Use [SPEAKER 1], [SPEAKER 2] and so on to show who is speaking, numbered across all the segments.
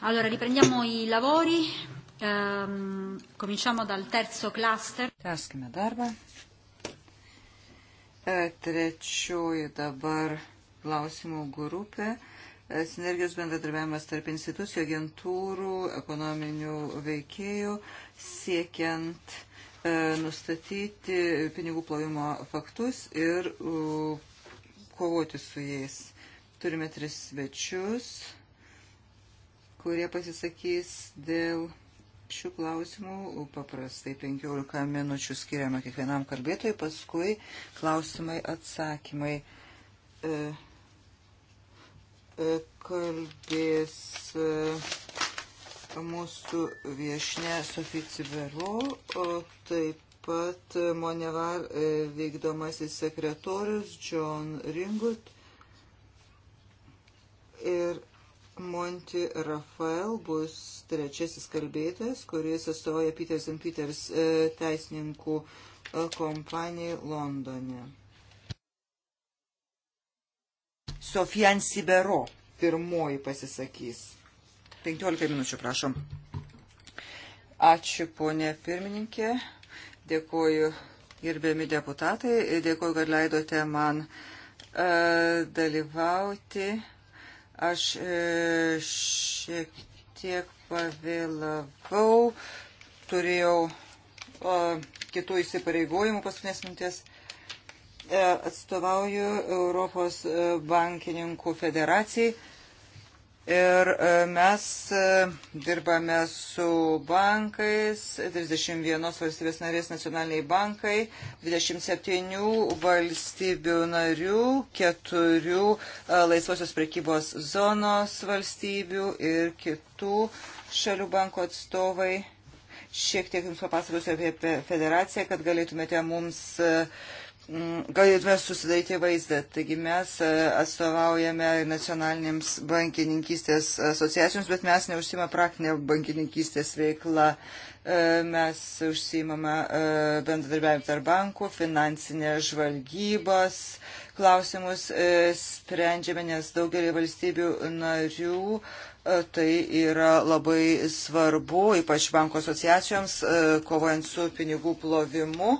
[SPEAKER 1] Allora, riprendiamo i lavori.
[SPEAKER 2] Um, cominciamo dal terzo cluster. Tęskime darbą.
[SPEAKER 3] E, trečioji dabar klausimų grupė. E, sinergijos bendradarbiavimas tarp institucijų, agentūrų, ekonominių veikėjų, siekiant e, nustatyti pinigų plovimo faktus ir e, kovoti su jais. Turime tris svečius. E, kurie pasisakys dėl šių klausimų. Paprastai 15 minučių skiriama kiekvienam kalbėtojui, paskui klausimai atsakymai. E, e, kalbės e, mūsų viešne Sofija Cibero, taip pat Monevar vykdomasis sekretorius John Ringut ir Monti Rafael bus trečiasis kalbėtojas, kuris atstovauja Peters and Peters e, teisininkų e, kompanijai Londone. Sofijan Sibero pirmoji pasisakys. 15 minučių, prašom. Ačiū, ponė pirmininkė. Dėkuoju, gerbėmi deputatai. Dėkuoju, kad leidote man e, dalyvauti Aš e, šiek tiek pavėlavau, turėjau kitų įsipareigojimų paskutinės minties. E, atstovauju Europos e, bankininkų federacijai Ir e, mes e, dirbame su bankais, 31 valstybės narės nacionaliniai bankai, 27 valstybių narių, 4 e, laisvosios prekybos zonos valstybių ir kitų šalių banko atstovai. Šiek tiek jums papasakosiu apie federaciją, kad galėtumėte mums uh, Mm, galėtume susidaryti vaizdą. Taigi mes e, atstovaujame nacionalinėms bankininkystės asociacijoms, bet mes neužsima praktinė bankininkystės veikla. E, mes užsimame bendradarbiavimą tarp bankų, finansinės žvalgybos klausimus e, sprendžiame, nes daugelį valstybių narių Tai yra labai svarbu, ypač banko asociacijoms, e, kovojant su pinigų plovimu,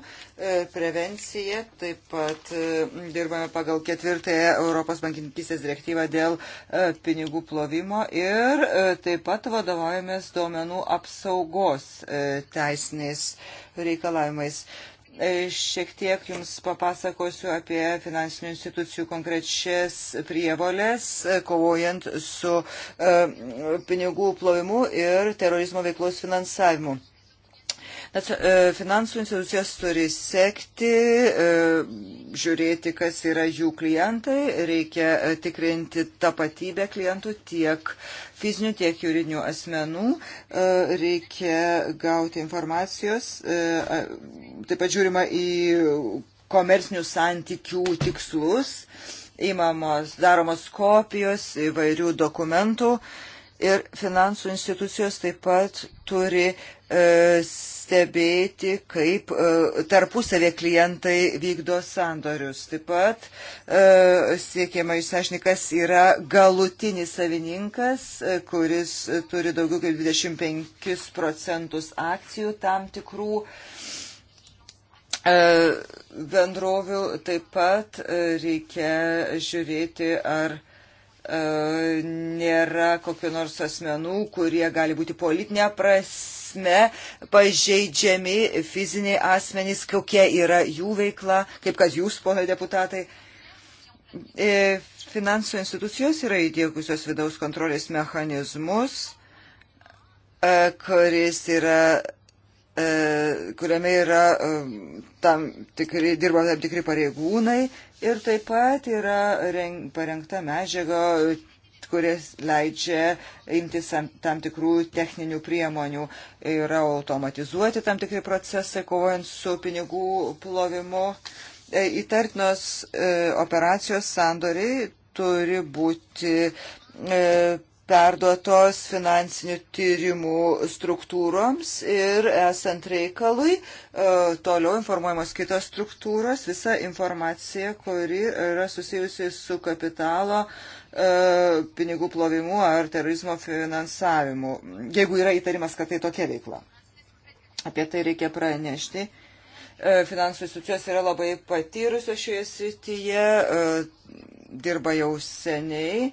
[SPEAKER 3] e, prevencija. Taip pat e, dirbame pagal ketvirtąją Europos bankininkysės direktyvą dėl pinigų plovimo ir taip pat vadovaujamės duomenų apsaugos teisiniais reikalavimais. E, šiek tiek jums papasakosiu apie finansinių institucijų konkrečias prievolės, e, kovojant su e, pinigų plovimu ir terorizmo veiklos finansavimu. E, finansų institucijos turi sekti, e, žiūrėti, kas yra jų klientai, reikia e, tikrinti tapatybę klientų tiek fizinių, tiek juridinių asmenų, reikia gauti informacijos, taip pat žiūrima į komercinių santykių tikslus, įmamos, daromos kopijos įvairių dokumentų ir finansų institucijos taip pat turi E, stebėti, kaip e, tarpusavė klientai vykdo sandorius. Taip pat e, siekiama išsiaiškinti, kas yra galutinis savininkas, kuris turi daugiau kaip 25 procentus akcijų tam tikrų bendrovių. Taip pat reikia žiūrėti, ar nėra kokiu nors asmenų, kurie gali būti politinė prasme prasme pažeidžiami fiziniai asmenys, kokia yra jų veikla, kaip kad jūs, ponai deputatai. E, finansų institucijos yra įdėkusios vidaus kontrolės mechanizmus, e, kuris yra e, kuriame yra tam tikri, dirba tam tikri pareigūnai ir taip pat yra reng, parengta medžiaga kuris leidžia imtis tam tikrų techninių priemonių. Yra automatizuoti tam tikri procesai, kovojant su pinigų plovimu. E, įtartinos e, operacijos sandoriai turi būti e, perduotos finansinių tyrimų struktūroms ir esant reikalui e, toliau informuojamos kitos struktūros, visa informacija, kuri yra susijusi su kapitalo e, pinigų plovimu ar terorizmo finansavimu, jeigu yra įtarimas, kad tai tokia veikla. Apie tai reikia pranešti e, finansų institucijos yra labai patyrusios šioje srityje, dirba jau seniai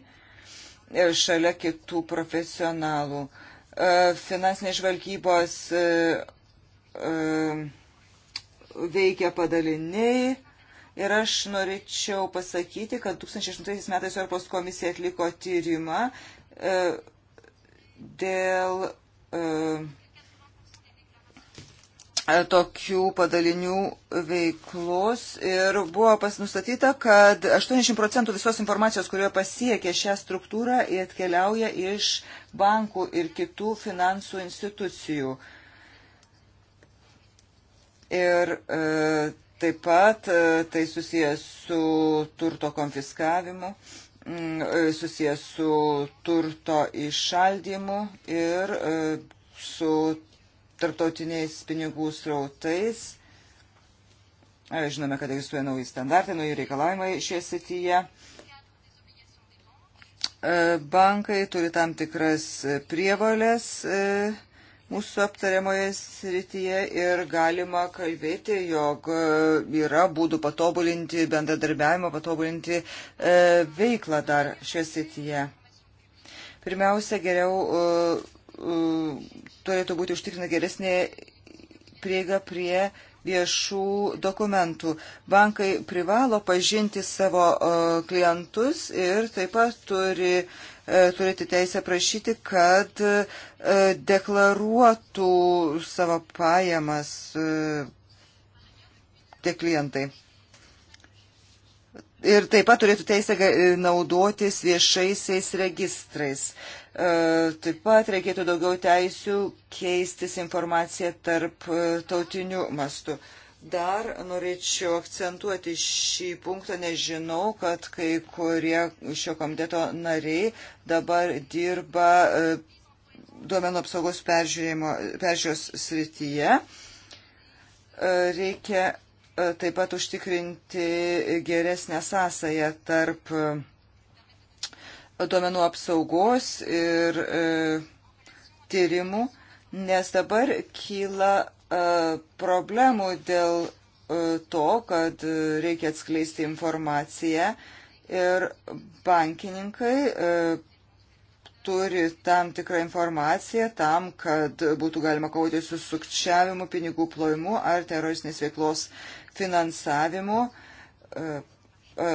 [SPEAKER 3] E, šalia kitų profesionalų. E, finansinės žvalgybos e, veikia padaliniai ir aš norėčiau pasakyti, kad 2008 metais Europos komisija atliko tyrimą dėl E, tokių padalinių veiklos ir buvo nustatyta, kad 80 procentų visos informacijos, kurioje pasiekia šią struktūrą, atkeliauja iš bankų ir kitų finansų institucijų. Ir e, taip pat e, tai susijęs su turto konfiskavimu, m, e, susijęs su turto išaldymu ir e, su tarptautiniais pinigų srautais. E, žinome, kad egzistuoja nauji standartai, nauji reikalavimai šioje srityje. E, bankai turi tam tikras prievalės e, mūsų aptariamoje srityje ir galima kalbėti, jog yra būdų patobulinti bendradarbiavimą, patobulinti e, veiklą dar šioje srityje. Pirmiausia, geriau e, turėtų būti užtikrinta geresnė prieiga prie viešų dokumentų. Bankai privalo pažinti savo e, klientus ir taip pat turi e, turėti teisę prašyti, kad e, deklaruotų savo pajamas tie klientai. Ir taip pat turėtų teisę naudotis viešaisiais registrais. E, taip pat reikėtų daugiau teisių keistis informaciją tarp e, tautinių mastų. Dar norėčiau akcentuoti šį punktą, nežinau, kad kai kurie šio komiteto nariai dabar dirba e, duomenų apsaugos peržiūros srityje. Reikia taip pat užtikrinti geresnę sąsąją tarp duomenų apsaugos ir e, tyrimų, nes dabar kyla e, problemų dėl e, to, kad reikia atskleisti informaciją ir bankininkai e, turi tam tikrą informaciją tam, kad būtų galima kovoti su sukčiavimu, pinigų plojimu ar teroristinės veiklos finansavimu. E, e,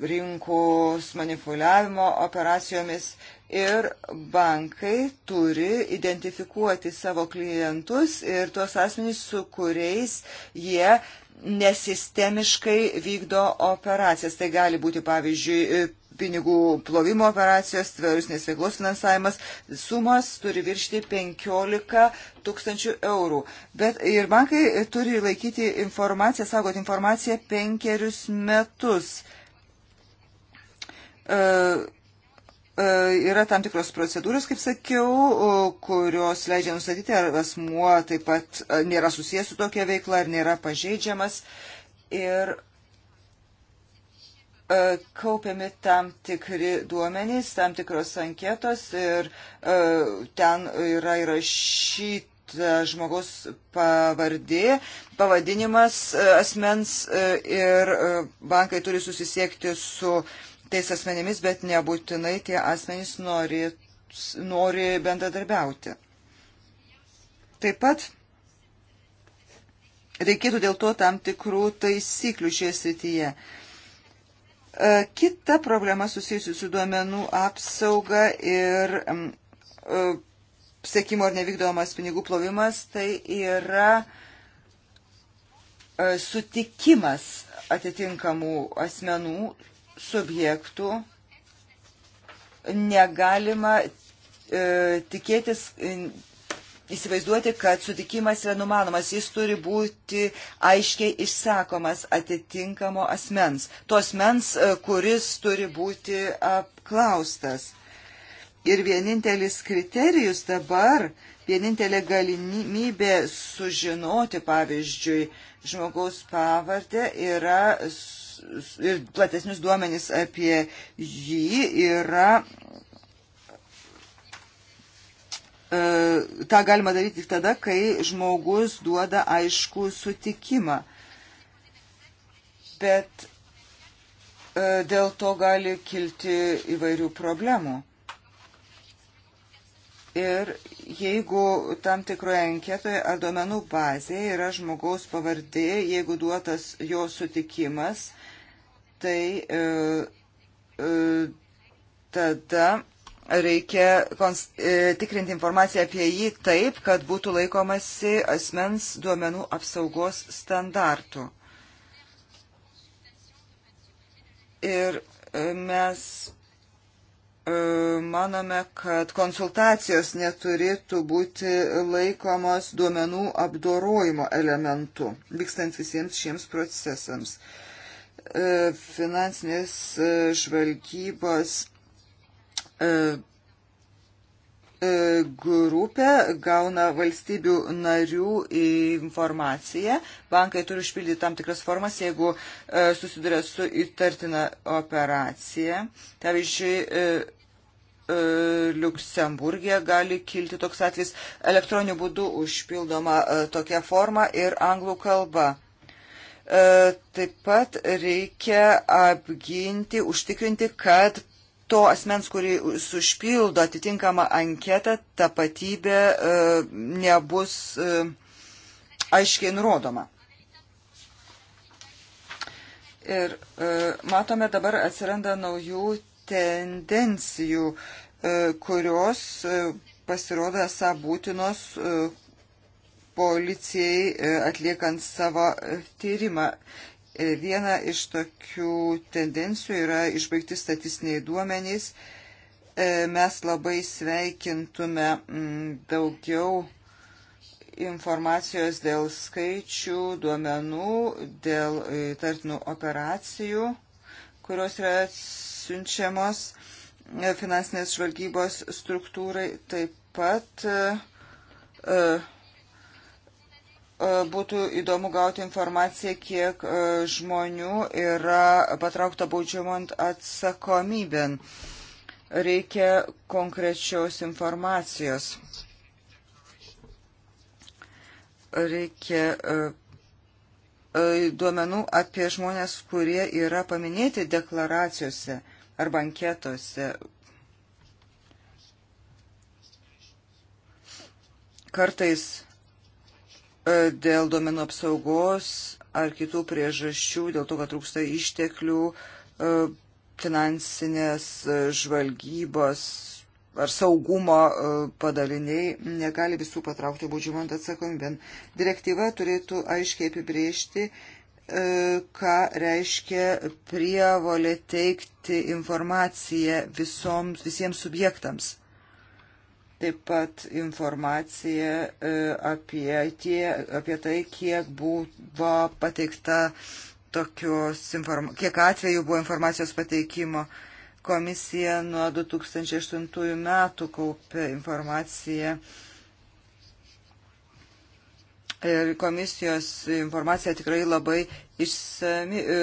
[SPEAKER 3] rinkos manipuliavimo operacijomis ir bankai turi identifikuoti savo klientus ir tuos asmenys, su kuriais jie nesistemiškai vykdo operacijas. Tai gali būti, pavyzdžiui, pinigų plovimo operacijos, tvarusinės veiklos finansavimas, sumas turi viršti 15 tūkstančių eurų. Bet ir bankai turi laikyti informaciją, saugoti informaciją penkerius metus E, e, yra tam tikros procedūros, kaip sakiau, kurios leidžia nustatyti, ar asmuo taip pat e, nėra susijęs su tokia veikla, ar nėra pažeidžiamas. Ir kaupiami tam tikri duomenys, tam tikros anketos ir ten yra įrašyta žmogaus pavardė, pavadinimas asmens ir bankai turi susisiekti su uh, tais asmenimis, bet nebūtinai tie asmenys nori, nori bendradarbiauti. Taip pat reikėtų dėl to tam tikrų taisyklių šioje srityje. E, kita problema susijusi su duomenų apsauga ir mm, e, sėkimo ar nevykdomas pinigų plovimas, tai yra e, sutikimas atitinkamų asmenų subjektų negalima e, tikėtis, e, įsivaizduoti, kad sutikimas yra numanomas, jis turi būti aiškiai išsakomas atitinkamo asmens, to asmens, e, kuris turi būti apklaustas. Ir vienintelis kriterijus dabar, vienintelė galimybė sužinoti, pavyzdžiui, žmogaus pavardę yra ir platesnius duomenys apie jį yra. E, Ta galima daryti tik tada, kai žmogus duoda aišku sutikimą. Bet e, dėl to gali kilti įvairių problemų. Ir jeigu tam tikroje anketoje ar duomenų bazėje yra žmogaus pavardė, jeigu duotas jo sutikimas, tai e, e, tada reikia e, tikrinti informaciją apie jį taip, kad būtų laikomasi asmens duomenų apsaugos standartų. Ir e, mes e, manome, kad konsultacijos neturėtų būti laikomos duomenų apdorojimo elementu, vykstant visiems šiems procesams. E, finansinės e, žvalgybos e, grupė gauna valstybių narių informaciją. Bankai turi užpildyti tam tikras formas, jeigu susiduria su įtartina operacija. Pavyzdžiui, Liuksemburgė gali kilti toks atvejs. Elektroniniu būdu užpildoma tokia forma ir anglų kalba E, taip pat reikia apginti, užtikrinti, kad to asmens, kurį sušpildo atitinkamą anketą, tapatybė e, nebus e, aiškiai nurodoma. Ir matome dabar atsiranda naujų tendencijų, kurios pasirodo esą būtinos policijai e, atliekant savo e, tyrimą. E, viena iš tokių tendencijų yra išbaigti statistiniai duomenys. Mes labai sveikintume mm, daugiau informacijos dėl skaičių, duomenų, dėl tartinų operacijų, kurios yra siunčiamos finansinės žvalgybos struktūrai. Taip pat uh, E, būtų įdomu gauti informaciją, kiek e, žmonių yra patraukta baudžiamant atsakomybėn. Reikia konkrečios informacijos. Reikia e, duomenų apie žmonės, kurie yra paminėti deklaracijose arba anketose. Kartais E, dėl duomenų apsaugos ar kitų priežasčių, dėl to, kad trūksta išteklių, e, finansinės e, žvalgybos ar saugumo padaliniai negali visų patraukti būdžiamant atsakomybėn. Direktyva turėtų aiškiai apibriežti, ką reiškia prievolė teikti informaciją visoms, visiems subjektams taip pat informacija e, apie, tie, apie tai, kiek buvo pateikta tokios informacijos, kiek atveju buvo informacijos pateikimo. Komisija nuo 2008 metų kaupė informaciją ir komisijos informacija tikrai labai išsami. E,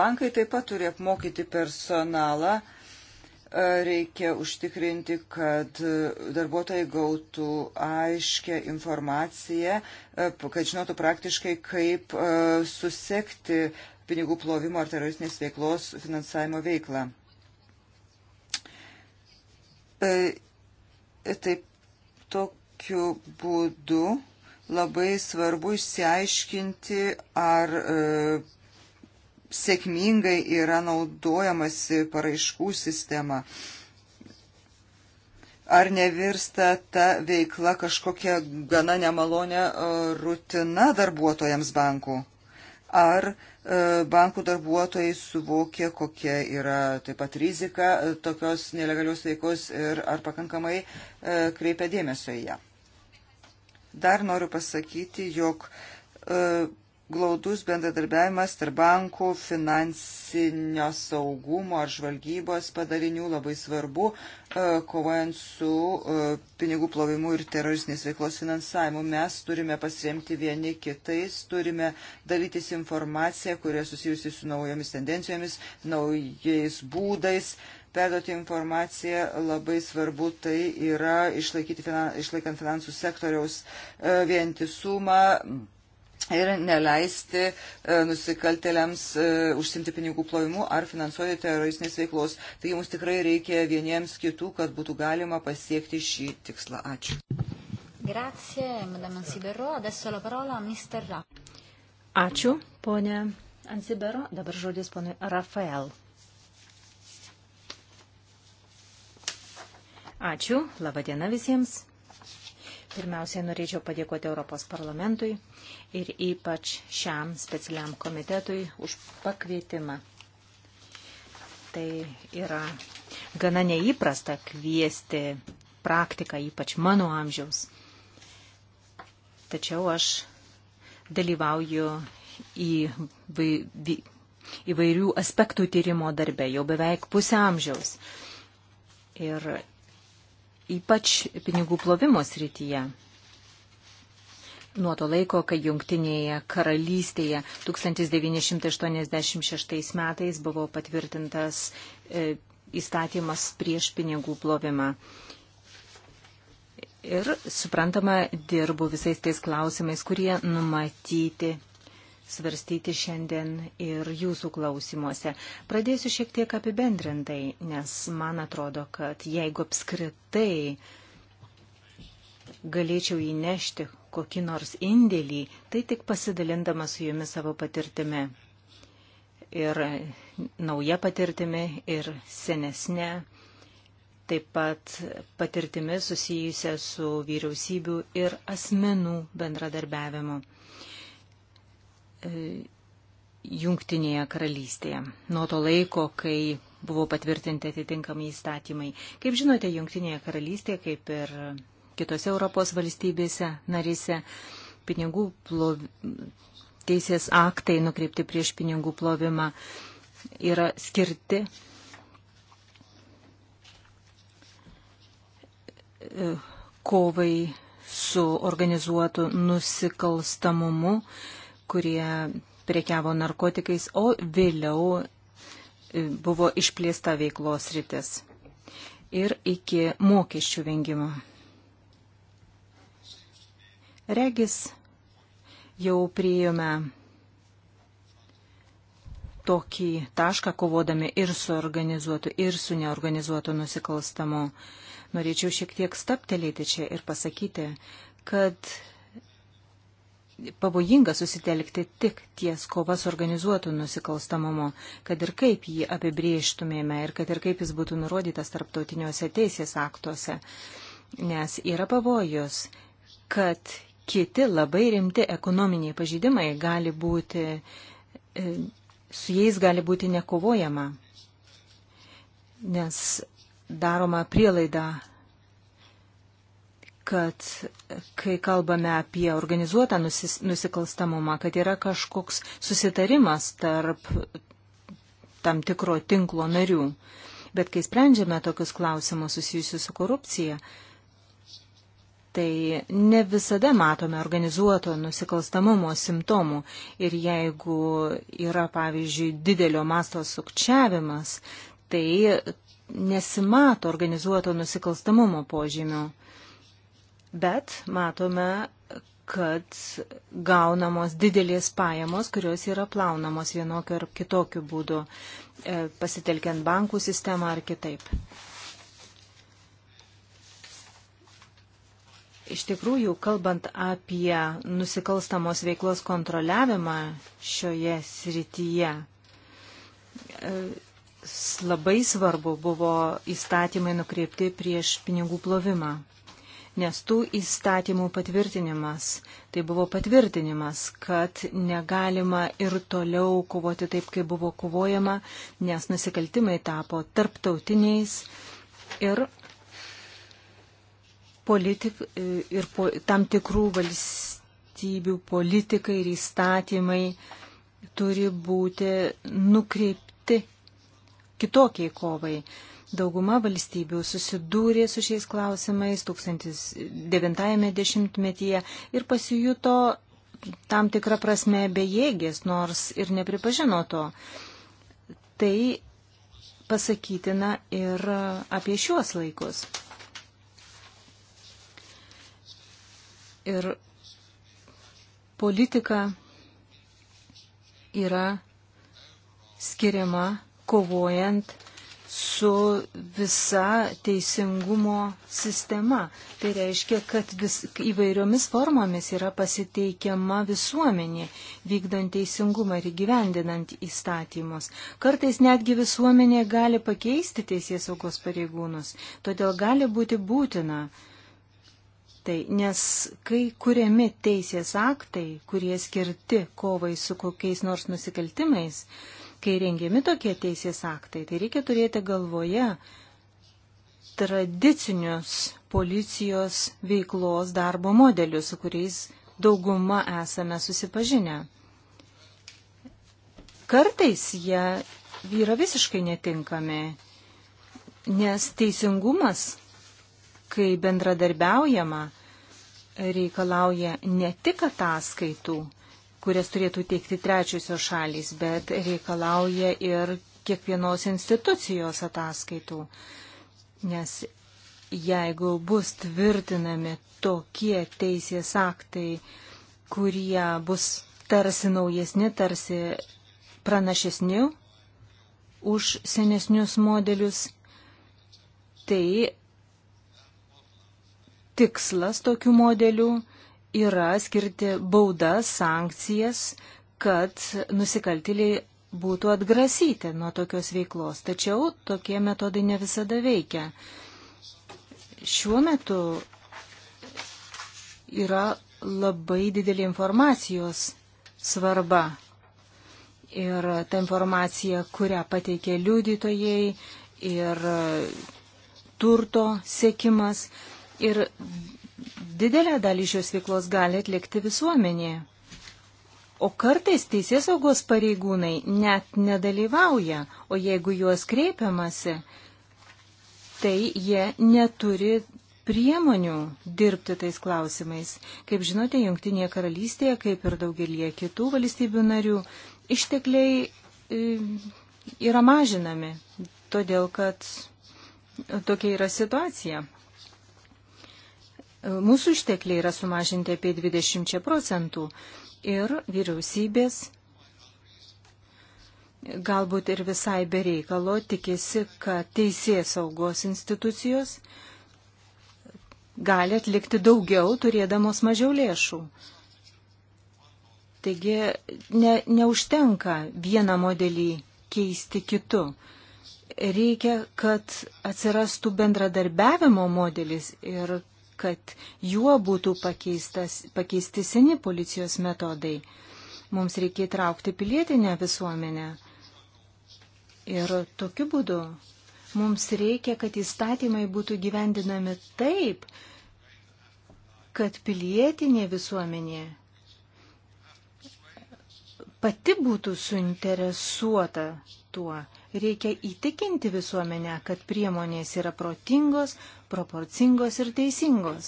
[SPEAKER 3] bankai taip pat turi apmokyti personalą reikia užtikrinti, kad darbuotojai gautų aiškę informaciją, kad žinotų praktiškai, kaip e, susekti pinigų plovimo ar teroristinės veiklos finansavimo veiklą. E, taip, tokiu būdu labai svarbu išsiaiškinti, ar e, sėkmingai yra naudojamasi paraiškų sistema. Ar nevirsta ta veikla kažkokia gana nemalonė e, rutina darbuotojams bankų? Ar e, bankų darbuotojai suvokia, kokia yra taip pat rizika e, tokios nelegalios veikos ir ar pakankamai kreipia dėmesio į ją. Dar noriu pasakyti, jog glaudus bendradarbiavimas tarp bankų, finansinio saugumo ar žvalgybos padalinių labai svarbu, e, kovojant su e, pinigų plovimu ir teroristinės veiklos finansavimu. Mes turime pasiremti vieni kitais, turime dalytis informaciją, kurie susijusi su naujomis tendencijomis, naujais būdais. Perduoti informaciją labai svarbu tai yra išlaikyti, finan, išlaikant finansų sektoriaus e, vientisumą, ir neleisti e, nusikaltėliams e, užsimti pinigų plovimu ar finansuoti teroristinės veiklos. Taigi mums tikrai reikia vieniems kitų, kad būtų galima pasiekti šį tikslą. Ačiū.
[SPEAKER 2] Grazie, madame Ansibero. Adesso la parola a Mr. Ra. Ačiū, ponė Ansibero. Dabar žodis ponui Rafael. Ačiū, laba diena visiems. Pirmiausiai norėčiau padėkoti Europos parlamentui ir ypač šiam specialiam komitetui už pakvietimą. Tai yra gana neįprasta kviesti praktiką, ypač mano amžiaus. Tačiau aš dalyvauju į įvairių aspektų tyrimo darbe jau beveik pusę amžiaus. Ir ypač pinigų plovimo srityje. Nuo to laiko, kai Junktinėje karalystėje 1986 metais buvo patvirtintas e, įstatymas prieš pinigų plovimą. Ir suprantama, dirbu visais tais klausimais, kurie numatyti svarstyti šiandien ir jūsų klausimuose. Pradėsiu šiek tiek apibendrintai, nes man atrodo, kad jeigu apskritai galėčiau įnešti kokį nors indėlį, tai tik pasidalindama su jumis savo patirtimi. Ir nauja patirtimi, ir senesnė, taip pat patirtimi susijusia su vyriausybių ir asmenų bendradarbiavimu. E, Jungtinėje karalystėje nuo to laiko, kai buvo patvirtinti atitinkami įstatymai. Kaip žinote, Jungtinėje karalystėje, kaip ir kitose Europos valstybėse narise, pinigų plov... teisės aktai nukreipti prieš pinigų plovimą yra skirti e, kovai su organizuotu nusikalstamumu kurie priekiavo narkotikais, o vėliau e, buvo išplėsta veiklos rytis ir iki mokesčių vengimo. Regis jau priėjome tokį tašką kovodami ir su organizuotu, ir su neorganizuotu nusikalstamu. Norėčiau šiek tiek staptelėti čia ir pasakyti, kad pavojinga susitelkti tik ties kovas organizuotų nusikalstamumu, kad ir kaip jį apibrieštumėme ir kad ir kaip jis būtų nurodytas tarptautiniuose teisės aktuose. Nes yra pavojus, kad kiti labai rimti ekonominiai pažydimai gali būti, e, su jais gali būti nekovojama. Nes daroma prielaida kad kai kalbame apie organizuotą nusis, nusikalstamumą, kad yra kažkoks susitarimas tarp tam tikro tinklo narių. Bet kai sprendžiame tokius klausimus susijusius su korupcija, tai ne visada matome organizuoto nusikalstamumo simptomų. Ir jeigu yra, pavyzdžiui, didelio masto sukčiavimas, tai nesimato organizuoto nusikalstamumo požymių. Bet matome, kad gaunamos didelės pajamos, kurios yra plaunamos vienokiu ar kitokiu būdu, e, pasitelkiant bankų sistemą ar kitaip. Iš tikrųjų, kalbant apie nusikalstamos veiklos kontroliavimą šioje srityje, e, labai svarbu buvo įstatymai nukreipti prieš pinigų plovimą nes tų įstatymų patvirtinimas, tai buvo patvirtinimas, kad negalima ir toliau kovoti taip, kaip buvo kovojama, nes nusikaltimai tapo tarptautiniais ir, politik, ir po, tam tikrų valstybių politikai ir įstatymai turi būti nukreipti kitokiai kovai. Dauguma valstybių susidūrė su šiais klausimais 1990-metyje ir pasijuto tam tikrą prasme bejėgės, nors ir nepripažino to. Tai pasakytina ir apie šiuos laikus. Ir politika yra skiriama kovojant su visa teisingumo sistema. Tai reiškia, kad vis, įvairiomis formomis yra pasiteikiama visuomenė, vykdant teisingumą ir gyvendinant įstatymus. Kartais netgi visuomenė gali pakeisti teisės saugos pareigūnus, todėl gali būti būtina. Tai, nes kai kuriami teisės aktai, kurie skirti kovai su kokiais nors nusikaltimais, Kai rengiami tokie teisės aktai, tai reikia turėti galvoje tradicinius policijos veiklos darbo modelius, su kuriais dauguma esame susipažinę. Kartais jie yra visiškai netinkami, nes teisingumas, kai bendradarbiaujama, reikalauja ne tik ataskaitų, kurias turėtų teikti trečiosios šalys, bet reikalauja ir kiekvienos institucijos ataskaitų. Nes jeigu bus tvirtinami tokie teisės aktai, kurie bus tarsi naujesni, tarsi pranašesni už senesnius modelius, tai tikslas tokių modelių yra skirti baudas, sankcijas, kad nusikaltėliai būtų atgrasyti nuo tokios veiklos. Tačiau tokie metodai ne visada veikia. Šiuo metu yra labai didelė informacijos svarba. Ir ta informacija, kurią pateikia liudytojai, ir turto sėkimas. Ir didelę dalį šios veiklos gali atlikti visuomenė. O kartais teisėsaugos pareigūnai net nedalyvauja, o jeigu juos kreipiamasi, tai jie neturi priemonių dirbti tais klausimais. Kaip žinote, Junktinėje karalystėje, kaip ir daugelie kitų valstybių narių, ištekliai e, yra mažinami, todėl kad tokia yra situacija. E, mūsų ištekliai yra sumažinti apie 20 procentų ir vyriausybės galbūt ir visai bereikalo tikisi, kad teisės saugos institucijos gali atlikti daugiau, turėdamos mažiau lėšų. Taigi ne, neužtenka vieną modelį keisti kitu. Reikia, kad atsirastų bendradarbiavimo modelis ir kad juo būtų pakeisti seni policijos metodai. Mums reikia įtraukti pilietinę visuomenę. Ir tokiu būdu mums reikia, kad įstatymai būtų gyvendinami taip, kad pilietinė visuomenė pati būtų suinteresuota tuo. Reikia įtikinti visuomenę, kad priemonės yra protingos, proporcingos ir teisingos.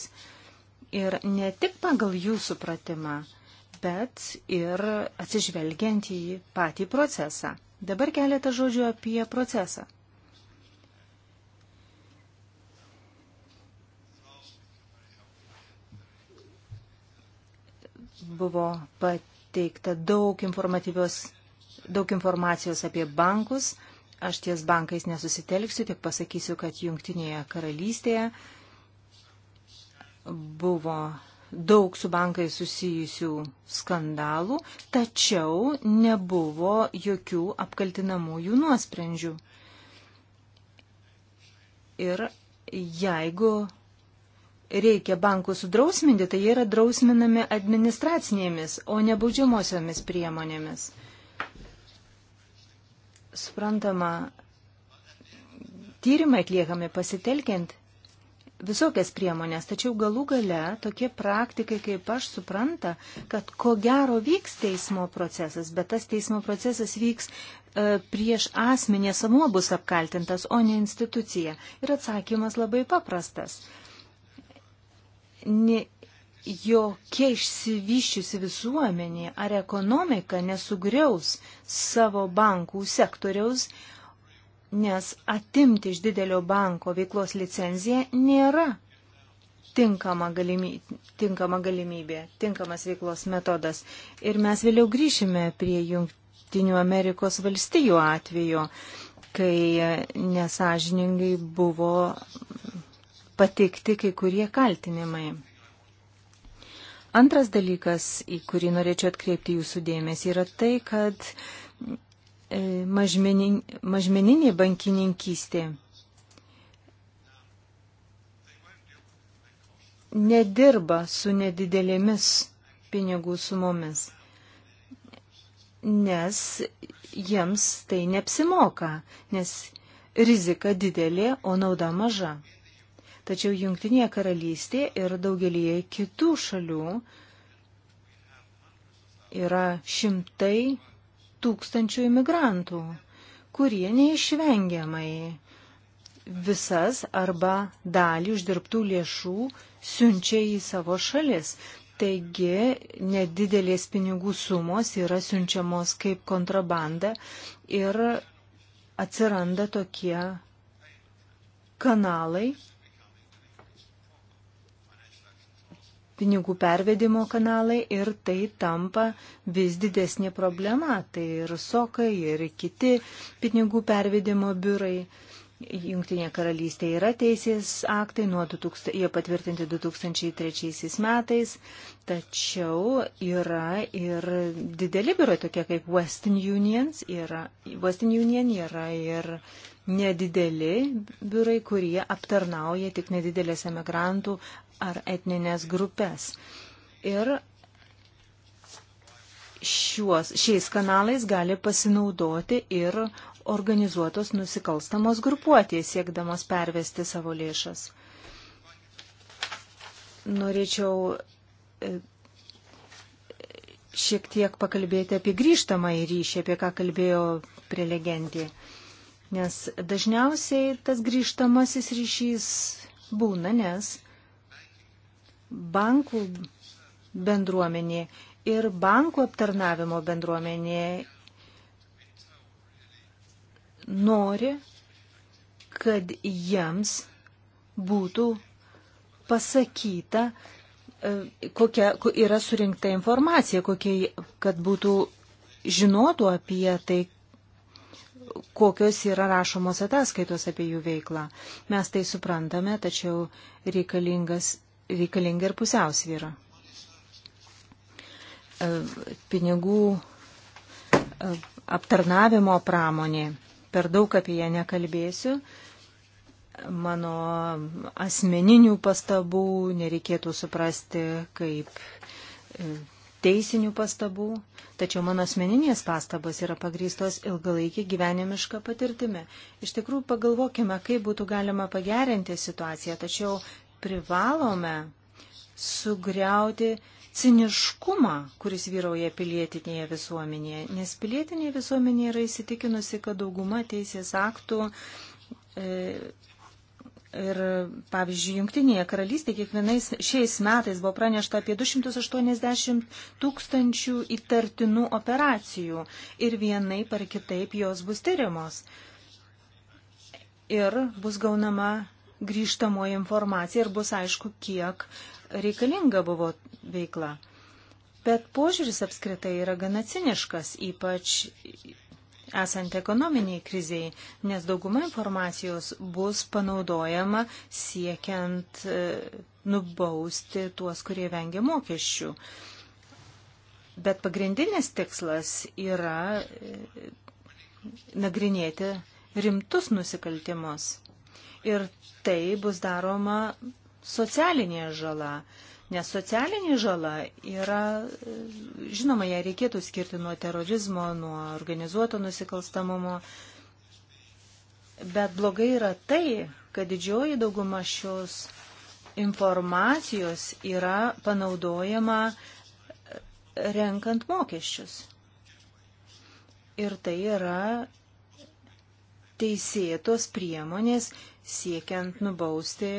[SPEAKER 2] Ir ne tik pagal jų supratimą, bet ir atsižvelgiant į patį procesą. Dabar keletą žodžių apie procesą. Buvo pateikta daug, daug informacijos apie bankus, Aš ties bankais nesusitelksiu, tik pasakysiu, kad Junktinėje karalystėje buvo daug su bankai susijusių skandalų, tačiau nebuvo jokių apkaltinamųjų nuosprendžių. Ir jeigu reikia bankų sudrausminti, tai jie yra drausminami administracinėmis, o ne baudžiamosiomis priemonėmis suprantama, tyrimai atliekami pasitelkiant visokias priemonės, tačiau galų gale tokie praktikai kaip aš supranta, kad ko gero vyks teismo procesas, bet tas teismo procesas vyks e, prieš asmenį samuo bus apkaltintas, o ne institucija. Ir atsakymas labai paprastas. Ne, jokie išsivyščiusi visuomenė ar ekonomika nesugriaus savo bankų sektoriaus, nes atimti iš didelio banko veiklos licenciją nėra tinkama, galimy, tinkama galimybė, tinkamas veiklos metodas. Ir mes vėliau grįšime prie Junktinių Amerikos valstijų atveju, kai nesažiningai buvo pateikti kai kurie kaltinimai. Antras dalykas, į kurį norėčiau atkreipti jūsų dėmesį, yra tai, kad e, mažmenin, mažmeninė bankininkystė nedirba su nedidelėmis pinigų sumomis, nes jiems tai neapsimoka, nes rizika didelė, o nauda maža. Tačiau Junktinėje karalystėje ir daugelįje kitų šalių yra šimtai tūkstančių imigrantų, kurie neišvengiamai visas arba dalį uždirbtų lėšų siunčia į savo šalis. Taigi nedidelės pinigų sumos yra siunčiamos kaip kontrabanda ir atsiranda tokie kanalai, pinigų pervedimo kanalai ir tai tampa vis didesnė problema. Tai ir sokai, ir kiti pinigų pervedimo biurai. Junktinė karalystė yra teisės aktai, 2000, jie patvirtinti 2003 metais, tačiau yra ir dideli biurai, tokie kaip Western, Unions, yra, Western Union, yra ir nedideli biurai, kurie aptarnauja tik nedidelės emigrantų ar etninės grupės. Ir šiuos, šiais kanalais gali pasinaudoti ir organizuotos nusikalstamos grupuotės, siekdamos pervesti savo lėšas. Norėčiau e, šiek tiek pakalbėti apie grįžtamą į ryšį, apie ką kalbėjo prelegentė. Nes dažniausiai tas grįžtamasis ryšys būna, nes bankų bendruomenė ir bankų aptarnavimo bendruomenė nori, kad jiems būtų pasakyta, e, kokia yra surinkta informacija, kokie, kad būtų žinotų apie tai, kokios yra rašomos ataskaitos apie jų veiklą. Mes tai suprantame, tačiau reikalingas reikalinga ir pusiausvyra. E, pinigų e, aptarnavimo pramonė. Per daug apie ją nekalbėsiu. Mano asmeninių pastabų nereikėtų suprasti kaip e, teisinių pastabų, tačiau mano asmeninės pastabos yra pagrįstos ilgalaikį gyvenimišką patirtimį. Iš tikrųjų, pagalvokime, kaip būtų galima pagerinti situaciją, tačiau privalome sugriauti ciniškumą, kuris vyrauja pilietinėje visuomenėje, nes pilietinė visuomenė yra įsitikinusi, kad dauguma teisės aktų e, Ir, pavyzdžiui, Junktinėje karalystėje kiekvienais šiais metais buvo pranešta apie 280 tūkstančių įtartinų operacijų ir vienai par kitaip jos bus tyrimos. Ir bus gaunama grįžtamoji informacija ir bus aišku, kiek reikalinga buvo veikla. Bet požiūris apskritai yra gana ciniškas, ypač esant ekonominiai kriziai, nes dauguma informacijos bus panaudojama siekiant e, nubausti tuos, kurie vengia mokesčių. Bet pagrindinis tikslas yra e, nagrinėti rimtus nusikaltimus ir tai bus daroma socialinė žala. Nes socialinė žala yra, žinoma, ją reikėtų skirti nuo terorizmo, nuo organizuoto nusikalstamumo. Bet blogai yra tai, kad didžioji dauguma šios informacijos yra panaudojama renkant mokesčius. Ir tai yra teisėtos priemonės siekiant nubausti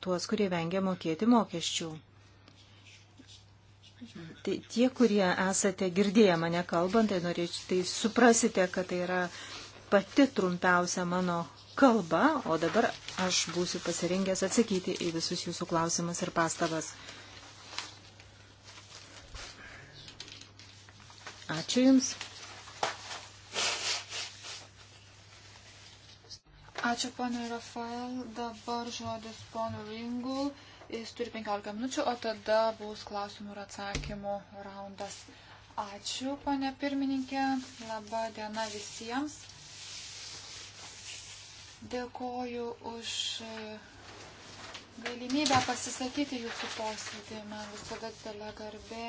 [SPEAKER 2] tuos, kurie vengia mokėti mokesčių. Tai tie, kurie esate girdėję mane kalbant, tai, norėčiau, tai suprasite, kad tai yra pati trumpiausia mano kalba, o dabar aš būsiu pasirengęs atsakyti į visus jūsų klausimus ir pastabas. Ačiū Jums.
[SPEAKER 1] Ačiū, ponui Rafael. Dabar žodis ponui Ringul. Jis turi 15 minučių, o tada bus klausimų ir atsakymų raundas. Ačiū, ponė pirmininkė. Labą dieną visiems. Dėkoju už e, galimybę pasisakyti jūsų posėdį. Man visada didelė garbė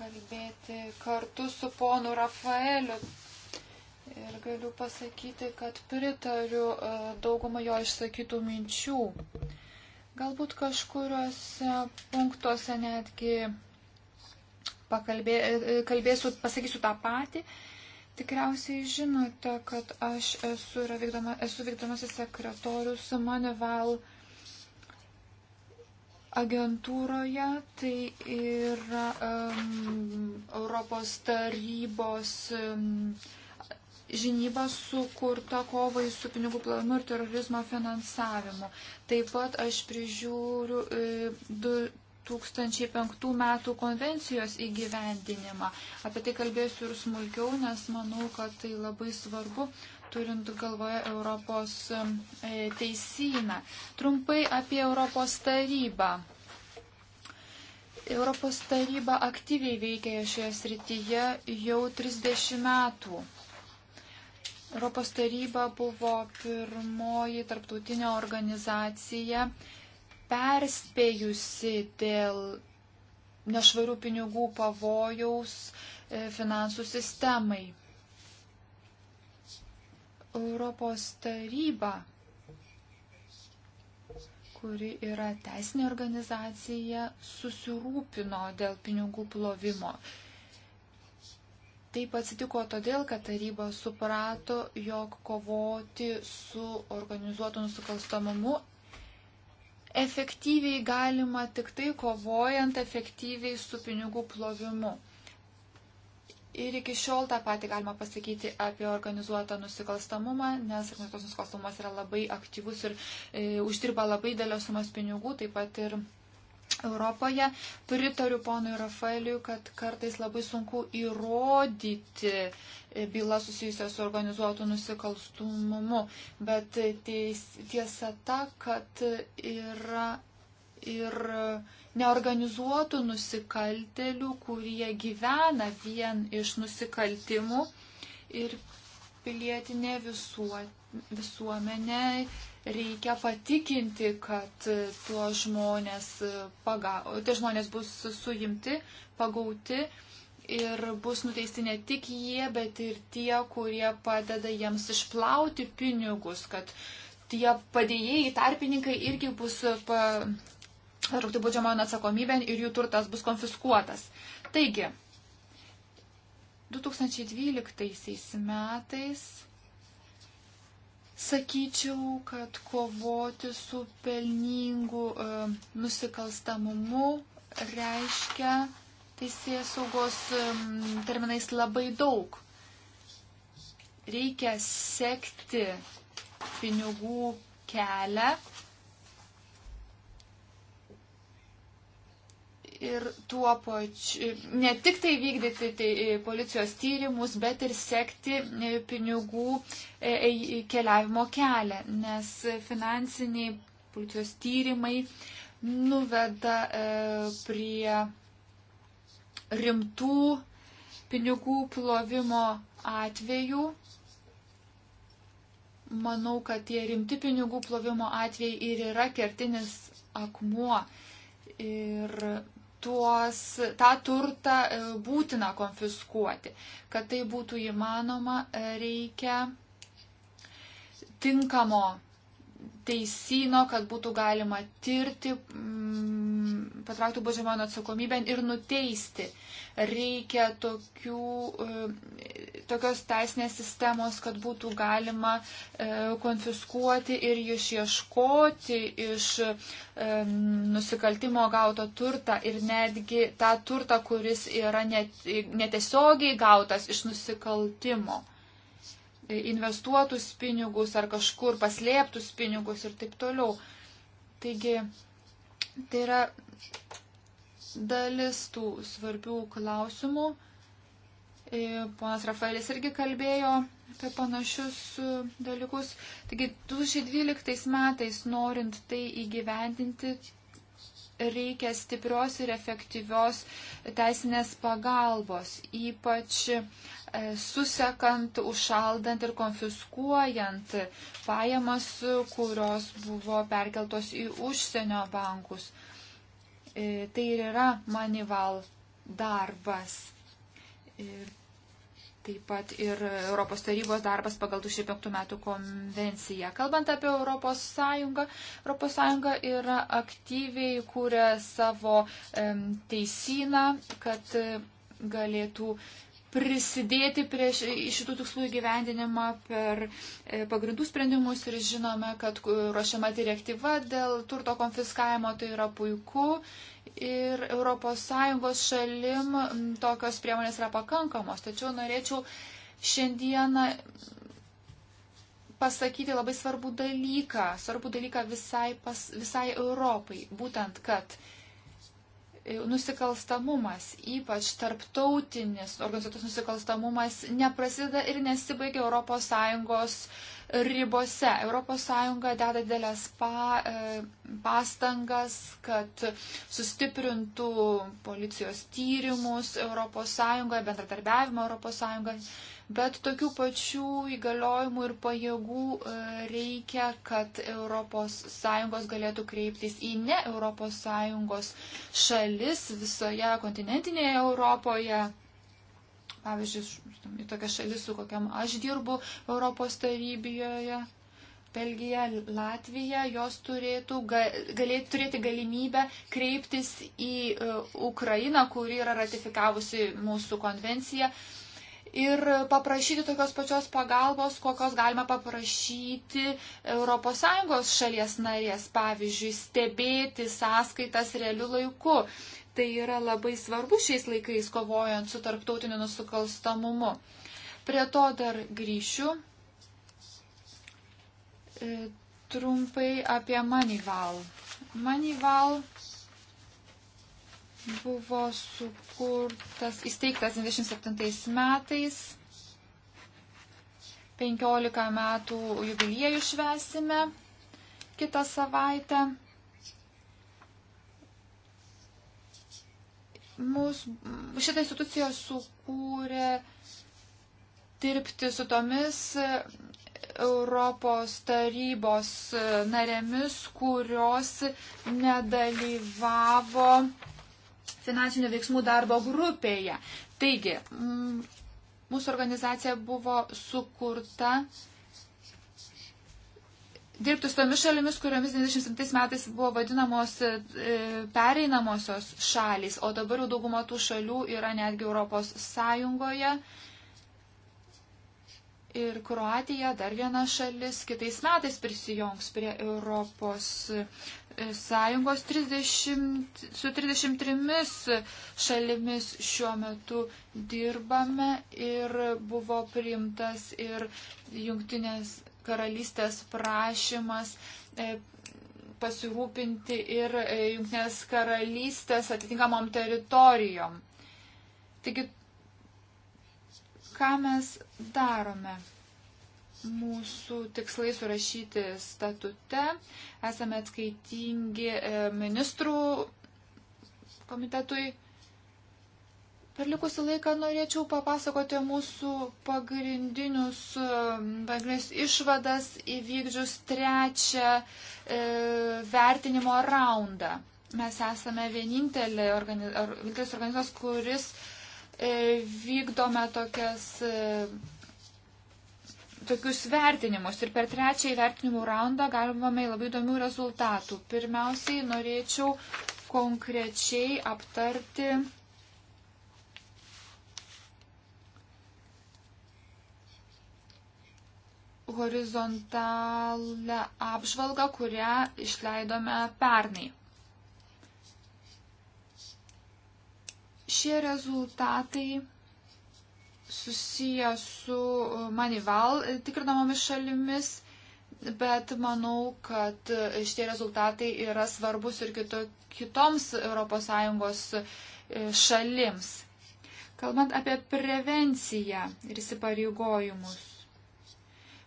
[SPEAKER 1] kalbėti kartu su ponu Rafaeliu ir galiu pasakyti, kad pritariu e, daugumą jo išsakytų minčių. Galbūt kažkuriuose punktuose netgi pakalbė, e, kalbėsiu, pasakysiu tą patį. Tikriausiai žinote, kad aš esu, vykdoma, esu vykdomasis sekretorius Maneval agentūroje, tai yra um, Europos tarybos um, žinyba sukurta kovai su pinigų planu ir terorizmo finansavimu. Taip pat aš prižiūriu 2005 e, metų konvencijos įgyvendinimą. Apie tai kalbėsiu ir smulkiau, nes manau, kad tai labai svarbu, turint galvoje Europos e, teisyną. Trumpai apie Europos tarybą. Europos taryba aktyviai veikia šioje srityje jau 30 metų. Europos taryba buvo pirmoji tarptautinė organizacija perspėjusi dėl nešvarių pinigų pavojaus e, finansų sistemai. Europos taryba, kuri yra teisinė organizacija, susirūpino dėl pinigų plovimo. Taip atsitiko todėl, kad taryba suprato, jog kovoti su organizuotu nusikalstamumu efektyviai galima tik tai kovojant efektyviai su pinigų plovimu. Ir iki šiol tą patį galima pasakyti apie organizuotą nusikalstamumą, nes organizuotas nusikalstamumas yra labai aktyvus ir e, uždirba labai dėlės sumas pinigų, taip pat ir Europoje. Pritariu ponui Rafaeliui, kad kartais labai sunku įrodyti bylą susijusią su organizuotu nusikalstumumu, bet teis, tiesa ta, kad yra ir neorganizuotų nusikaltelių, kurie gyvena vien iš nusikaltimų ir pilietinė visuo, visuomenė reikia patikinti, kad tuo žmonės, paga, tie žmonės bus suimti, pagauti ir bus nuteisti ne tik jie, bet ir tie, kurie padeda jiems išplauti pinigus, kad tie padėjėjai, tarpininkai irgi bus pa, rūkti baudžiamojo atsakomybę ir jų turtas bus konfiskuotas. Taigi, 2012 metais Sakyčiau, kad kovoti su pelningu e, nusikalstamumu reiškia teisės saugos e, terminais labai daug. Reikia sekti pinigų kelią ir tuo pačiu ne tik tai vykdyti tai, e, policijos tyrimus, bet ir sekti e, pinigų e, keliavimo kelią, nes finansiniai policijos tyrimai nuveda prie rimtų pinigų plovimo atvejų manau, kad tie rimti pinigų plovimo atvejai ir yra kertinis akmuo. Ir tuos, tą turtą e, būtina konfiskuoti. Kad tai būtų įmanoma, e, reikia tinkamo teisino, kad būtų galima tirti, mm, patraukti baudžiamą atsakomybę ir nuteisti. Reikia tokių, e, tokios teisinės sistemos, kad būtų galima e, konfiskuoti ir išieškoti iš e, nusikaltimo gauto turtą ir netgi tą turtą, kuris yra net, netiesiogiai gautas iš nusikaltimo investuotus pinigus ar kažkur paslėptus pinigus ir taip toliau. Taigi, tai yra dalis tų svarbių klausimų. E, ponas Rafaelis irgi kalbėjo apie panašius e, dalykus. Taigi 2012 metais, norint tai įgyvendinti, reikia stiprios ir efektyvios teisinės pagalbos, ypač e, susekant, užšaldant ir konfiskuojant pajamas, kurios buvo perkeltos į užsienio bankus. E, tai ir yra manival darbas. Ir Taip pat ir Europos tarybos darbas pagal 2005 metų konvenciją. Kalbant apie Europos Sąjungą, Europos Sąjunga yra aktyviai kūrė savo um, teisyną, kad galėtų uh, prisidėti prie šitų tikslų įgyvendinimą per e, pagrindų sprendimus ir žinome, kad e, ruošiama direktyva dėl turto konfiskavimo, tai yra puiku. Ir ES šalim tokios priemonės yra pakankamos. Tačiau norėčiau šiandieną pasakyti labai svarbų dalyką, svarbų dalyką visai, pas, visai Europai. Būtent, kad nusikalstamumas, ypač tarptautinis organizuotas nusikalstamumas, neprasideda ir nesibaigia ES ribose. ES deda didelės pa, e, pastangas, kad sustiprintų policijos tyrimus ES, bendradarbiavimą ES, bet tokių pačių įgaliojimų ir pajėgų e, reikia, kad ES galėtų kreiptis į ne ES šalis visoje kontinentinėje Europoje Pavyzdžiui, į tokią šalį, su kokiam aš dirbu Europos tarybijoje, Belgija, Latvija, jos turėtų galėtų turėti galimybę kreiptis į e, Ukrainą, kuri yra ratifikavusi mūsų konvenciją. Ir paprašyti tokios pačios pagalbos, kokios galima paprašyti ES šalies narės, pavyzdžiui, stebėti sąskaitas realiu laiku, tai yra labai svarbu šiais laikais kovojant su tarptautiniu nusikalstamumu. Prie to dar grįšiu e, trumpai apie Manival. Manival buvo sukurtas, įsteigtas 27 metais. 15 metų jubiliejų švesime kitą savaitę. mūsų, šitą instituciją sukūrė dirbti su tomis Europos tarybos narėmis, kurios nedalyvavo finansinių veiksmų darbo grupėje. Taigi, mūsų organizacija buvo sukurta dirbti su tomis šalimis, kuriomis 97 metais buvo vadinamos e, pereinamosios šalys, o dabar jau dauguma tų šalių yra netgi Europos Sąjungoje. Ir Kroatija, dar viena šalis, kitais metais prisijungs prie Europos e, Sąjungos 30, su 33 šalimis šiuo metu dirbame ir buvo priimtas ir jungtinės karalystės prašymas e, pasirūpinti ir e, Junktinės karalystės atitinkamom teritorijom. Taigi, ką mes darome? Mūsų tikslai surašyti statute, esame atskaitingi e, ministrų komitetui Per likusį laiką norėčiau papasakoti mūsų pagrindinius, um, pagrindinius išvadas įvykdžius trečią e, vertinimo raundą. Mes esame vienintelė organiz, or, organizacijos, kuris e, vykdome tokias, e, tokius vertinimus. Ir per trečią įvertinimų raundą galime labai įdomių rezultatų. Pirmiausiai norėčiau konkrečiai aptarti horizontalę apžvalgą, kurią išleidome pernai. Šie rezultatai susiję su Manival tikrinamomis šalimis, bet manau, kad šitie rezultatai yra svarbus ir kito, kitoms ES e, šalims. Kalbant apie prevenciją ir įsipareigojimus.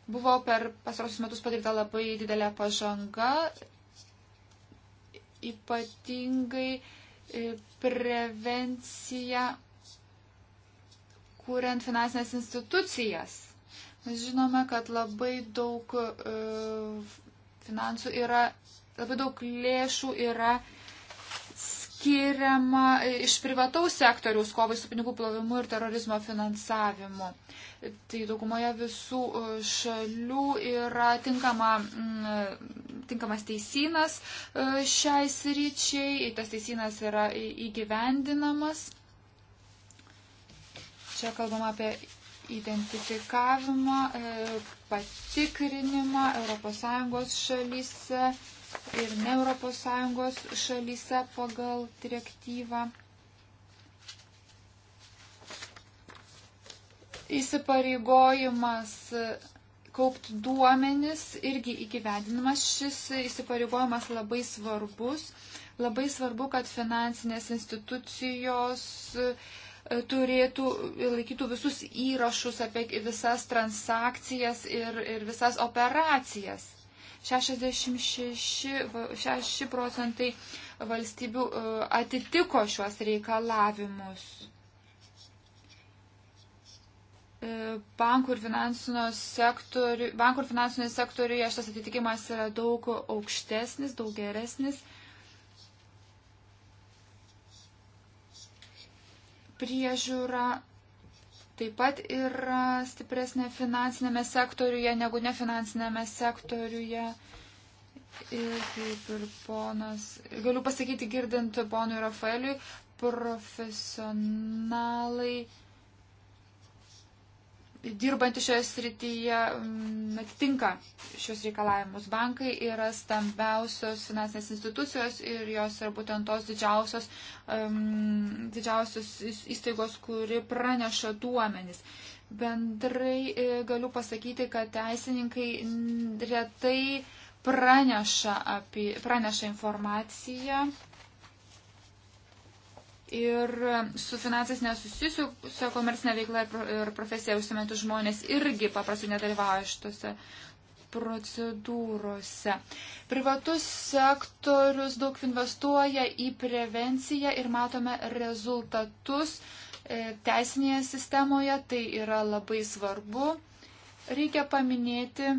[SPEAKER 1] Buvo per pasarosius metus padaryta labai didelė pažanga, ypatingai e, prevencija, kuriant finansinės institucijas. Mes žinome, kad labai daug e, finansų yra, labai daug lėšų yra skiriama e, iš privataus sektoriaus kovai su pinigų plovimu ir terorizmo finansavimu. Tai daugumoje visų e, šalių yra tinkama, mm, tinkamas teisynas e, šiai sričiai, tas teisynas yra įgyvendinamas. Čia kalbama apie identifikavimą, patikrinimą ES šalyse ir ne ES šalyse pagal direktyvą. Įsipareigojimas kaupti duomenis irgi įgyvendinamas. Šis įsipareigojimas labai svarbus. Labai svarbu, kad finansinės institucijos e, turėtų laikytų visus įrašus apie visas transakcijas ir, ir visas operacijas. 66 procentai valstybių e, atitiko šiuos reikalavimus. E, bankų ir, sektori, bankų ir finansinio sektoriuje šitas atitikimas yra daug aukštesnis, daug geresnis. Priežiūra taip pat yra stipresnė finansinėme sektoriuje negu nefinansinėme sektoriuje. Ir kaip ir ponas, galiu pasakyti, girdint ponui Rafaeliui, profesionalai dirbantys šioje srityje mm, atitinka šios reikalavimus. Bankai yra stambiausios finansinės institucijos ir jos yra būtent tos didžiausios, um, didžiausios įstaigos, kuri praneša duomenis. Bendrai e, galiu pasakyti, kad teisininkai retai praneša, apie, praneša informaciją ir su finansais nesusisio komercinė veikla ir profesija užsimetų žmonės irgi paprastai nedalyvauja šitose procedūrose. Privatus sektorius daug investuoja į prevenciją ir matome rezultatus e, teisinėje sistemoje, tai yra labai svarbu. Reikia paminėti,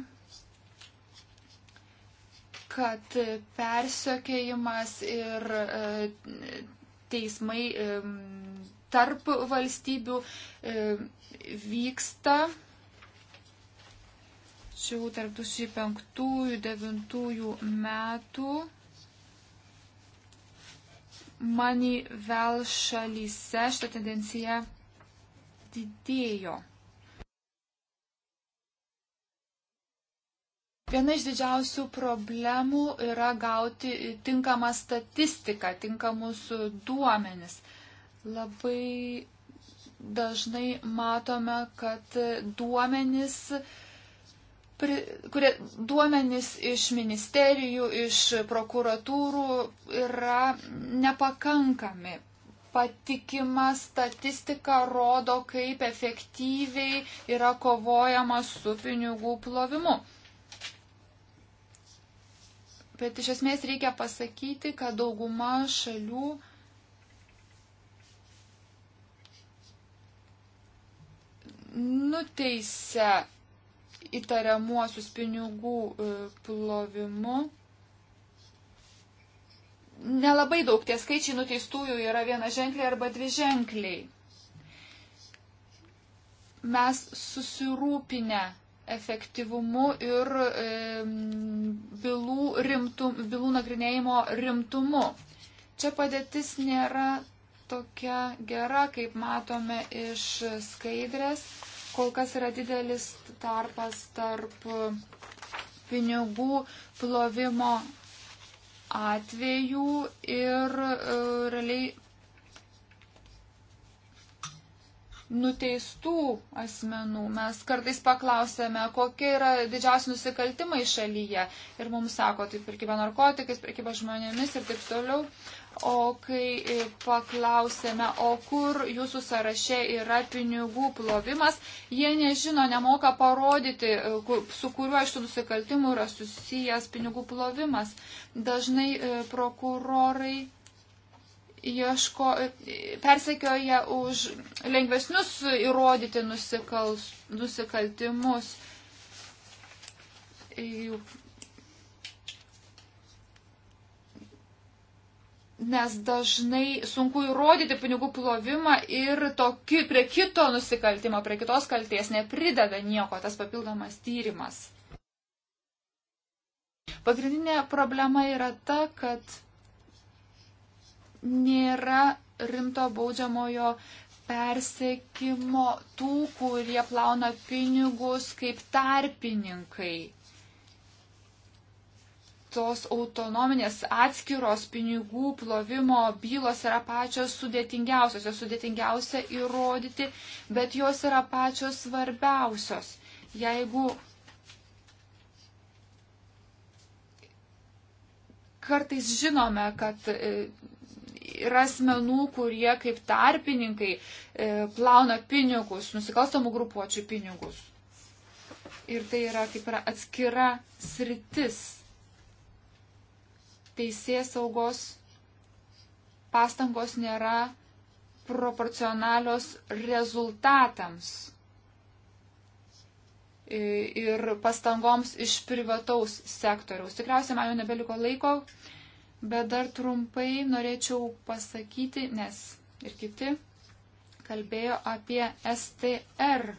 [SPEAKER 1] kad persiokėjimas ir e, teismai tarp valstybių vyksta. Čia tarp 2005-2009 metų mani vėl šalyse šitą tendenciją didėjo. Viena iš didžiausių problemų yra gauti tinkamą statistiką, tinkamus duomenis. Labai dažnai matome, kad duomenis, kurie, duomenis iš ministerijų, iš prokuratūrų yra nepakankami. Patikima statistika rodo, kaip efektyviai yra kovojama su pinigų plovimu. Bet iš esmės reikia pasakyti, kad dauguma šalių nuteisė įtariamuosius pinigų e, plovimu. Nelabai daug tie skaičiai nuteistųjų yra viena ženkliai arba dvi ženkliai. Mes susirūpinę efektyvumu ir e, bylų, rimtum, bylų nagrinėjimo rimtumu. Čia padėtis nėra tokia gera, kaip matome iš skaidrės. Kol kas yra didelis tarpas tarp pinigų plovimo atvejų ir e, realiai nuteistų asmenų. Mes kartais paklausėme, kokie yra didžiausi nusikaltimai šalyje. Ir mums sako, tai prekyba narkotikais, prekyba žmonėmis ir taip toliau. O kai e, paklausėme, o kur jūsų sąraše yra pinigų plovimas, jie nežino, nemoka parodyti, e, su kuriuo iš tų nusikaltimų yra susijęs pinigų plovimas. Dažnai e, prokurorai ieško, persekioja už lengvesnius įrodyti nusikals, nusikaltimus. Nes dažnai sunku įrodyti pinigų plovimą ir tokį, prie kito nusikaltimo, prie kitos kalties neprideda nieko tas papildomas tyrimas. Pagrindinė problema yra ta, kad nėra rimto baudžiamojo persekimo tų, kurie plauna pinigus kaip tarpininkai tos autonominės atskiros pinigų plovimo bylos yra pačios sudėtingiausios, jos sudėtingiausia įrodyti, bet jos yra pačios svarbiausios. Jeigu kartais žinome, kad e, yra asmenų, kurie kaip tarpininkai e, plauna pinigus, nusikalstamų grupuočių pinigus. Ir tai yra kaip yra atskira sritis teisės saugos pastangos nėra proporcionalios rezultatams e, ir pastangoms iš privataus sektoriaus. Tikriausiai man jau nebeliko laiko, Bet dar trumpai norėčiau pasakyti, nes ir kiti kalbėjo apie STR e,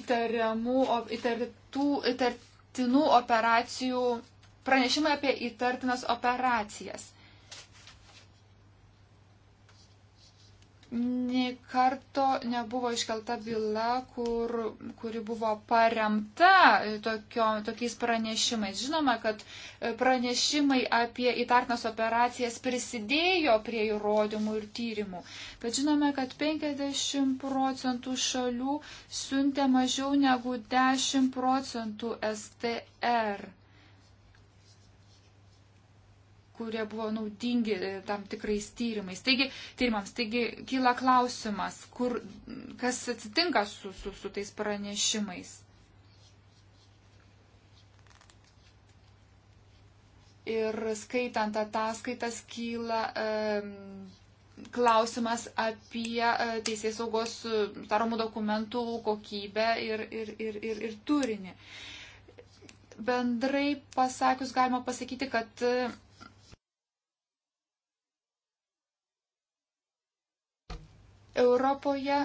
[SPEAKER 1] įtariamų, įtartų, įtartinų operacijų, pranešimai apie įtartinas operacijas. Nė karto nebuvo iškelta byla, kur, kuri buvo paremta e, tokio, tokiais pranešimais. Žinoma, kad e, pranešimai apie įtartinas operacijas prisidėjo prie įrodymų ir tyrimų. Bet žinome, kad 50 procentų šalių siuntė mažiau negu 10 procentų STR kurie buvo naudingi e, tam tikrais tyrimais. Taigi, tyrimams, taigi kyla klausimas, kur, kas atsitinka su, su, su tais pranešimais. Ir skaitant ataskaitas kyla e, klausimas apie e, teisės saugos daromų e, dokumentų kokybę ir, ir, ir, ir, ir turinį. E, bendrai pasakius galima pasakyti, kad Europoje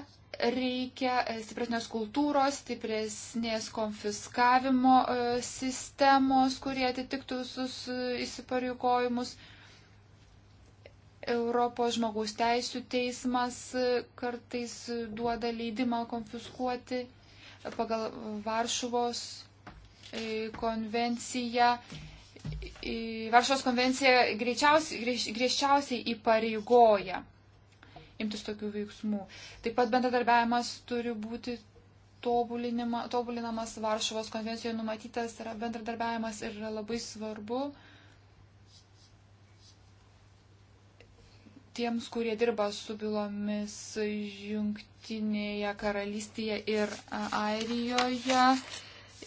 [SPEAKER 1] reikia stipresnės kultūros, stipresnės konfiskavimo e, sistemos, kurie atitiktų visus e, įsipareigojimus. Europos žmogaus teisų teismas e, kartais duoda leidimą konfiskuoti pagal Varšuvos konvenciją. Varšuvos konvencija griežčiausiai įpareigoja imtis tokių veiksmų. Taip pat bendradarbiavimas turi būti tobulinamas Varšuvos konvencijoje numatytas yra bendradarbiavimas ir yra labai svarbu tiems, kurie dirba su bylomis Junktinėje karalystėje ir Airijoje.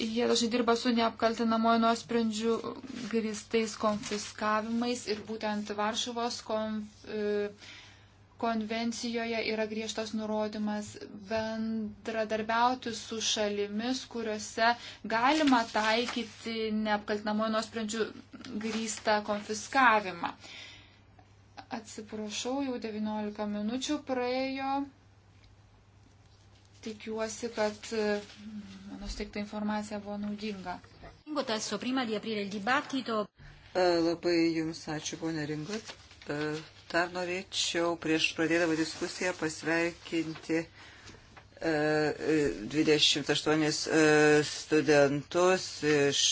[SPEAKER 1] Jie dažnai dirba su neapkaltinamojo nuosprendžių gristais konfiskavimais ir būtent Varšuvos konf, e, Konvencijoje yra griežtas nurodymas bendradarbiauti su šalimis, kuriuose galima taikyti neapkaltinamojo nuosprendžių grįstą konfiskavimą. Atsiprašau, jau 19 minučių praėjo. Tikiuosi, kad e, mano steikta informacija buvo naudinga.
[SPEAKER 3] E, labai jums ačiū, ponė Ringot Dar norėčiau prieš pradėdavą diskusiją pasveikinti 28 e, e, e, studentus iš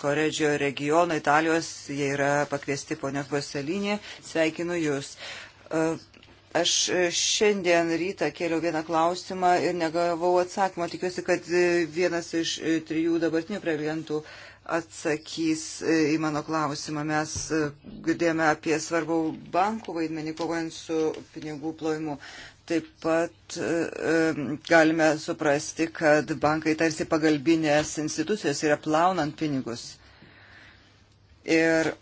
[SPEAKER 3] Koredžio regiono Italijos. Jie yra pakviesti ponios Boselinė. Sveikinu Jūs. Aš šiandien rytą kėliau vieną klausimą ir negavau atsakymą. Tikiuosi, kad vienas iš trijų dabartinių prelegentų uh, atsakys e, į mano klausimą. Mes e, girdėjome apie svarbų bankų vaidmenį kovojant su pinigų plojimu. Taip pat e, galime suprasti, kad bankai tarsi pagalbinės institucijos yra plaunant pinigus. Ir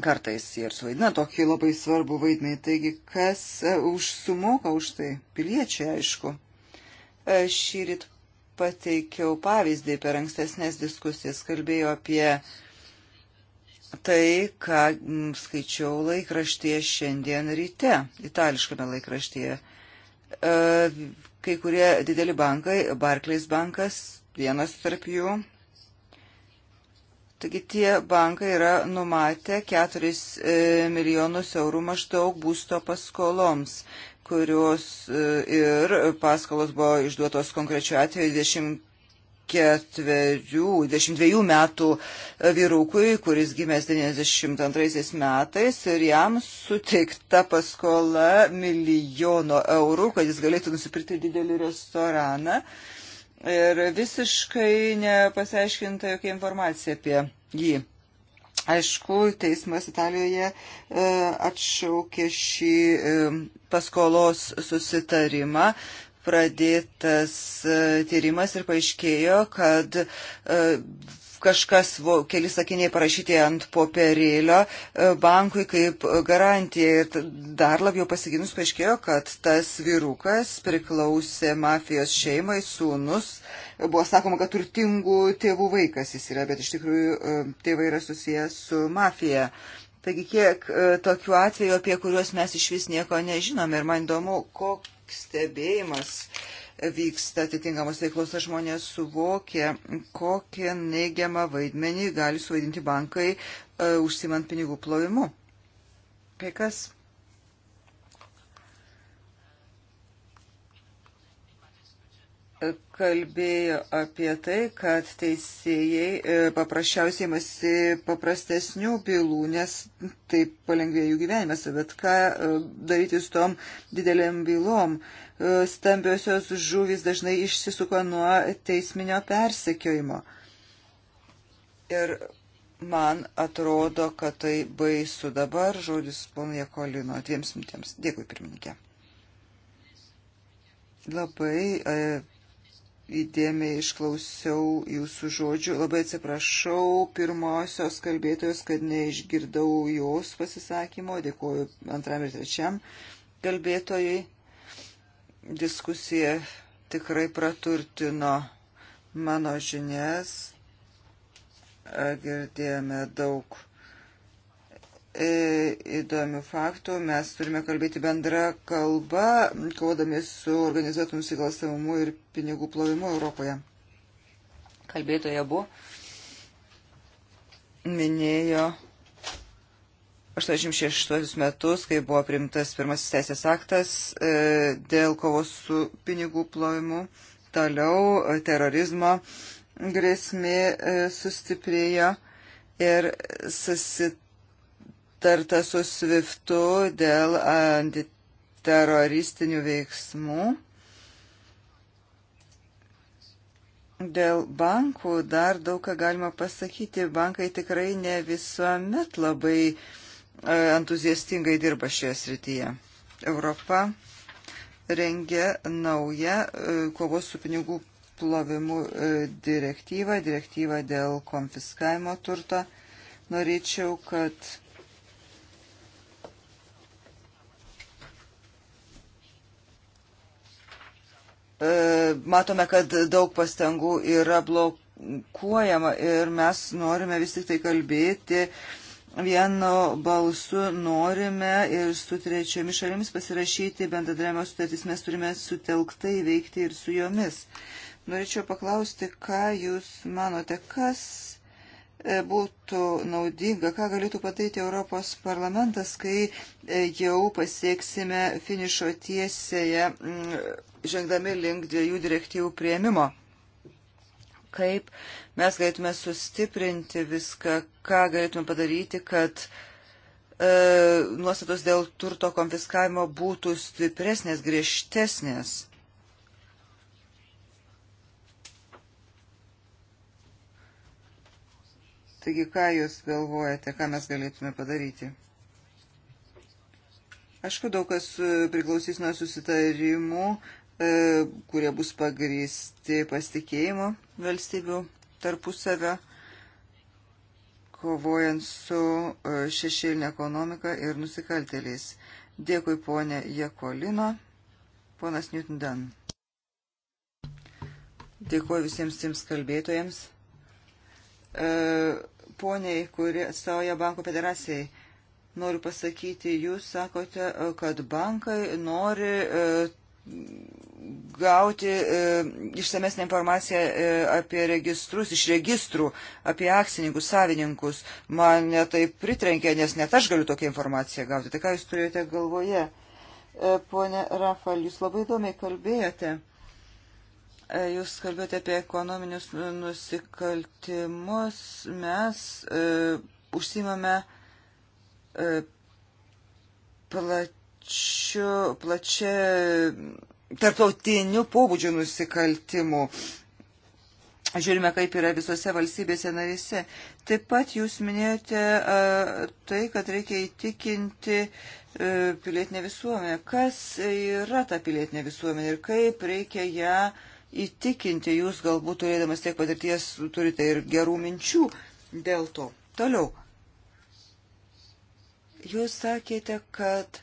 [SPEAKER 3] kartais jie ir suvaidina tokį labai svarbų vaidmenį. Taigi, kas užsumoka už tai? Piliečiai, aišku. Šįryt pateikiau pavyzdį per ankstesnės diskusijas, kalbėjau apie tai, ką mm, skaičiau laikraštyje šiandien ryte, itališkame laikraštyje. E, kai kurie dideli bankai, Barclays bankas, vienas tarp jų. Taigi tie bankai yra numatę 4 e, milijonus eurų maždaug būsto paskoloms kurios e, ir paskolos buvo išduotos konkrečiu atveju 22 metų e, vyrukui, kuris gimęs 92 metais ir jam suteikta paskola milijono eurų, kad jis galėtų nusipirkti didelį restoraną. Ir visiškai nepasiaiškinta jokia informacija apie jį. Aišku, teismas Italijoje e, atšaukė šį e, paskolos susitarimą, pradėtas e, tyrimas ir paaiškėjo, kad kažkas, keli sakiniai parašyti ant popierėlio e, bankui kaip garantija. Ir dar labiau pasiginus paaiškėjo, kad tas vyrukas priklausė mafijos šeimai, sūnus. Buvo sakoma, kad turtingų tėvų vaikas jis yra, bet iš tikrųjų e, tėvai yra susijęs su mafija. Taigi kiek e, tokių atvejų, apie kuriuos mes iš vis nieko nežinome ir man įdomu, koks stebėjimas uh, vyksta atitinkamos veiklos, ar žmonės suvokia, kokią neigiamą vaidmenį gali suvaidinti bankai e, užsimant pinigų plovimu. Kai kas kalbėjo apie tai, kad teisėjai e, paprasčiausiai masi paprastesnių bylų, nes taip palengvėja jų gyvenimas, bet ką e, daryti su tom didelėm bylom. E, stambiosios žuvys dažnai išsisuko nuo teisminio persekiojimo. Ir man atrodo, kad tai baisu dabar žodis ponė Kolino dviems minutėms. Dėkui, pirmininkė. Labai e, įdėmiai išklausiau jūsų žodžių. Labai atsiprašau pirmosios kalbėtojos, kad neišgirdau jos pasisakymo. Dėkuoju antram ir trečiam kalbėtojai. Diskusija tikrai praturtino mano žinias. Girdėjome daug E, įdomių faktų. Mes turime kalbėti bendrą kalbą, kovodami su organizuotų nusikalstamumu ir pinigų plovimu Europoje. Kalbėtoje buvo minėjo 86 metus, kai buvo primtas pirmasis teisės aktas e, dėl kovos su pinigų plovimu. Toliau e, terorizmo grėsmė sustiprėjo ir susitikė sutarta su Sviftu dėl antiteroristinių veiksmų. Dėl bankų dar daug ką galima pasakyti. Bankai tikrai ne visuomet labai e, entuziastingai dirba šioje srityje. Europa rengia naują e, kovos su pinigų plovimu e, direktyvą, direktyvą dėl konfiskavimo turto. Norėčiau, kad E, matome, kad daug pastangų yra blokuojama ir mes norime vis tik tai kalbėti vienu balsu norime ir su trečiomis šalimis pasirašyti bendradarbiavimo sutartis, mes turime sutelktai veikti ir su jomis. Norėčiau paklausti, ką Jūs manote, kas e, būtų naudinga, ką galėtų padaryti Europos parlamentas, kai e, jau pasieksime finišo tiesėje žengdami link dviejų direktyvų prieimimo. Kaip mes galėtume sustiprinti viską, ką galėtume padaryti, kad e, nuostatos dėl turto konfiskavimo būtų stipresnės, griežtesnės. Taigi, ką Jūs galvojate, ką mes galėtume padaryti? Aišku, daug kas e, priklausys nuo susitarimų E, kurie bus pagrysti pasitikėjimo valstybių tarpusavio, kovojant su e, šešėlinė ekonomika ir nusikaltėliais. Dėkui ponė Jekolino, ponas Newton Dan. Dėkuoju visiems tiems kalbėtojams. E, poniai, kuri atstovauja Bankų federacijai, noriu pasakyti, jūs sakote, kad bankai nori gauti e, išsamesnę informaciją e, apie registrus, iš registrų, apie akcininkus, savininkus. Mane tai pritrenkė, nes net aš galiu tokią informaciją gauti. Tai ką jūs turėjote galvoje? E, pone Rafal, jūs labai įdomiai kalbėjote. E, jūs kalbėjote apie ekonominius nu, nusikaltimus. Mes e, užsimame e, plačiai plačiu, plačia tarptautiniu pobūdžiu nusikaltimų. Žiūrime, kaip yra visose valstybėse narėse. Taip pat jūs minėjote a, tai, kad reikia įtikinti a, e, pilietinę visuomenę. Kas yra ta pilietinė visuomenė ir kaip reikia ją įtikinti? Jūs galbūt turėdamas tiek patirties turite ir gerų minčių dėl to. Toliau. Jūs sakėte, kad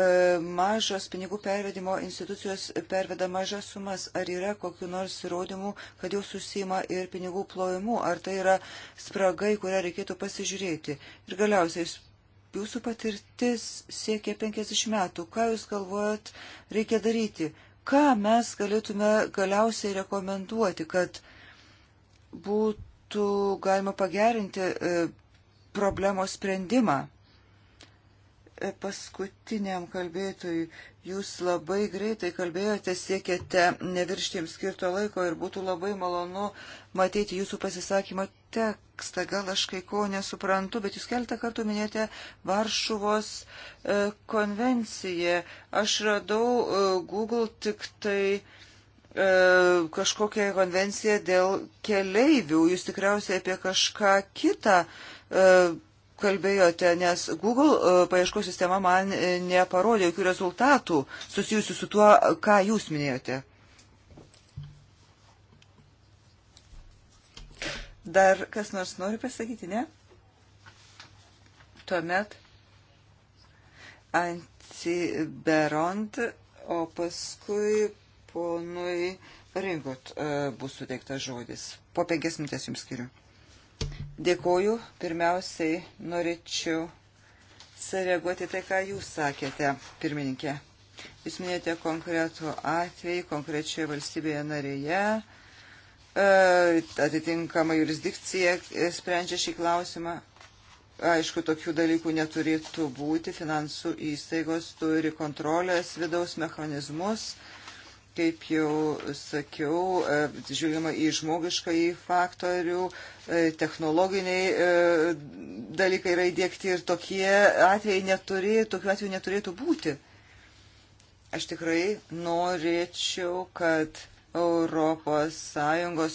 [SPEAKER 3] E, mažos pinigų pervedimo institucijos perveda mažas sumas. Ar yra kokiu nors įrodymų, kad jau susima ir pinigų plojimu? Ar tai yra spraga, į kurią reikėtų pasižiūrėti? Ir galiausiai, jūsų patirtis siekia 50 metų. Ką jūs galvojat reikia daryti? Ką mes galėtume galiausiai rekomenduoti, kad būtų galima pagerinti e, problemos sprendimą? paskutiniam kalbėtojui. Jūs labai greitai kalbėjote, siekėte neviršti jums skirto laiko ir būtų labai malonu matyti jūsų pasisakymo tekstą. Gal aš kai ko nesuprantu, bet jūs keltą kartų minėjote Varšuvos e, konvenciją. Aš radau e, Google tik tai e, kažkokią konvenciją dėl keleivių. Jūs tikriausiai apie kažką kitą. E, kalbėjote, nes Google e, paieškos sistema man e, neparodė jokių rezultatų susijusių su tuo, ką jūs minėjote. Dar kas nors nori pasakyti, ne? Tuomet Antiberont, o paskui ponui Ringot e, bus suteiktas žodis. Po penkias minutės jums skiriu. Dėkoju. Pirmiausiai norėčiau sareaguoti tai, ką jūs sakėte, pirmininkė. Jūs minėjote konkretų atvejį konkrečioje valstybėje narėje, e, atitinkama jurisdikcija e, sprendžia šį klausimą. Aišku, tokių dalykų neturėtų būti, finansų įstaigos turi kontrolės vidaus mechanizmus, Kaip jau sakiau, e, žiūrima į žmogiškąjį faktorių, e, technologiniai e, dalykai yra įdėkti ir tokie atvejai neturėtų, tokių atvejų neturėtų būti. Aš tikrai norėčiau, kad ES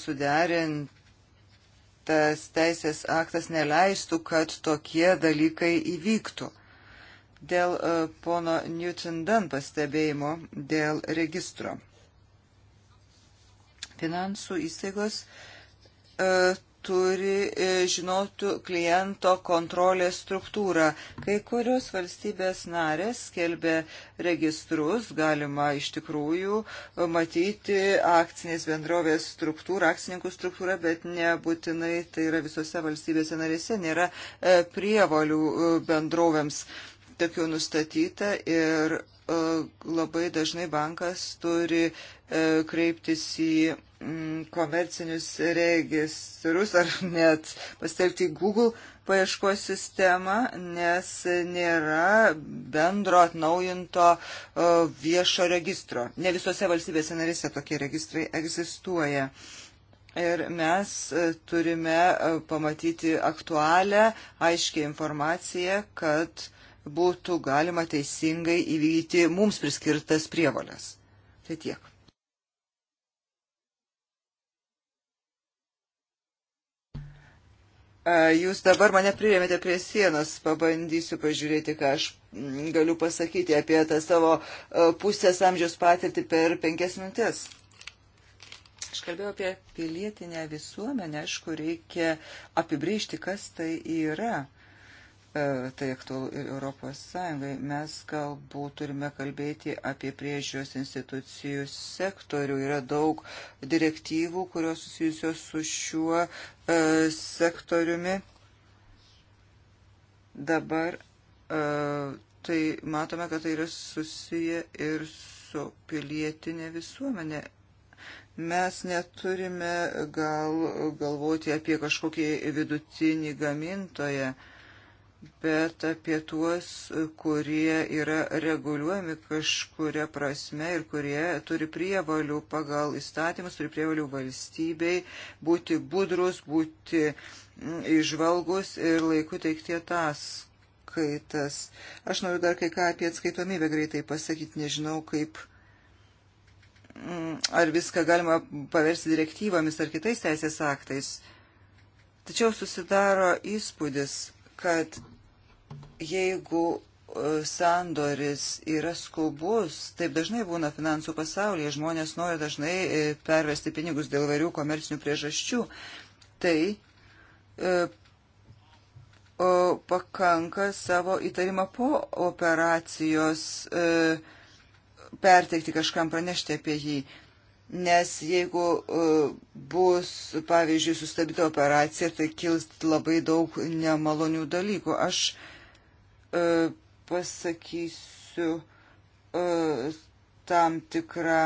[SPEAKER 3] suderintas teisės aktas neleistų, kad tokie dalykai įvyktų dėl e, pono Newton Dunn pastebėjimo dėl registro. Finansų įstaigos e, turi e, žinotų kliento kontrolės struktūrą. Kai kurios valstybės narės skelbia registrus, galima iš tikrųjų matyti akcinės bendrovės struktūrą, akcininkų struktūrą, bet nebūtinai tai yra visose valstybėse narėse, nėra prievalių bendrovėms. E, taip jau nustatyta ir e, labai dažnai bankas turi e, kreiptis į mm, komercinius registrus ar net pasitelkti Google paieškos sistemą, nes nėra bendro atnaujinto e, viešo registro. Ne visose valstybėse narėse tokie registrai egzistuoja. Ir mes turime pamatyti aktualią, aiškiai informaciją, kad būtų galima teisingai įvykdyti mums priskirtas prievalės. Tai tiek. Jūs dabar mane priremėte prie sienos, pabandysiu pažiūrėti, ką aš mm, galiu pasakyti apie tą savo pusės amžiaus patirtį per penkias minutės. Aš kalbėjau apie pilietinę visuomenę, aišku, reikia apibrėžti, kas tai yra. E, tai aktualu ir Europos Sąjungai. Mes galbūt turime kalbėti apie priežiūros institucijų sektorių. Yra daug direktyvų, kurios susijusios su šiuo e, sektoriumi. Dabar e, tai matome, kad tai yra susiję ir su pilietinė visuomenė mes neturime gal galvoti apie kažkokį vidutinį gamintoją. E, bet apie tuos, kurie yra reguliuojami kažkuria prasme ir kurie turi prievalių pagal įstatymus, turi prievalių valstybei būti budrus, būti išvalgus mm, ir laiku teikti ataskaitas. Aš noriu dar kai ką apie atskaitomybę greitai pasakyti, nežinau kaip. Mm, ar viską galima paversti direktyvomis ar kitais teisės aktais. Tačiau susidaro įspūdis, kad jeigu e, sandoris yra skubus, taip dažnai būna finansų pasaulyje, žmonės nori dažnai e, pervesti pinigus dėl varių komercinių priežasčių, tai e, o, pakanka savo įtarimą po operacijos e, perteikti kažkam pranešti apie jį. Nes jeigu e, bus, pavyzdžiui, sustabdyta operacija, tai kils labai daug nemalonių dalykų. Aš E, pasakysiu e, tam tikrą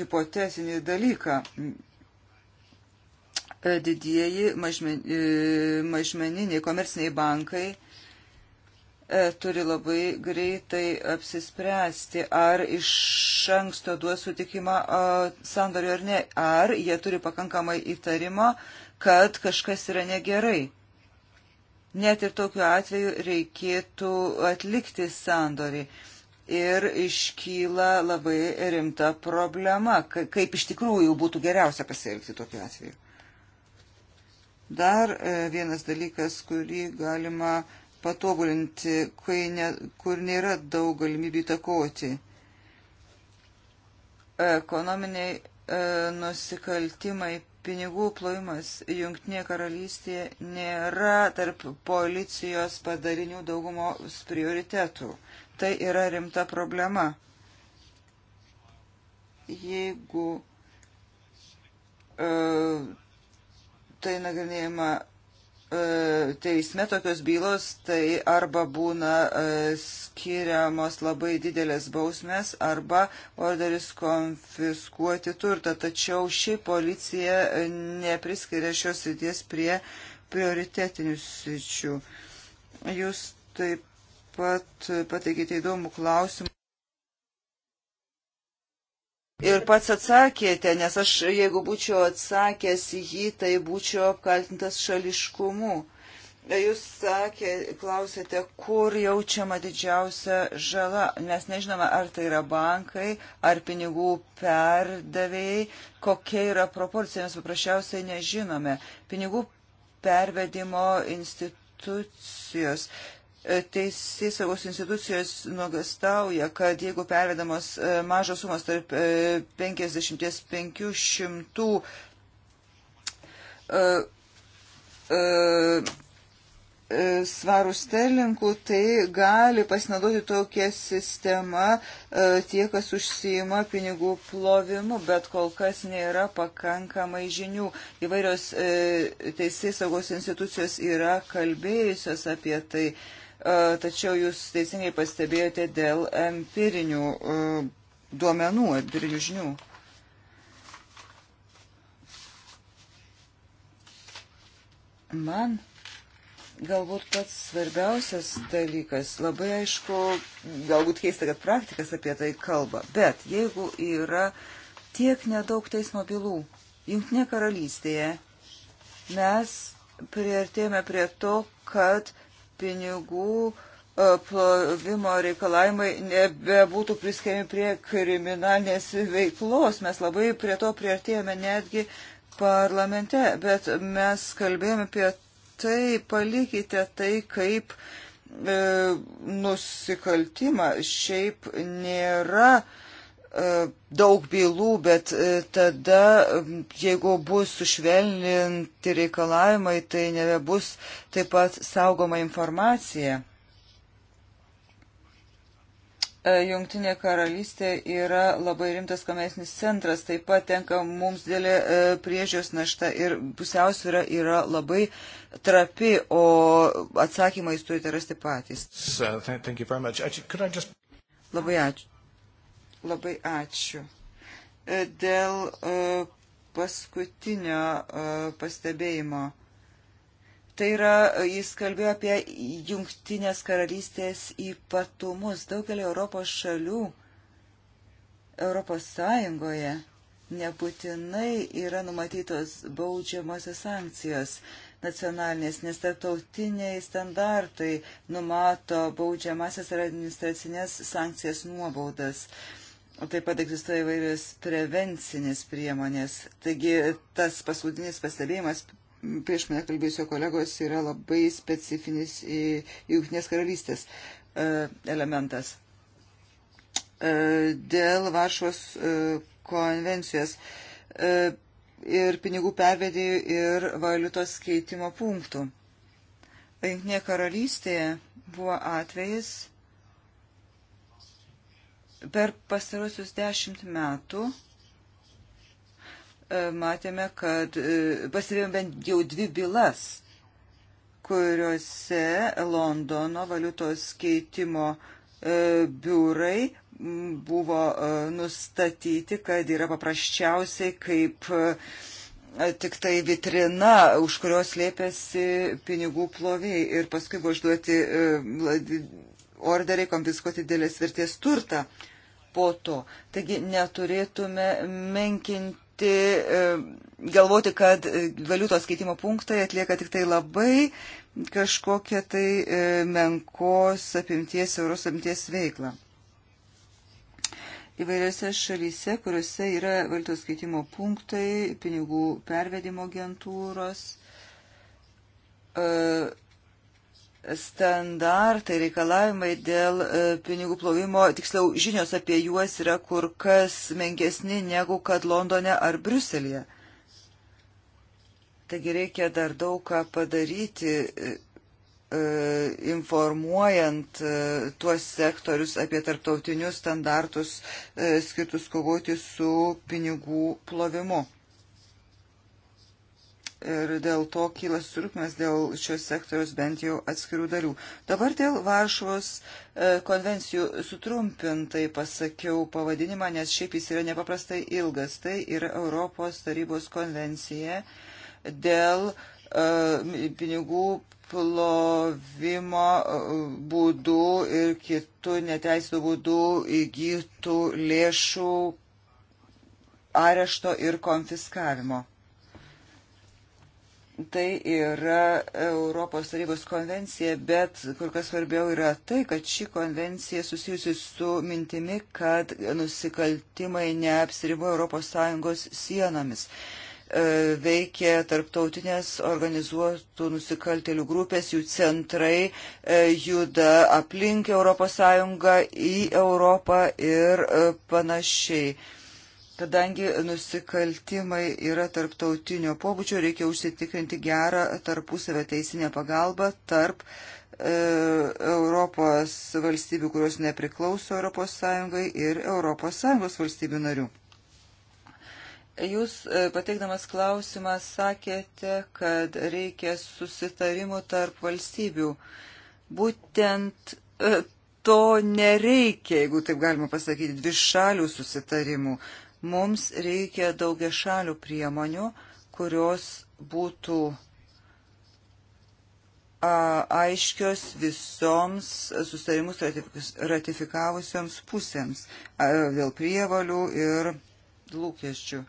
[SPEAKER 3] hipotetinį dalyką. E, didieji mažmeniniai komerciniai bankai turi labai greitai apsispręsti, ar iš anksto duos sutikimą sandoriu ar ne, ar jie turi pakankamai įtarimą, kad kažkas yra negerai net ir tokiu atveju reikėtų atlikti sandorį. Ir iškyla labai rimta problema, kaip iš tikrųjų būtų geriausia pasielgti tokiu atveju. Dar e, vienas dalykas, kurį galima patobulinti, ne, kur nėra daug galimybių įtakoti. Ekonominiai e, nusikaltimai pinigų plovimas Junktinėje karalystėje nėra tarp policijos padarinių daugumos prioritetų. Tai yra rimta problema. Jeigu uh, tai nagrinėjama E, teisme tokios bylos tai arba būna e, skiriamos labai didelės bausmės arba orderis konfiskuoti turtą. Tačiau ši policija nepriskiria šios srities prie prioritetinių sričių. Jūs taip pat pateikite įdomų klausimą. Ir pats atsakėte, nes aš, jeigu būčiau atsakęs į jį, tai būčiau apkaltintas šališkumu. Jūs sakė, klausėte, kur jaučiama didžiausia žala. Mes nežinome, ar tai yra bankai, ar pinigų perdavėjai, kokia yra proporcija, mes paprasčiausiai nežinome. Pinigų pervedimo institucijos E, teisės saugos institucijos nuogastauja, kad jeigu pervedamos e, mažos sumos tarp 50-500 e, svarų sterlinkų, tai gali pasinaudoti tokia sistema tie, kas užsijima pinigų plovimu, bet kol kas nėra pakankamai žinių. Įvairios teisės saugos institucijos yra kalbėjusios apie tai. E, tačiau jūs teisingai pastebėjote dėl empirinių e, duomenų, empirinių žinių. Man galbūt pats svarbiausias dalykas, labai aišku, galbūt keista, kad praktikas apie tai kalba, bet jeigu yra tiek nedaug teismo bylų, jungtinė karalystėje, mes priartėjome prie to, kad pinigų e, plovimo reikalavimai nebebūtų priskiriami prie kriminalinės veiklos. Mes labai prie to priartėjome netgi parlamente, bet mes kalbėjome apie tai, palikite tai kaip e, nusikaltimą. Šiaip nėra e, E, daug bylų, bet e, tada, jeigu bus sušvelninti reikalavimai, tai nebebus taip pat saugoma informacija. E, Jungtinė karalystė yra labai rimtas komercinis centras, taip pat tenka mums dėlė priežios našta ir pusiausvyrą yra labai trapi, o atsakymą jūs turite rasti patys. So, thank you very much. Actually, could I just... Labai ačiū. Labai ačiū. E, dėl e, paskutinio e, pastebėjimo. Tai yra, jis kalbėjo apie jungtinės karalystės ypatumus. Daugelį Europos šalių, Europos Sąjungoje nebūtinai yra numatytos baudžiamosios sankcijos nacionalinės, nes tarptautiniai standartai numato baudžiamasias ir administracinės sankcijas nuobaudas. Taip pat egzistuoja įvairios prevencinės priemonės. Taigi tas paskutinis pastebėjimas prieš mane kalbėjusio kolegos yra labai specifinis Junktinės karalystės e, elementas. E, dėl Varšuvos e, konvencijos ir pinigų pervedėjų ir valiutos keitimo punktų. Junktinėje karalystėje buvo atvejis, Per pastarusius dešimt metų e, matėme, kad e, pastebėjome bent jau dvi bylas, kuriuose Londono valiutos keitimo e, biurai buvo nustatyti, kad yra paprasčiausiai kaip tik tai vitrina, už kurios lėpėsi pinigų ploviai. Ir paskui buvo išduoti orderiai konfiskuoti dėlės vertės turtą po to. Taigi neturėtume menkinti, e, galvoti, kad valiutos keitimo punktai atlieka tik tai labai kažkokią tai e, menkos apimties, euros apimties veiklą. Įvairiose šalyse, kuriuose yra valiutos keitimo punktai, pinigų pervedimo agentūros, e, standartai, reikalavimai dėl e, pinigų plovimo, tiksliau žinios apie juos yra kur kas menkesni negu kad Londone ar Bruselėje. Taigi reikia dar daug ką padaryti, e, e, informuojant tuos sektorius apie tarptautinius standartus skirtus kovoti su pinigų plovimu ir dėl to kyla surūpimas dėl šios sektoriaus bent jau atskirų dalių. Dabar dėl Varšuvos e, konvencijų sutrumpintai pasakiau pavadinimą, nes šiaip jis yra nepaprastai ilgas. Tai yra Europos tarybos konvencija dėl e, pinigų plovimo e, būdų ir kitų neteisų būdų įgytų lėšų arešto ir konfiskavimo. Tai yra Europos tarybos konvencija, bet kur kas svarbiau yra tai, kad ši konvencija susijusi su mintimi, kad nusikaltimai neapsiribo ES sienomis e, veikia tarptautinės organizuotų nusikaltelių grupės, jų centrai e, juda aplink ES į Europą ir e, panašiai. Kadangi nusikaltimai yra tarptautinio pobūdžio, reikia užsitikrinti gerą tarpusavę teisinę pagalbą tarp e, Europos valstybių, kurios nepriklauso ES ir ES valstybių narių. Jūs e, pateikdamas klausimą sakėte, kad reikia susitarimų tarp valstybių. Būtent e, to nereikia, jeigu taip galima pasakyti, dvišalių susitarimų. Mums reikia daugia šalių priemonių, kurios būtų aiškios visoms sustarimus ratifikavusioms pusėms dėl prievalių ir lūkesčių.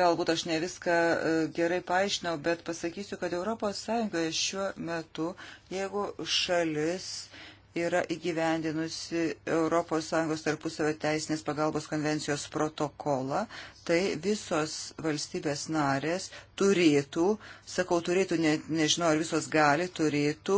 [SPEAKER 3] Galbūt aš ne viską e, gerai paaiškinau, bet pasakysiu, kad ES šiuo metu, jeigu šalis yra įgyvendinusi ES tarpusavio teisinės pagalbos konvencijos protokolą, tai visos valstybės narės turėtų, sakau, turėtų, ne, nežinau, ar visos gali, turėtų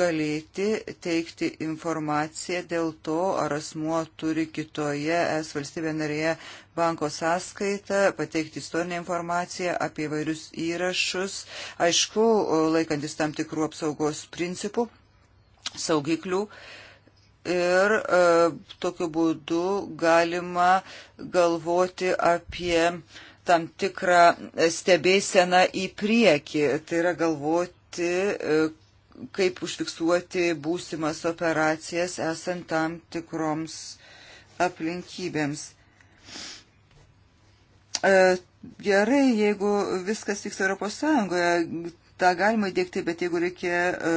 [SPEAKER 3] galėti teikti informaciją dėl to, ar asmuo turi kitoje es valstybė narėje banko sąskaitą, pateikti istorinę informaciją apie vairius įrašus, aišku, laikantis tam tikrų apsaugos principų saugiklių ir e, tokiu būdu galima galvoti apie tam tikrą stebėseną į priekį. Tai yra galvoti, e, kaip užfiksuoti būsimas operacijas esant tam tikroms aplinkybėms. E, gerai, jeigu viskas vyks Europos Sąjungoje, tą galima įdėkti, bet jeigu reikia e,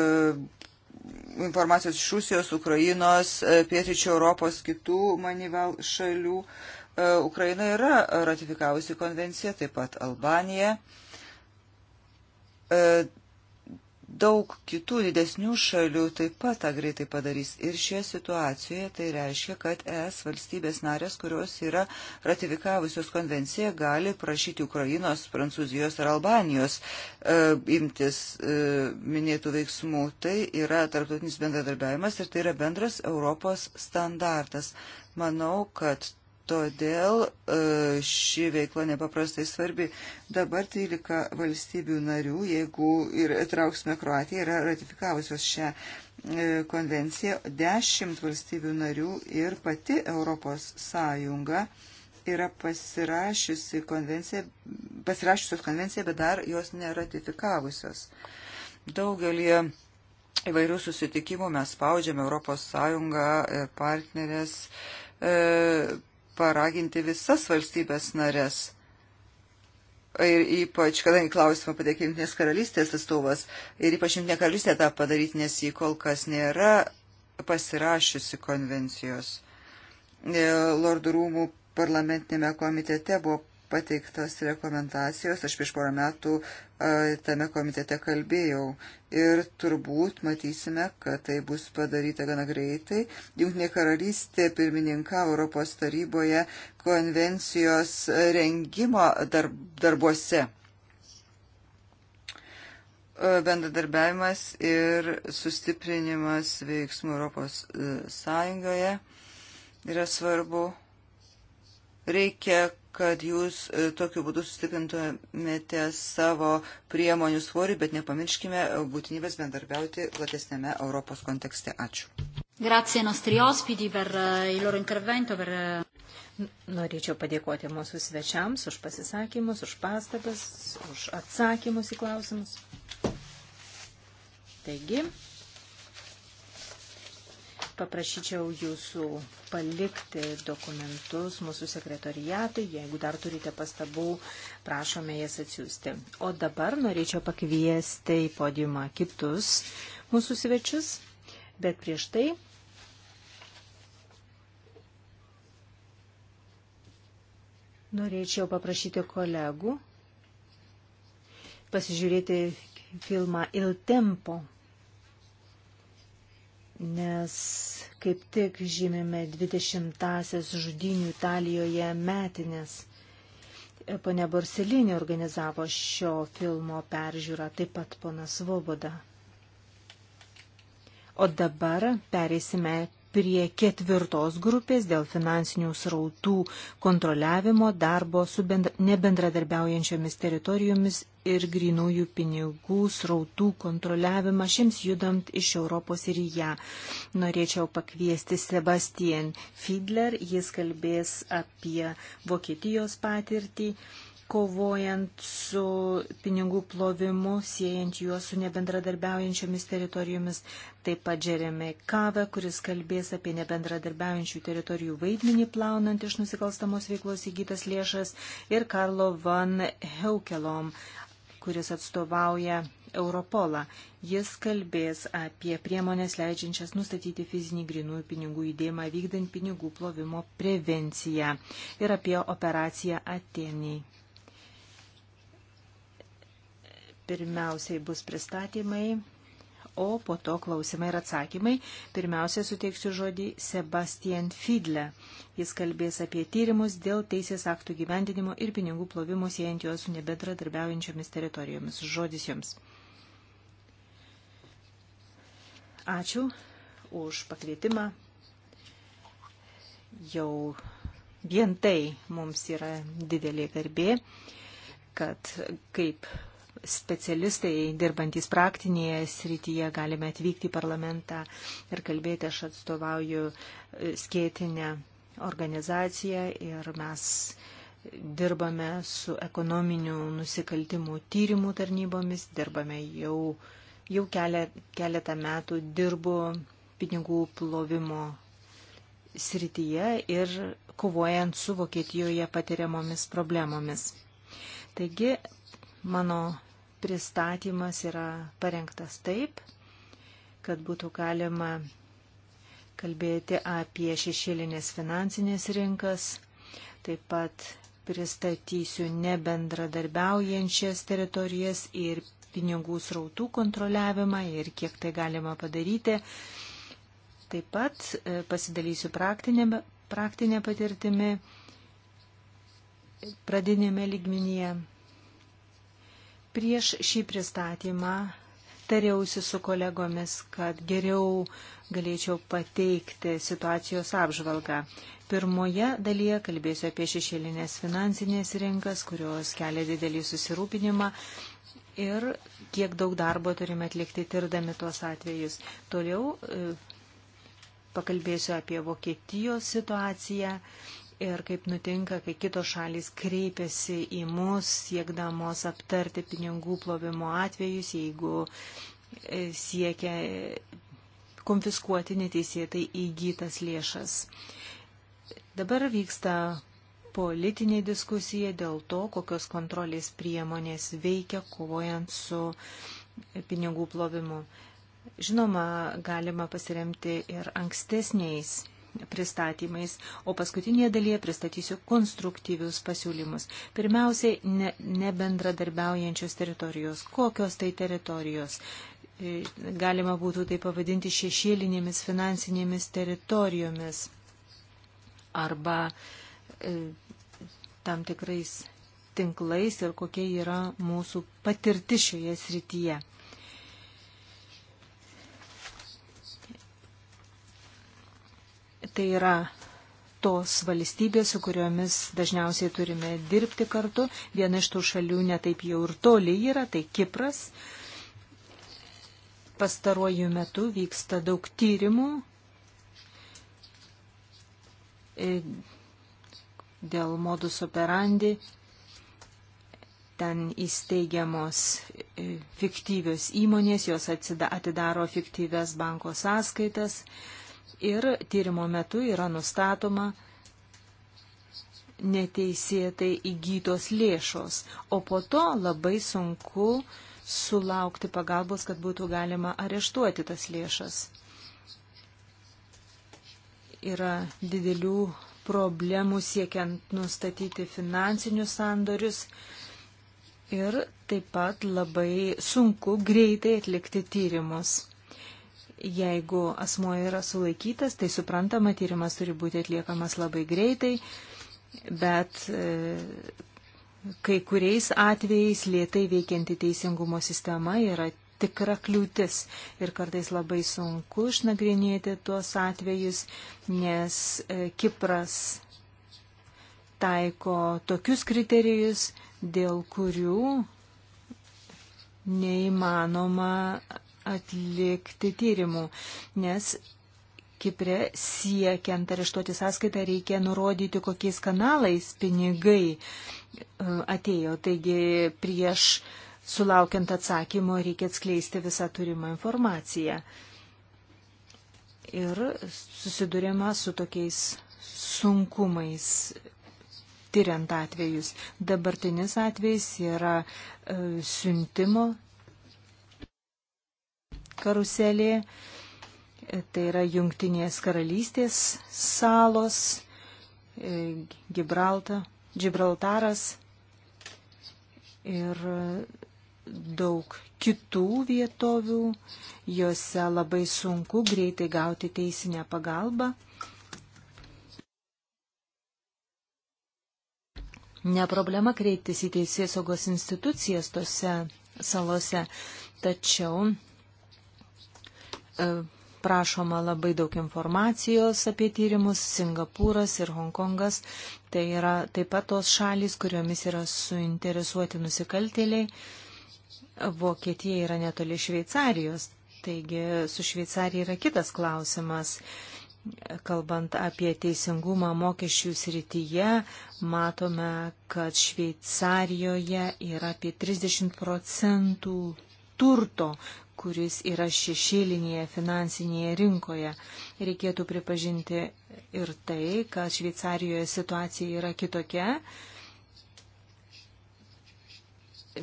[SPEAKER 3] informacijos iš Rusijos, Ukrainos, e, Pietričio Europos, kitų manival šalių. E, Ukraina yra ratifikavusi konvenciją, taip pat Albanija. E, daug kitų didesnių šalių taip pat tą greitai padarys. Ir šioje situacijoje tai reiškia, kad ES valstybės narės, kurios yra ratifikavusios konvenciją, gali prašyti Ukrainos, Prancūzijos ar Albanijos e, imtis e, minėtų veiksmų. Tai yra tarptautinis bendradarbiavimas ir tai yra bendras Europos standartas. Manau, kad Todėl e, ši veikla nepaprastai svarbi. Dabar 13 valstybių narių, jeigu ir trauksime Kroatiją, yra ratifikavusios šią e, konvenciją, 10 valstybių narių ir pati Europos Sąjunga yra pasirašiusi konvenciją, pasirašiusios konvenciją, bet dar jos neratifikavusios. Daugelį įvairių susitikimų mes spaudžiame Europos Sąjungą ir e, partnerės e, paraginti visas valstybės narės. Ir ypač, kadangi klausimą patekė Junktinės karalystės atstovas, ir ypač Junktinė karalystė tą padaryti, nes jį kol kas nėra pasirašiusi konvencijos. Lordų rūmų parlamentinėme komitete buvo pateiktas rekomendacijos. Aš prieš porą metų tame komitete kalbėjau ir turbūt matysime, kad tai bus padaryta gana greitai. Junktinė karalystė pirmininka Europos taryboje konvencijos rengimo darb, darbuose. Bendradarbiavimas ir sustiprinimas veiksmų Europos e, Sąjungoje yra svarbu. Reikia, kad jūs e, tokiu būdu sustiprintumėte savo priemonių svorį, bet nepamirškime būtinybės bendarbiauti platesnėme Europos kontekste. Ačiū.
[SPEAKER 1] Grazie nostri
[SPEAKER 2] ospiti per e, il loro intervento. Per... E, norėčiau padėkoti mūsų svečiams už pasisakymus, už pastabas, už atsakymus į klausimus. Taigi, Paprašyčiau jūsų palikti dokumentus mūsų sekretoriatui. Jeigu dar turite pastabų, prašome jas atsiųsti. O dabar norėčiau pakviesti į podiumą kitus mūsų svečius, bet prieš tai. Norėčiau paprašyti kolegų pasižiūrėti filmą Il Tempo nes kaip tik žymime 20-asias žudinių Italijoje metinės. Pone Borselinė organizavo šio filmo peržiūrą, taip pat ponas Voboda. O dabar pereisime prie ketvirtos grupės dėl finansinių srautų kontroliavimo darbo su bendra, nebendradarbiaujančiomis teritorijomis ir grinųjų pinigų srautų kontroliavimą šiems judant iš Europos ir į ją. Norėčiau pakviesti Sebastian Fiedler, jis kalbės apie Vokietijos patirtį kovojant su pinigų plovimu, siejant juos su nebendradarbiaujančiomis teritorijomis. Taip pat Džeremi Kave, kuris kalbės apie nebendradarbiaujančių teritorijų vaidmenį plaunant iš nusikalstamos veiklos įgytas lėšas. Ir Karlo Van Heukelom, kuris atstovauja Europolą. Jis kalbės apie priemonės leidžiančias nustatyti fizinį grinųjų pinigų įdėjimą vykdant pinigų plovimo prevenciją ir apie operaciją Ateniai. Pirmiausiai bus pristatymai, o po to klausimai ir atsakymai. Pirmiausia, suteiksiu žodį Sebastian Fidle. Jis kalbės apie tyrimus dėl teisės aktų gyvendinimo ir pinigų plovimų siejant juos su nebedradarbiaujančiomis teritorijomis. Žodis jums. Ačiū už pakvietimą. Jau vien tai mums yra didelė garbė, kad kaip specialistai, dirbantys praktinėje srityje, galime atvykti į parlamentą ir kalbėti. Aš atstovauju e, skėtinę organizaciją ir mes dirbame su ekonominių nusikaltimų tyrimų tarnybomis, dirbame jau, jau keletą metų, dirbu pinigų plovimo srityje ir kovojant su Vokietijoje patiriamomis problemomis. Taigi, mano pristatymas yra parengtas taip, kad būtų galima kalbėti apie šešėlinės finansinės rinkas, taip pat pristatysiu nebendradarbiaujančias teritorijas ir pinigų srautų kontroliavimą ir kiek tai galima padaryti. Taip pat e, pasidalysiu praktinė, praktinė patirtimi pradinėme lygmenyje. Prieš šį pristatymą tariausi su kolegomis, kad geriau galėčiau pateikti situacijos apžvalgą. Pirmoje dalyje kalbėsiu apie šešėlinės finansinės rinkas, kurios kelia didelį susirūpinimą ir kiek daug darbo turime atlikti tirdami tuos atvejus. Toliau e, pakalbėsiu apie Vokietijos situaciją ir kaip nutinka, kai kitos šalys kreipiasi į mus, siekdamos aptarti pinigų plovimo atvejus, jeigu e, siekia konfiskuoti neteisėtai įgytas lėšas. Dabar vyksta politinė diskusija dėl to, kokios kontrolės priemonės veikia kovojant su pinigų plovimu. Žinoma, galima pasiremti ir ankstesniais pristatymais, o paskutinėje dalyje pristatysiu konstruktyvius pasiūlymus. Pirmiausiai, ne, nebendradarbiaujančios teritorijos. Kokios tai teritorijos? E, galima būtų tai pavadinti šešėlinėmis finansinėmis teritorijomis arba e, tam tikrais tinklais ir kokia yra mūsų patirti šioje srityje. tai yra tos valstybės, su kuriomis dažniausiai turime dirbti kartu. Viena iš tų šalių netaip jau ir toli yra, tai Kipras. Pastaruoju metu vyksta daug tyrimų e, dėl modus operandi. Ten įsteigiamos e, fiktyvios įmonės, jos atidaro fiktyves banko sąskaitas ir tyrimo metu yra nustatoma neteisėtai įgytos lėšos, o po to labai sunku sulaukti pagalbos, kad būtų galima areštuoti tas lėšas. Yra didelių problemų siekiant nustatyti finansinius sandorius ir taip pat labai sunku greitai atlikti tyrimus. Jeigu asmuo yra sulaikytas, tai suprantama, tyrimas turi būti atliekamas labai greitai, bet e, kai kuriais atvejais lietai veikianti teisingumo sistema yra tikra kliūtis ir kartais labai sunku išnagrinėti tuos atvejus, nes e, Kipras taiko tokius kriterijus, dėl kurių neįmanoma atlikti tyrimų, nes Kipre siekiant areštuoti sąskaitą reikia nurodyti, kokiais kanalais pinigai e, atėjo. Taigi prieš sulaukiant atsakymo reikia atskleisti visą turimą informaciją. Ir susidurima su tokiais sunkumais tyriant atvejus. Dabartinis atvejs yra e, siuntimo karuselė. Tai yra jungtinės karalystės salos, e, Gibralta, Gibraltaras ir daug kitų vietovių, juose labai sunku greitai gauti teisinę pagalbą. Ne problema kreiptis į teisėsaugos institucijas tose salose, tačiau E, prašoma labai daug informacijos apie tyrimus. Singapūras ir Hongkongas tai yra taip pat tos šalys, kuriomis yra suinteresuoti nusikaltėliai. Vokietija yra netoli Šveicarijos, taigi su Šveicarija yra kitas klausimas. Kalbant apie teisingumą mokesčių srityje, matome, kad Šveicarijoje yra apie 30 procentų turto, kuris yra šešėlinėje finansinėje rinkoje. Reikėtų pripažinti ir tai, kad Šveicarijoje situacija yra kitokia.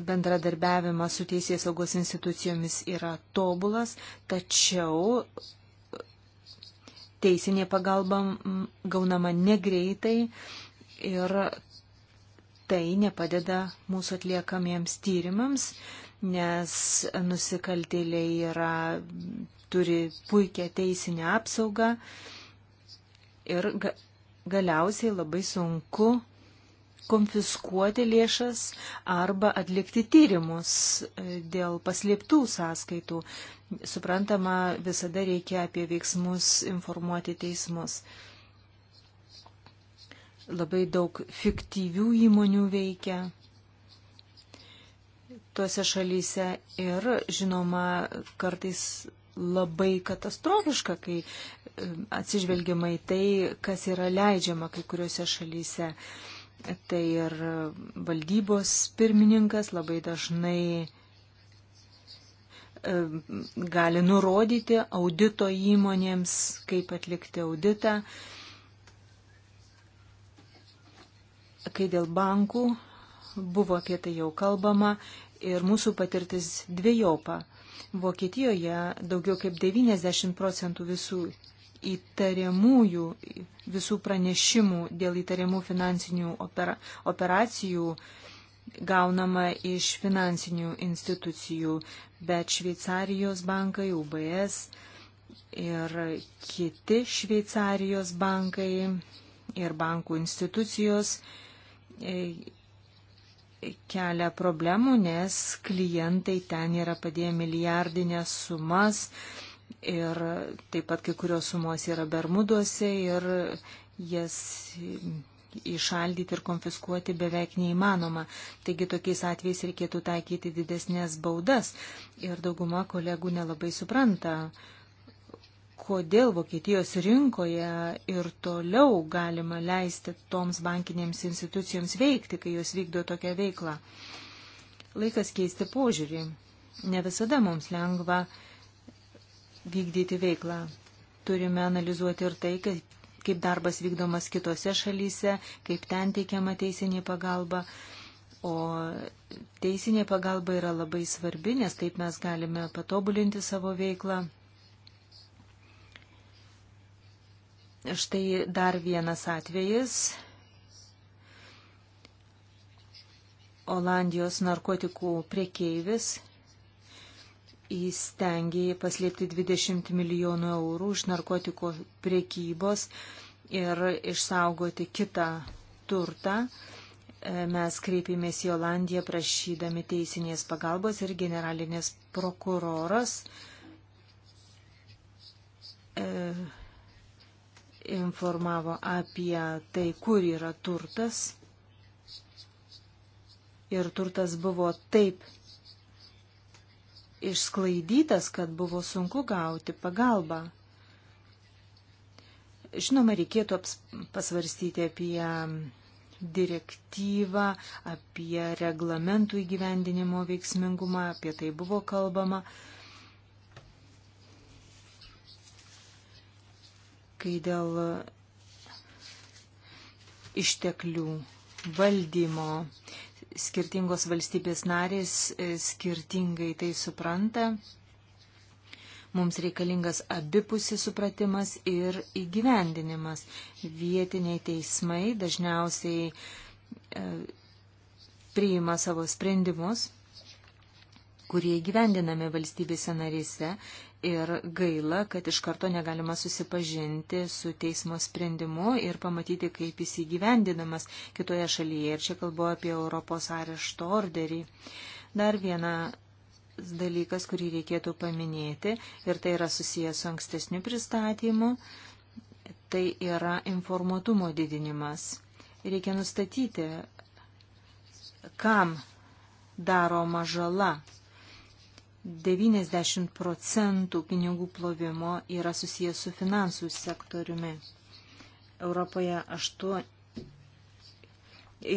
[SPEAKER 2] Bendradarbiavimas su teisės saugos institucijomis yra tobulas, tačiau teisinė pagalba gaunama negreitai ir tai nepadeda mūsų atliekamiems tyrimams nes nusikaltėliai yra, turi puikią teisinę apsaugą ir ga, galiausiai labai sunku konfiskuoti lėšas arba atlikti tyrimus e, dėl paslėptų sąskaitų. Suprantama, visada reikia apie veiksmus informuoti teismus. Labai daug fiktyvių įmonių veikia tuose šalyse ir, žinoma, kartais labai katastrofiška, kai atsižvelgiama į tai, kas yra leidžiama kai kuriuose šalyse. Tai ir valdybos pirmininkas labai dažnai gali nurodyti audito įmonėms, kaip atlikti auditą. Kai dėl bankų buvo apie tai jau kalbama ir mūsų patirtis dviejopa. Vokietijoje daugiau kaip 90 procentų visų įtariamųjų, visų pranešimų dėl įtariamų finansinių opera, operacijų gaunama iš finansinių institucijų, bet Šveicarijos bankai, UBS ir kiti Šveicarijos bankai ir bankų institucijos kelia problemų, nes klientai ten yra padėję milijardinės sumas ir taip pat kai kurios sumos yra Bermuduose ir jas išaldyti ir konfiskuoti beveik neįmanoma. Taigi tokiais atvejais reikėtų taikyti didesnės baudas ir dauguma kolegų nelabai supranta, kodėl Vokietijos rinkoje ir toliau galima leisti toms bankinėms institucijoms veikti, kai jos vykdo tokią veiklą. Laikas keisti požiūrį. Ne visada mums lengva vykdyti veiklą. Turime analizuoti ir tai, kaip darbas vykdomas kitose šalyse, kaip ten teikiama teisinė pagalba. O teisinė pagalba yra labai svarbi, nes taip mes galime patobulinti savo veiklą. Štai dar vienas atvejis. Olandijos narkotikų priekeivis įstengė paslėpti 20 milijonų eurų iš narkotikų priekybos ir išsaugoti kitą turtą. E, mes kreipėmės į Olandiją prašydami teisinės pagalbos ir generalinės prokuroras. E, informavo apie tai, kur yra turtas. Ir turtas buvo taip išsklaidytas, kad buvo sunku gauti pagalbą. Žinoma, reikėtų pasvarstyti apie direktyvą, apie reglamentų įgyvendinimo veiksmingumą, apie tai buvo kalbama. kai dėl išteklių valdymo skirtingos valstybės narės e, skirtingai tai supranta. Mums reikalingas abipusis supratimas ir įgyvendinimas. Vietiniai teismai dažniausiai e, priima savo sprendimus, kurie įgyvendinami valstybėse narėse Ir gaila, kad iš karto negalima susipažinti su teismo sprendimu ir pamatyti, kaip jis įgyvendinamas kitoje šalyje. Ir čia kalbu apie Europos arešto orderį. Dar viena dalykas, kurį reikėtų paminėti, ir tai yra susijęs su ankstesniu pristatymu, tai yra informuotumo didinimas. Reikia nustatyti, kam daroma žala 90 procentų pinigų plovimo yra susijęs su finansų sektoriumi. Europoje 8,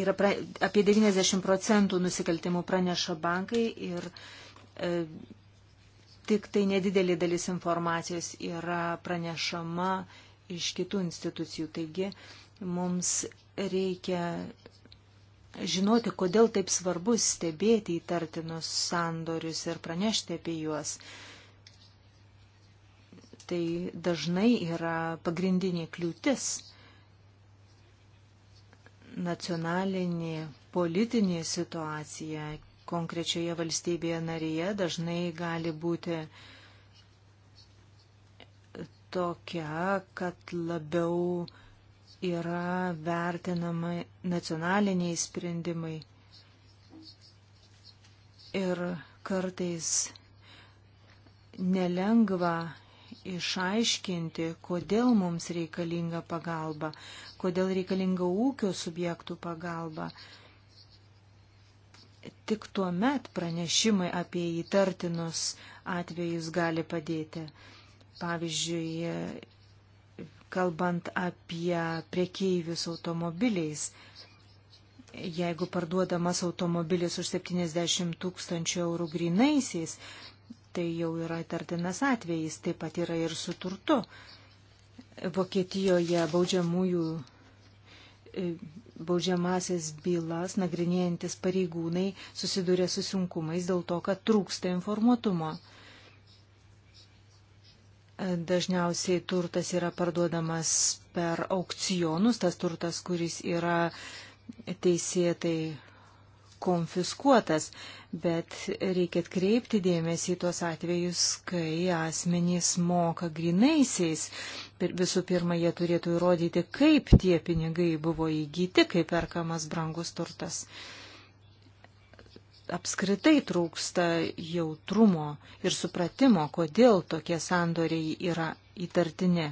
[SPEAKER 2] yra pra, apie 90 procentų nusikaltimų praneša bankai ir e, tik tai nedidelė dalis informacijos yra pranešama iš kitų institucijų. Taigi mums reikia žinoti, kodėl taip svarbu stebėti įtartinus sandorius ir pranešti apie juos. Tai dažnai yra pagrindinė kliūtis. Nacionalinė politinė situacija konkrečioje valstybėje narėje dažnai gali būti tokia, kad labiau uh, yra vertinama nacionaliniai sprendimai. Ir kartais nelengva išaiškinti, kodėl mums reikalinga pagalba, kodėl reikalinga ūkio subjektų pagalba. Tik tuo met pranešimai apie įtartinus atvejus gali padėti. Pavyzdžiui, kalbant apie priekeivius automobiliais. Jeigu parduodamas automobilis už 70 tūkstančių eurų grinaisiais, tai jau yra tartinas atvejis, taip pat yra ir su turtu. Vokietijoje baudžiamųjų e, baudžiamasis bylas nagrinėjantis pareigūnai susiduria su sunkumais dėl to, kad trūksta informuotumo. Dažniausiai turtas yra parduodamas per aukcionus, tas turtas, kuris yra teisėtai konfiskuotas, bet reikia atkreipti dėmesį į tuos atvejus, kai asmenys moka grinaisiais. Visų pirma, jie turėtų įrodyti, kaip tie pinigai buvo įgyti, kaip perkamas brangus turtas. Uh, apskritai trūksta jautrumo ir supratimo, kodėl tokie sandoriai yra įtartini.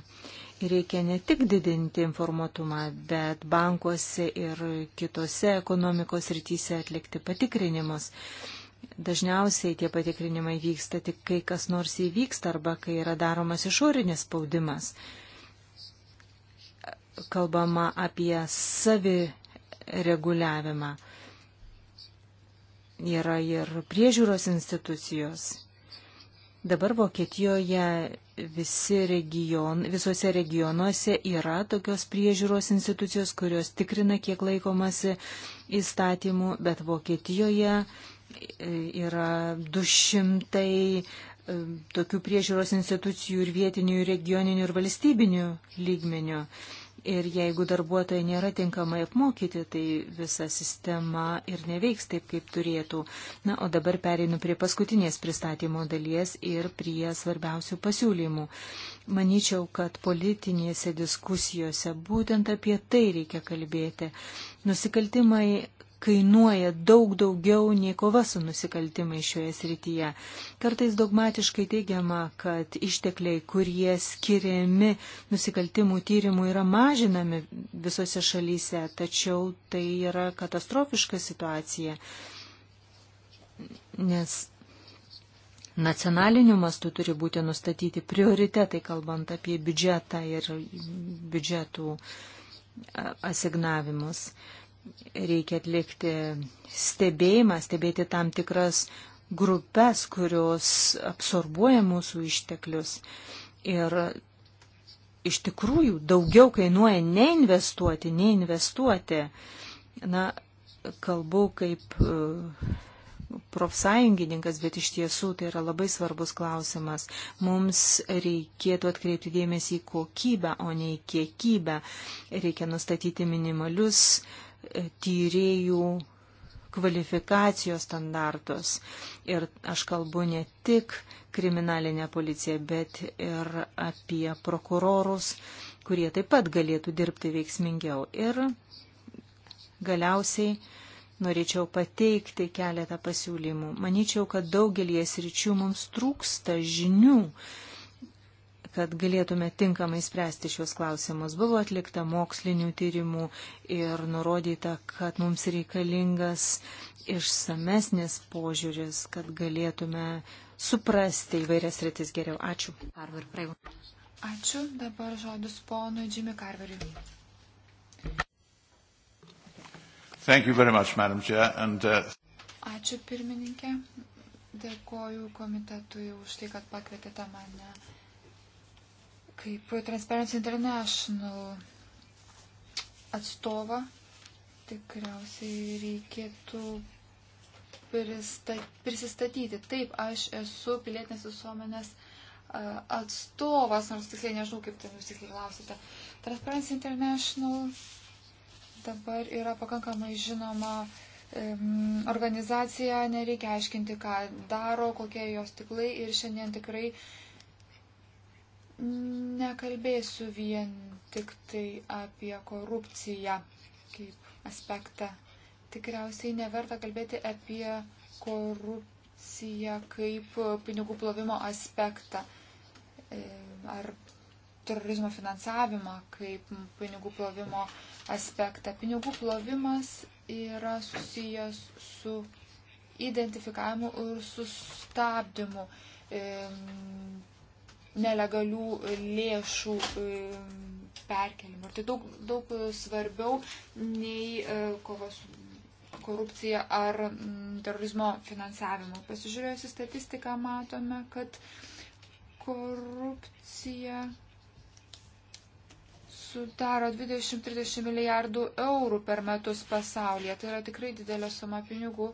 [SPEAKER 2] Ir reikia ne tik didinti informuotumą, bet bankuose ir kitose ekonomikos rytise atlikti patikrinimus. Dažniausiai tie patikrinimai vyksta tik kai kas nors įvyksta arba kai yra daromas išorinis spaudimas. Kalbama apie savi reguliavimą yra ir priežiūros institucijos. Dabar Vokietijoje visi region, visuose regionuose yra tokios priežiūros institucijos, kurios tikrina, kiek laikomasi įstatymų, bet Vokietijoje e, yra 200 e, tokių priežiūros institucijų ir vietinių, ir regioninių, ir valstybinių lygmenių. Ir jeigu darbuotojai nėra tinkamai apmokyti, tai visa sistema ir neveiks taip, kaip turėtų. Na, o dabar pereinu prie paskutinės pristatymo dalies ir prie svarbiausių pasiūlymų. Maničiau, kad politinėse diskusijose būtent apie tai reikia kalbėti. Nusikaltimai kainuoja daug daugiau nei kova su nusikaltimai šioje srityje. Kartais dogmatiškai teigiama, kad ištekliai, kurie skiriami nusikaltimų tyrimų, yra mažinami visose šalyse, tačiau tai yra katastrofiška situacija. Nes Nacionaliniu mastu turi būti nustatyti prioritetai, kalbant apie biudžetą ir biudžetų asignavimus reikia atlikti stebėjimą, stebėti tam tikras grupės, kurios absorbuoja mūsų išteklius. Ir iš tikrųjų daugiau kainuoja neinvestuoti, neinvestuoti. Na, kalbu kaip e, profsąjungininkas, bet iš tiesų tai yra labai svarbus klausimas. Mums reikėtų atkreipti dėmesį į kokybę, o ne į kiekybę. Reikia nustatyti minimalius uh, tyriejų kvalifikacijos standartus. Ir aš kalbu ne tik kriminalinę policiją, bet ir apie prokurorus, kurie taip pat galėtų dirbti veiksmingiau. Ir galiausiai norėčiau pateikti keletą pasiūlymų. Manyčiau, kad daugelie sričių mums trūksta žinių kad galėtume tinkamai spręsti šios klausimus. Buvo atlikta mokslinių tyrimų ir nurodyta, kad mums reikalingas išsamesnis požiūris, kad galėtume suprasti įvairias rytis geriau. Ačiū. Ačiū.
[SPEAKER 1] Dabar žodis ponui Džimi Karveriui.
[SPEAKER 2] Much, Madam Chair, and,
[SPEAKER 1] uh... Ačiū pirmininkė. Dėkoju komitetui už tai, kad pakvietėte mane kaip Transparency International atstovą tikriausiai reikėtų prisistatyti. Taip, aš esu pilietinės visuomenės atstovas, nors tiksliai nežinau, kaip tai jūs tiksliai klausite. Transparency International dabar yra pakankamai žinoma organizacija, nereikia aiškinti, ką daro, kokie jos tiklai ir šiandien tikrai Nekalbėsiu vien tik tai apie korupciją kaip aspektą. Tikriausiai neverta kalbėti apie korupciją kaip pinigų plovimo aspektą e, ar terorizmo finansavimą kaip pinigų plovimo aspektą. Pinigų plovimas yra susijęs su identifikavimu ir sustabdymu e, nelegalių lėšų e, perkelimų. Ir tai daug, daug e, svarbiau nei e, kova su korupcija ar mm, terorizmo finansavimu. Pasižiūrėjus į statistiką matome, kad korupcija sudaro 20-30 milijardų eurų per metus pasaulyje. Tai yra tikrai didelė suma pinigų.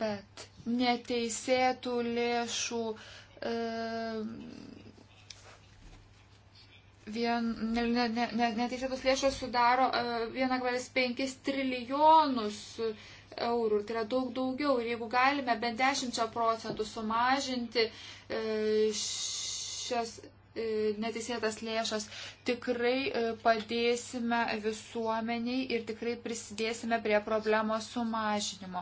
[SPEAKER 1] Bet neteisėtų lėšų uh, Ehm, vien, ne, ne, ne, neteisėtos lėšos sudaro 1,5 ehm, trilijonus eurų, tai yra daug daugiau. Ir jeigu galime bent 10 procentų sumažinti ehm, šias neteisėtas lėšas, tikrai padėsime visuomeniai ir tikrai prisidėsime prie problemos sumažinimo.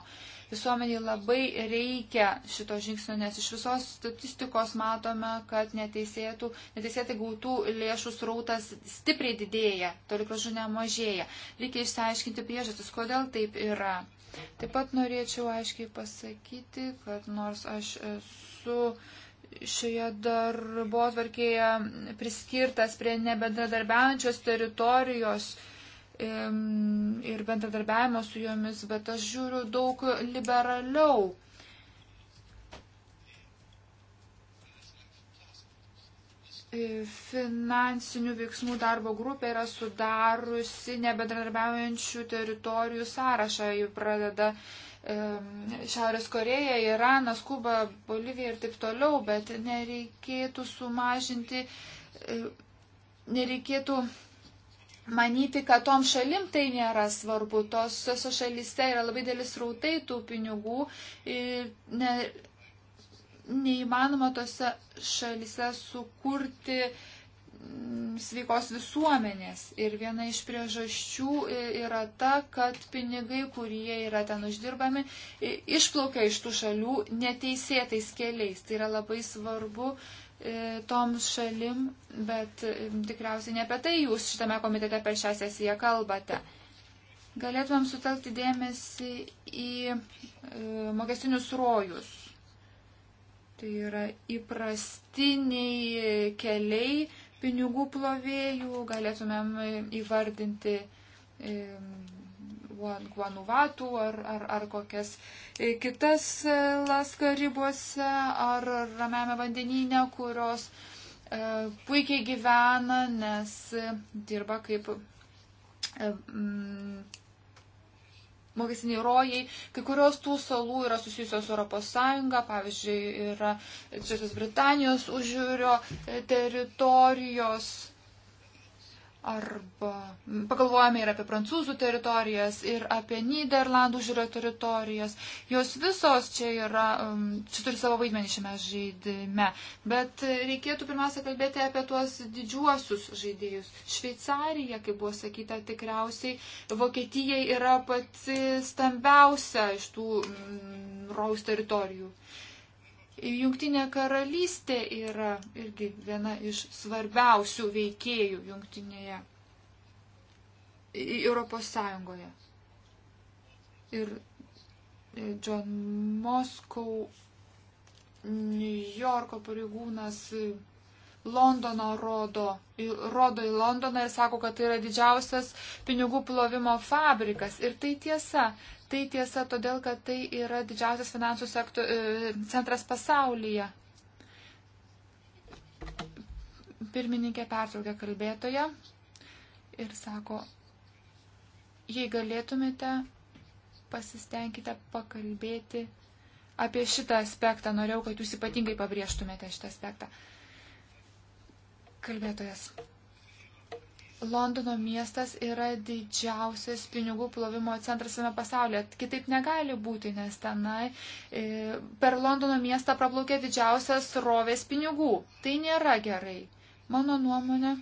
[SPEAKER 1] Visuomeniai labai reikia šito žingsnio, nes iš visos statistikos matome, kad neteisėtų, neteisėtai gautų lėšų srautas stipriai didėja, toli gražu nemažėja. Reikia išsiaiškinti priežastis, kodėl taip yra. Taip pat norėčiau aiškiai pasakyti, kad nors aš esu šioje darbo atvarkėje priskirtas prie nebedradarbiaujančios teritorijos, ir bendradarbiavimo su jomis, bet aš žiūriu daug liberaliau. E, finansinių veiksmų darbo grupė yra sudarusi nebedarbiaujančių teritorijų sąrašą. Jį pradeda Šiaurės Koreja, Iranas, Kuba, Bolivija ir taip toliau, bet nereikėtų sumažinti, e, nereikėtų manyti, kad tom šalim tai nėra svarbu. Tos, tos šalyse yra labai dėlis rautai tų pinigų. Ne, neįmanoma tose šalyse sukurti mm, sveikos visuomenės. Ir viena iš priežasčių yra ta, kad pinigai, kurie yra ten uždirbami, išplaukia iš tų šalių neteisėtais keliais. Tai yra labai svarbu uh, E, toms šalim, bet e, tikriausiai ne apie tai jūs šitame komitete per šią sesiją kalbate. Galėtumėm sutelkti dėmesį į e, mokestinius rojus. Tai yra įprastiniai keliai pinigų plovėjų, galėtumėm įvardinti Guanuvatų ar, ar, ar kokias e, kitas e, las Karibuose ar Ramiame vandenyne, kurios e, puikiai gyvena, nes e, dirba kaip e, m, mm, mokesiniai rojai, kai kurios tų salų yra susijusios su ES, pavyzdžiui, yra Didžiosios Britanijos užjūrio teritorijos arba pagalvojame ir apie prancūzų teritorijas, ir apie Niderlandų žiūrio teritorijas. Jos visos čia, yra, um, čia turi savo vaidmenį šiame žaidime. Bet reikėtų pirmiausia kalbėti apie tuos didžiuosius žaidėjus. Šveicarija, kaip buvo sakyta, tikriausiai Vokietijai yra pati stambiausia iš tų mm, raus teritorijų. Uh, Jungtinė karalystė yra irgi viena iš svarbiausių veikėjų jungtinėje Europos Sąjungoje. Ir e, John Moskow, New Yorko pareigūnas e, Londono rodo, rodo į Londoną ir sako, kad tai yra didžiausias pinigų plovimo fabrikas. Ir tai tiesa, Tai tiesa todėl, kad tai yra didžiausias finansų sektu, e, centras pasaulyje. Pirmininkė pertraukė kalbėtoje ir sako, jei galėtumėte, pasistengkite pakalbėti apie šitą aspektą. Norėjau, kad jūs ypatingai pabrėžtumėte šitą aspektą. Kalbėtojas. Londono miestas yra didžiausias pinigų plovimo centras visame pasaulyje. Kitaip negali būti, nes tenai e, per Londono miestą praplaukia didžiausias rovės pinigų. Tai nėra gerai. Mano nuomonė,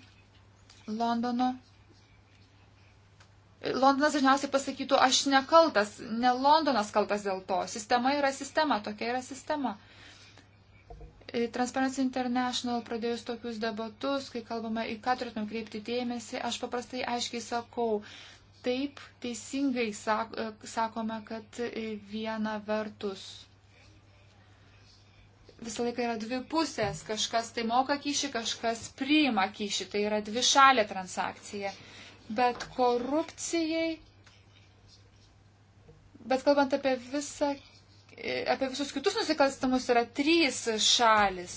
[SPEAKER 1] Londono. Londonas dažniausiai pasakytų, aš nekaltas, ne Londonas kaltas dėl to. Sistema yra sistema, tokia yra sistema. E, Transparency International pradėjus tokius debatus, kai kalbame, į ką turėtume kreipti dėmesį, aš paprastai aiškiai sakau, taip teisingai sak, e, sakome, kad e, viena vertus. Visą laiką yra dvi pusės, kažkas tai moka kyšį, kažkas priima kyšį, tai yra dvi šalė transakcija. Bet korupcijai, bet kalbant apie visą apie visus kitus nusikalstamus yra trys šalis.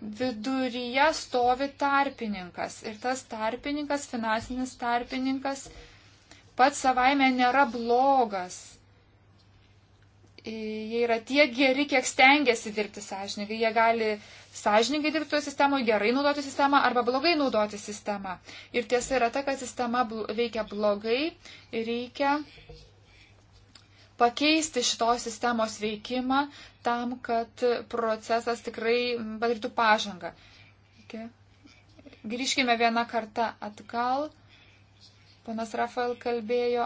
[SPEAKER 1] Viduryje stovi tarpininkas ir tas tarpininkas, finansinis tarpininkas, pats savaime nėra blogas. Jie yra tiek geri, kiek stengiasi dirbti sąžininkai. Jie gali sąžininkai dirbti toje sistemoje, gerai naudoti sistemą arba blogai naudoti sistemą. Ir tiesa yra ta, kad sistema veikia blogai ir reikia pakeisti šitos sistemos veikimą tam, kad procesas tikrai padarytų pažangą. Okay. Grįžkime vieną kartą atgal. Panas Rafael kalbėjo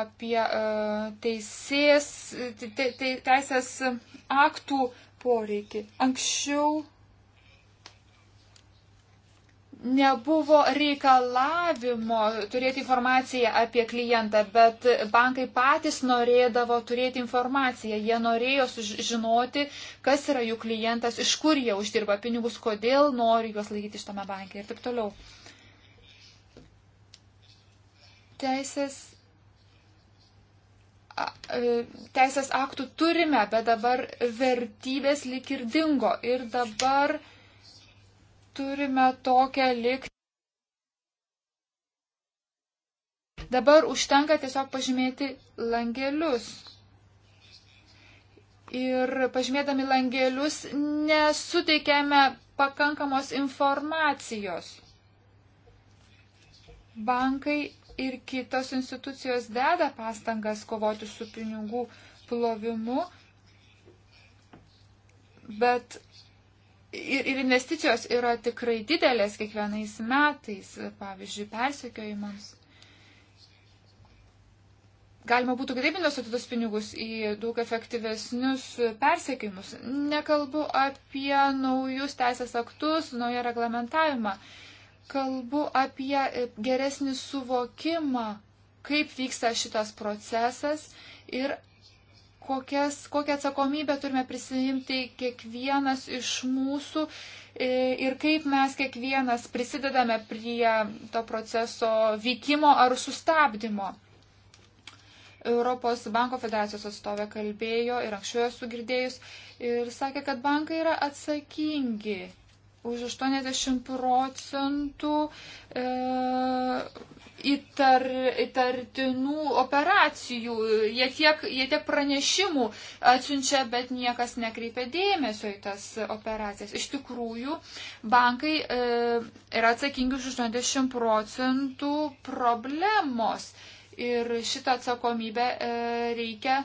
[SPEAKER 1] apie uh, teisės, te, te, teisės aktų poreikį. Anksčiau nebuvo reikalavimo turėti informaciją apie klientą, bet bankai patys norėdavo turėti informaciją. Jie norėjo sužinoti, kas yra jų klientas, iš kur jie uždirba pinigus, kodėl nori juos laikyti iš tame banke ir taip toliau. Teisės, e, teisės aktų turime, bet dabar vertybės lik ir dingo. Ir dabar turime tokią likti. Dabar užtenka tiesiog pažymėti langelius. Ir pažymėdami langelius nesuteikėme pakankamos informacijos. Bankai ir kitos institucijos deda pastangas kovoti su pinigų plovimu, bet ir, ir investicijos yra tikrai didelės kiekvienais metais, pavyzdžiui, persekiojimams. Galima būtų kitaip investuoti tos pinigus į daug efektyvesnius persekiojimus. Nekalbu apie naujus teisės aktus, naują reglamentavimą. Kalbu apie geresnį suvokimą, kaip vyksta šitas procesas ir kokias, kokią atsakomybę turime prisijimti kiekvienas iš mūsų e, ir kaip mes kiekvienas prisidedame prie to proceso vykimo ar sustabdymo. Europos banko federacijos atstovė kalbėjo ir anksčiau esu girdėjus ir sakė, kad bankai yra atsakingi už 80 procentų e, įtar, įtartinų operacijų, jie tiek, jie tiek pranešimų atsiunčia, bet niekas nekreipia dėmesio į tas operacijas. Iš tikrųjų, bankai e, yra atsakingi už 80 procentų problemos ir šitą atsakomybę e, reikia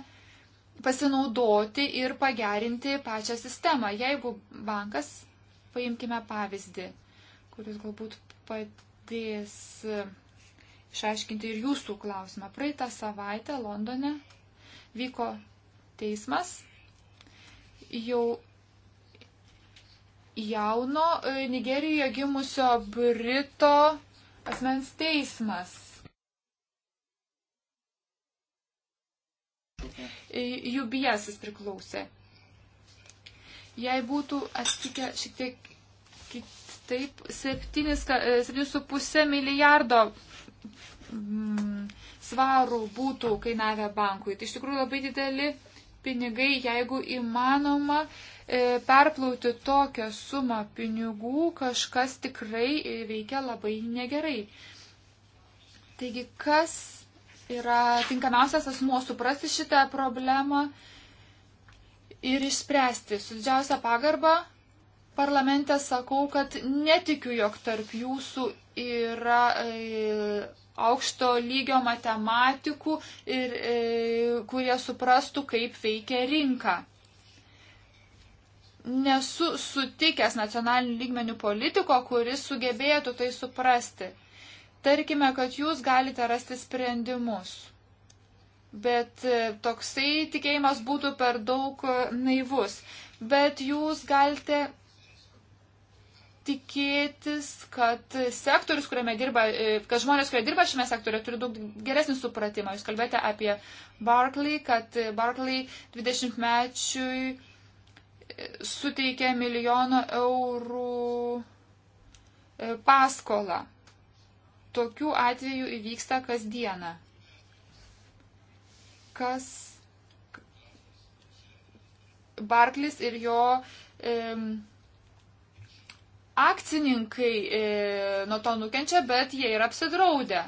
[SPEAKER 1] pasinaudoti ir pagerinti pačią sistemą. Jeigu bankas, paimkime pavyzdį, kuris galbūt padės išaiškinti ir jūsų klausimą. Praeitą savaitę Londone vyko teismas jau jauno e, Nigerijoje gimusio Brito asmens teismas. UBS e, jis priklausė. Jei būtų atsitikę šiek tiek kitaip, 7,5 e, milijardo mm, svarų būtų kainavę bankui. Tai iš tikrųjų labai dideli pinigai, jeigu įmanoma e, perplauti tokią sumą pinigų, kažkas tikrai e, veikia labai negerai. Taigi, kas yra tinkamiausias asmuo suprasti šitą problemą ir išspręsti su didžiausia pagarba parlamente sakau, kad netikiu, jog tarp jūsų yra e, aukšto lygio matematikų, ir, e, kurie suprastų, kaip veikia rinka. Nesu sutikęs nacionalinių lygmenių politiko, kuris sugebėtų tai suprasti. Tarkime, kad jūs galite rasti sprendimus. Bet e, toksai tikėjimas būtų per daug naivus. Bet jūs galite tikėtis, kad sektorius, kuriame dirba, e, kad žmonės, kurie dirba šiame sektoriu, turi daug geresnį supratimą. Jūs kalbėjote apie Barclay, kad Barclay 20 mečiui e, suteikė milijono eurų e, paskolą. Tokių atvejų įvyksta kasdieną. Kas Barklis ir jo e, akcininkai e, nuo to nukenčia, bet jie yra apsidraudę.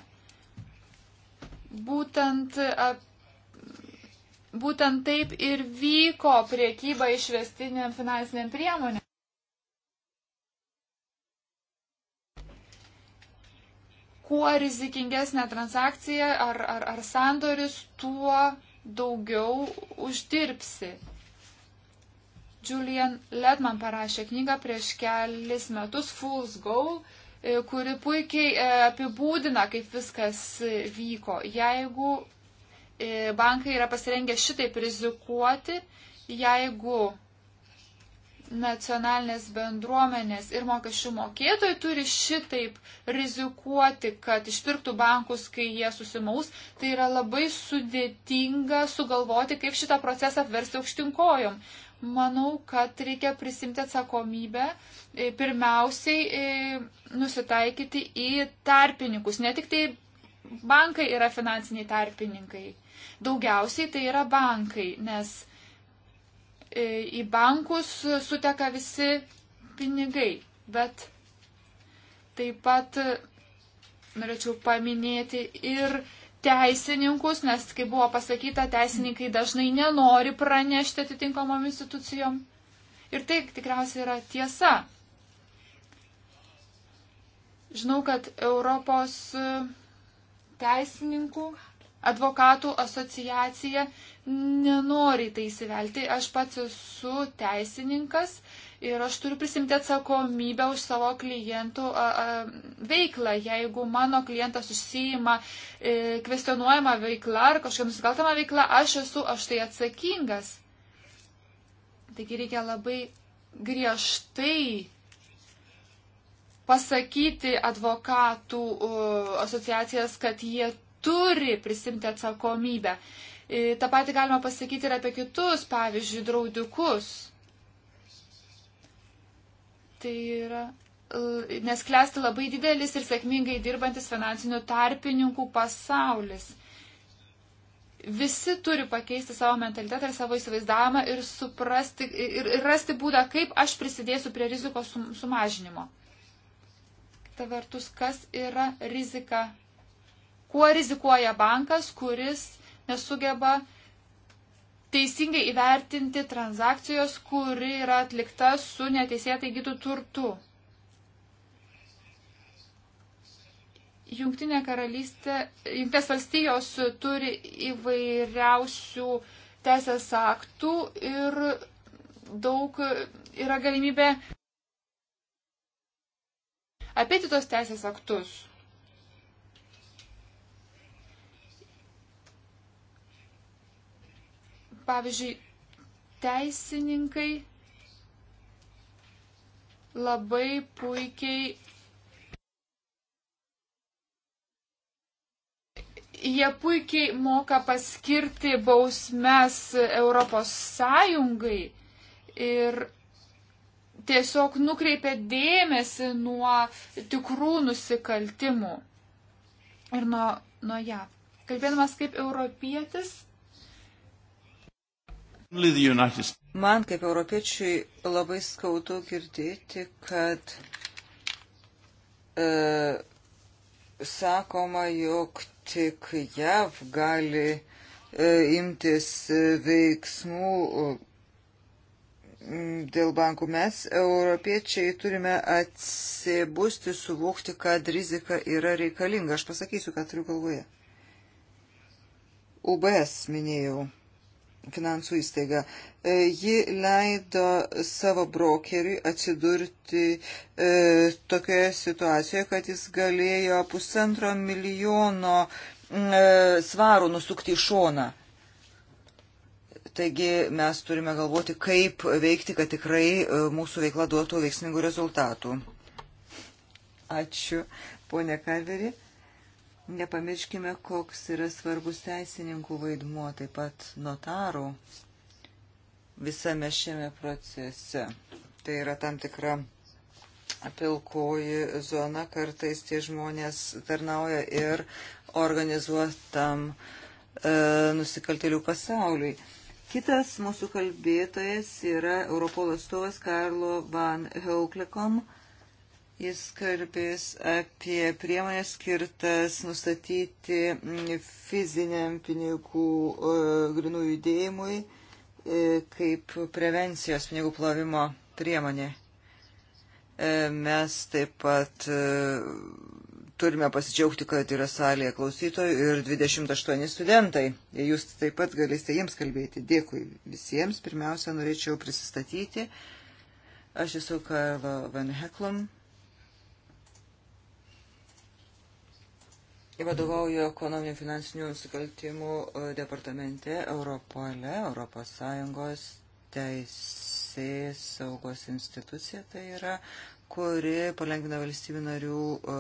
[SPEAKER 1] Būtent, ap, būtent taip ir vyko priekyba išvestiniam finansiniam priemonėm. Kuo rizikingesnė transakcija ar, ar, ar sandoris, tuo daugiau uždirbsi. Julian Ledman parašė knygą prieš kelis metus Fool's Goal, e, kuri puikiai e, apibūdina, kaip viskas e, vyko. Jeigu bankai yra pasirengę šitaip rizikuoti, jeigu nacionalinės bendruomenės ir mokesčių mokėtojai turi šitaip rizikuoti, kad išpirktų bankus, kai jie susimaus, tai yra labai sudėtinga sugalvoti, kaip šitą procesą apversti aukštinkojom manau, kad reikia prisimti atsakomybę, e, pirmiausiai e, nusitaikyti į tarpininkus. Ne tik tai bankai yra finansiniai tarpininkai. Daugiausiai tai yra bankai, nes e, į bankus suteka visi pinigai. Bet taip pat norėčiau paminėti ir teisininkus, nes, kaip buvo pasakyta, teisininkai dažnai nenori pranešti atitinkamom institucijom. Ir tai tikriausiai yra tiesa. Žinau, kad Europos e, teisininkų advokatų asociacija nenori tai įsivelti. Aš pats esu teisininkas Ir aš turiu prisimti atsakomybę už savo klientų a, a, veiklą. Jeigu mano klientas užsijima e, kvestionuojama veikla ar kažkokia nusikaltama veikla, aš esu aš tai atsakingas. Taigi reikia labai griežtai pasakyti advokatų asociacijas, kad jie turi prisimti atsakomybę. E, Ta pati galima pasakyti ir apie kitus, pavyzdžiui, draudikus. Tai yra, e, nes klesti labai didelis ir sėkmingai dirbantis finansinių tarpininkų pasaulis. Visi turi pakeisti savo mentalitetą ir savo įsivaizdavimą ir, suprasti, ir, ir rasti būdą, kaip aš prisidėsiu prie rizikos sumažinimo. Kita vertus, kas yra rizika? Kuo rizikuoja bankas, kuris nesugeba uh, teisingai įvertinti transakcijos, kuri yra atlikta su neteisėtai gytų turtu. Jungtinė karalystė, Jungtinės valstijos turi įvairiausių teisės aktų ir daug yra galimybė apėti tos teisės aktus. pavyzdžiui, teisininkai labai puikiai. Jie puikiai moka paskirti bausmes Europos Sąjungai ir tiesiog nukreipia dėmesį nuo tikrų nusikaltimų ir nuo, nuo ją. Kalbėdamas kaip europietis,
[SPEAKER 3] Man kaip europiečiui labai skaudu girdėti, kad e, sakoma, jog tik JAV gali e, imtis veiksmų dėl bankų. Mes, europiečiai, turime atsibusti, suvokti, kad rizika yra reikalinga. Aš pasakysiu, ką turiu galvoje. UBS minėjau finansų įstaiga. E, ji leido savo brokeriui atsidurti e, tokioje situacijoje, kad jis galėjo pusantro milijono e, svarų nusukti į šoną. Taigi mes turime galvoti, kaip veikti, kad tikrai e, mūsų veikla duotų veiksmingų rezultatų. Ačiū, ponė Kalveri. Nepamirškime, koks yra svarbus teisininkų vaidmuo, taip pat notarų visame šiame procese. Tai yra tam tikra pilkoji zona, kartais tie žmonės tarnauja ir organizuotam e, nusikaltelių pasauliui. Kitas mūsų kalbėtojas yra Europolo atstovas Karlo Van Heuklekom. E, Jis kalbės apie priemonės skirtas nustatyti mm, fiziniam pinigų e, grinų judėjimui e, kaip prevencijos pinigų plovimo priemonė. E, mes taip pat turime pasidžiaugti, kad yra salėje klausytojų ir 28 studentai. Jūs taip pat galėsite jiems kalbėti. Dėkui visiems. Pirmiausia, norėčiau prisistatyti. Aš esu Karla Van Heklum vadovauju ekonominių finansinių nusikaltimų e, departamente Europole, Europos Sąjungos teisės saugos institucija tai yra, kuri palengvina valstybių narių e,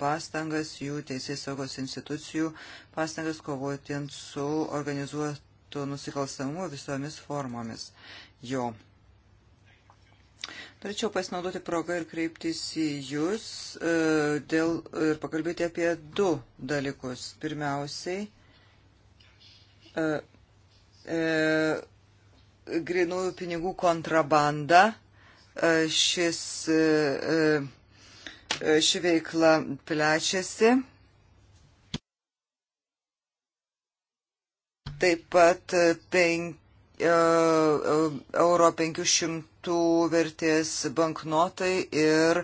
[SPEAKER 3] pastangas, jų teisės saugos institucijų pastangas kovojant su organizuotu nusikalstamumu visomis formomis jo. Norėčiau pasinaudoti progą ir kreiptis į Jūs e, dėl, ir pakalbėti apie du dalykus. Pirmiausiai, e, e, grinųjų pinigų kontrabanda. E, šis, e, e ši veikla plečiasi. Taip pat e, penki E, e, euro 500 vertės banknotai ir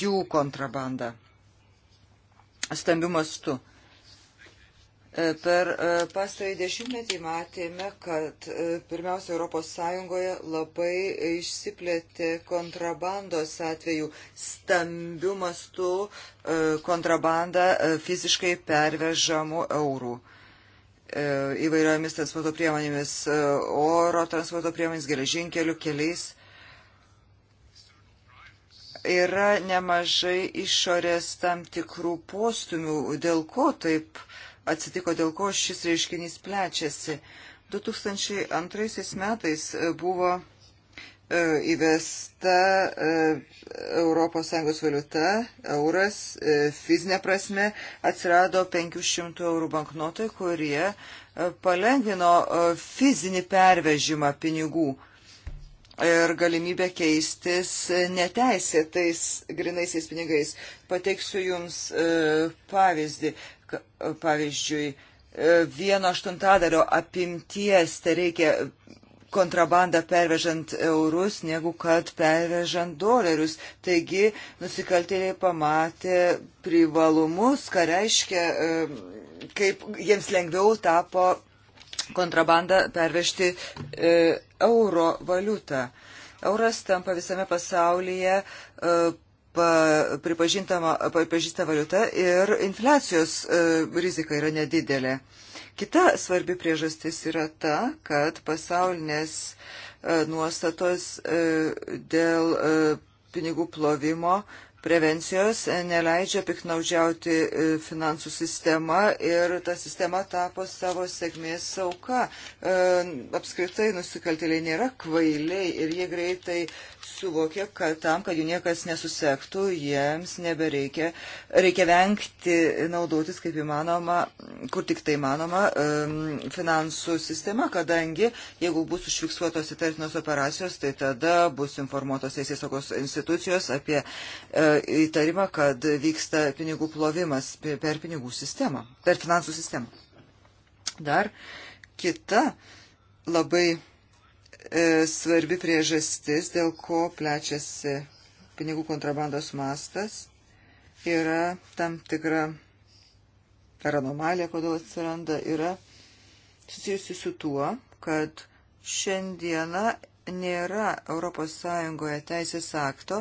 [SPEAKER 3] jų kontrabanda stambių mastų. E, per pastarąjį dešimtmetį matėme, kad pirmiausia ES labai išsiplėtė kontrabandos atveju. Stambių mastų kontrabanda fiziškai pervežamų eurų. E, įvairiomis transporto priemonėmis, e, oro transporto priemonėmis, geležinkeliu, keliais. Yra nemažai išorės tam tikrų postumių, dėl ko taip atsitiko, dėl ko šis reiškinys plečiasi. 2002 metais buvo E, įvesta ES valiuta, euras, e, fizinė prasme, atsirado 500 eurų banknotai, kurie e, palengvino fizinį pervežimą pinigų ir galimybę keistis neteisėtais grinaisiais pinigais. Pateiksiu Jums pavyzdį. Pavyzdžiui, vieno aštuntadalio apimties tai reikia kontrabandą pervežant eurus, negu kad pervežant dolerius. Taigi nusikaltėliai pamatė privalumus, ką reiškia, e, kaip jiems lengviau tapo kontrabandą pervežti e, euro valiutą. Euras tampa visame pasaulyje e, pripažįstama valiuta ir infliacijos rizika yra nedidelė. Kita svarbi priežastis yra ta, kad pasaulinės e, nuostatos e, dėl e, pinigų plovimo prevencijos, e, neleidžia piknaudžiauti e, finansų sistema ir ta sistema tapo savo sėkmės auka. E, apskritai nusikaltėliai nėra kvailiai ir jie greitai suvokė, kad tam, kad jų niekas nesusektų, jiems nebereikia, reikia vengti naudotis kaip įmanoma, kur tik tai manoma, finansų sistema, kadangi jeigu bus užfiksuotos įtartinos operacijos, tai tada bus informuotos teisės saugos institucijos apie e, įtarimą, kad vyksta pinigų plovimas per pinigų sistemą, per finansų sistemą. Dar kita labai e, svarbi priežastis, dėl ko plečiasi pinigų kontrabandos mastas, yra tam tikra per anomaliją, kodėl atsiranda, yra susijusi su tuo, kad šiandieną nėra ES teisės akto,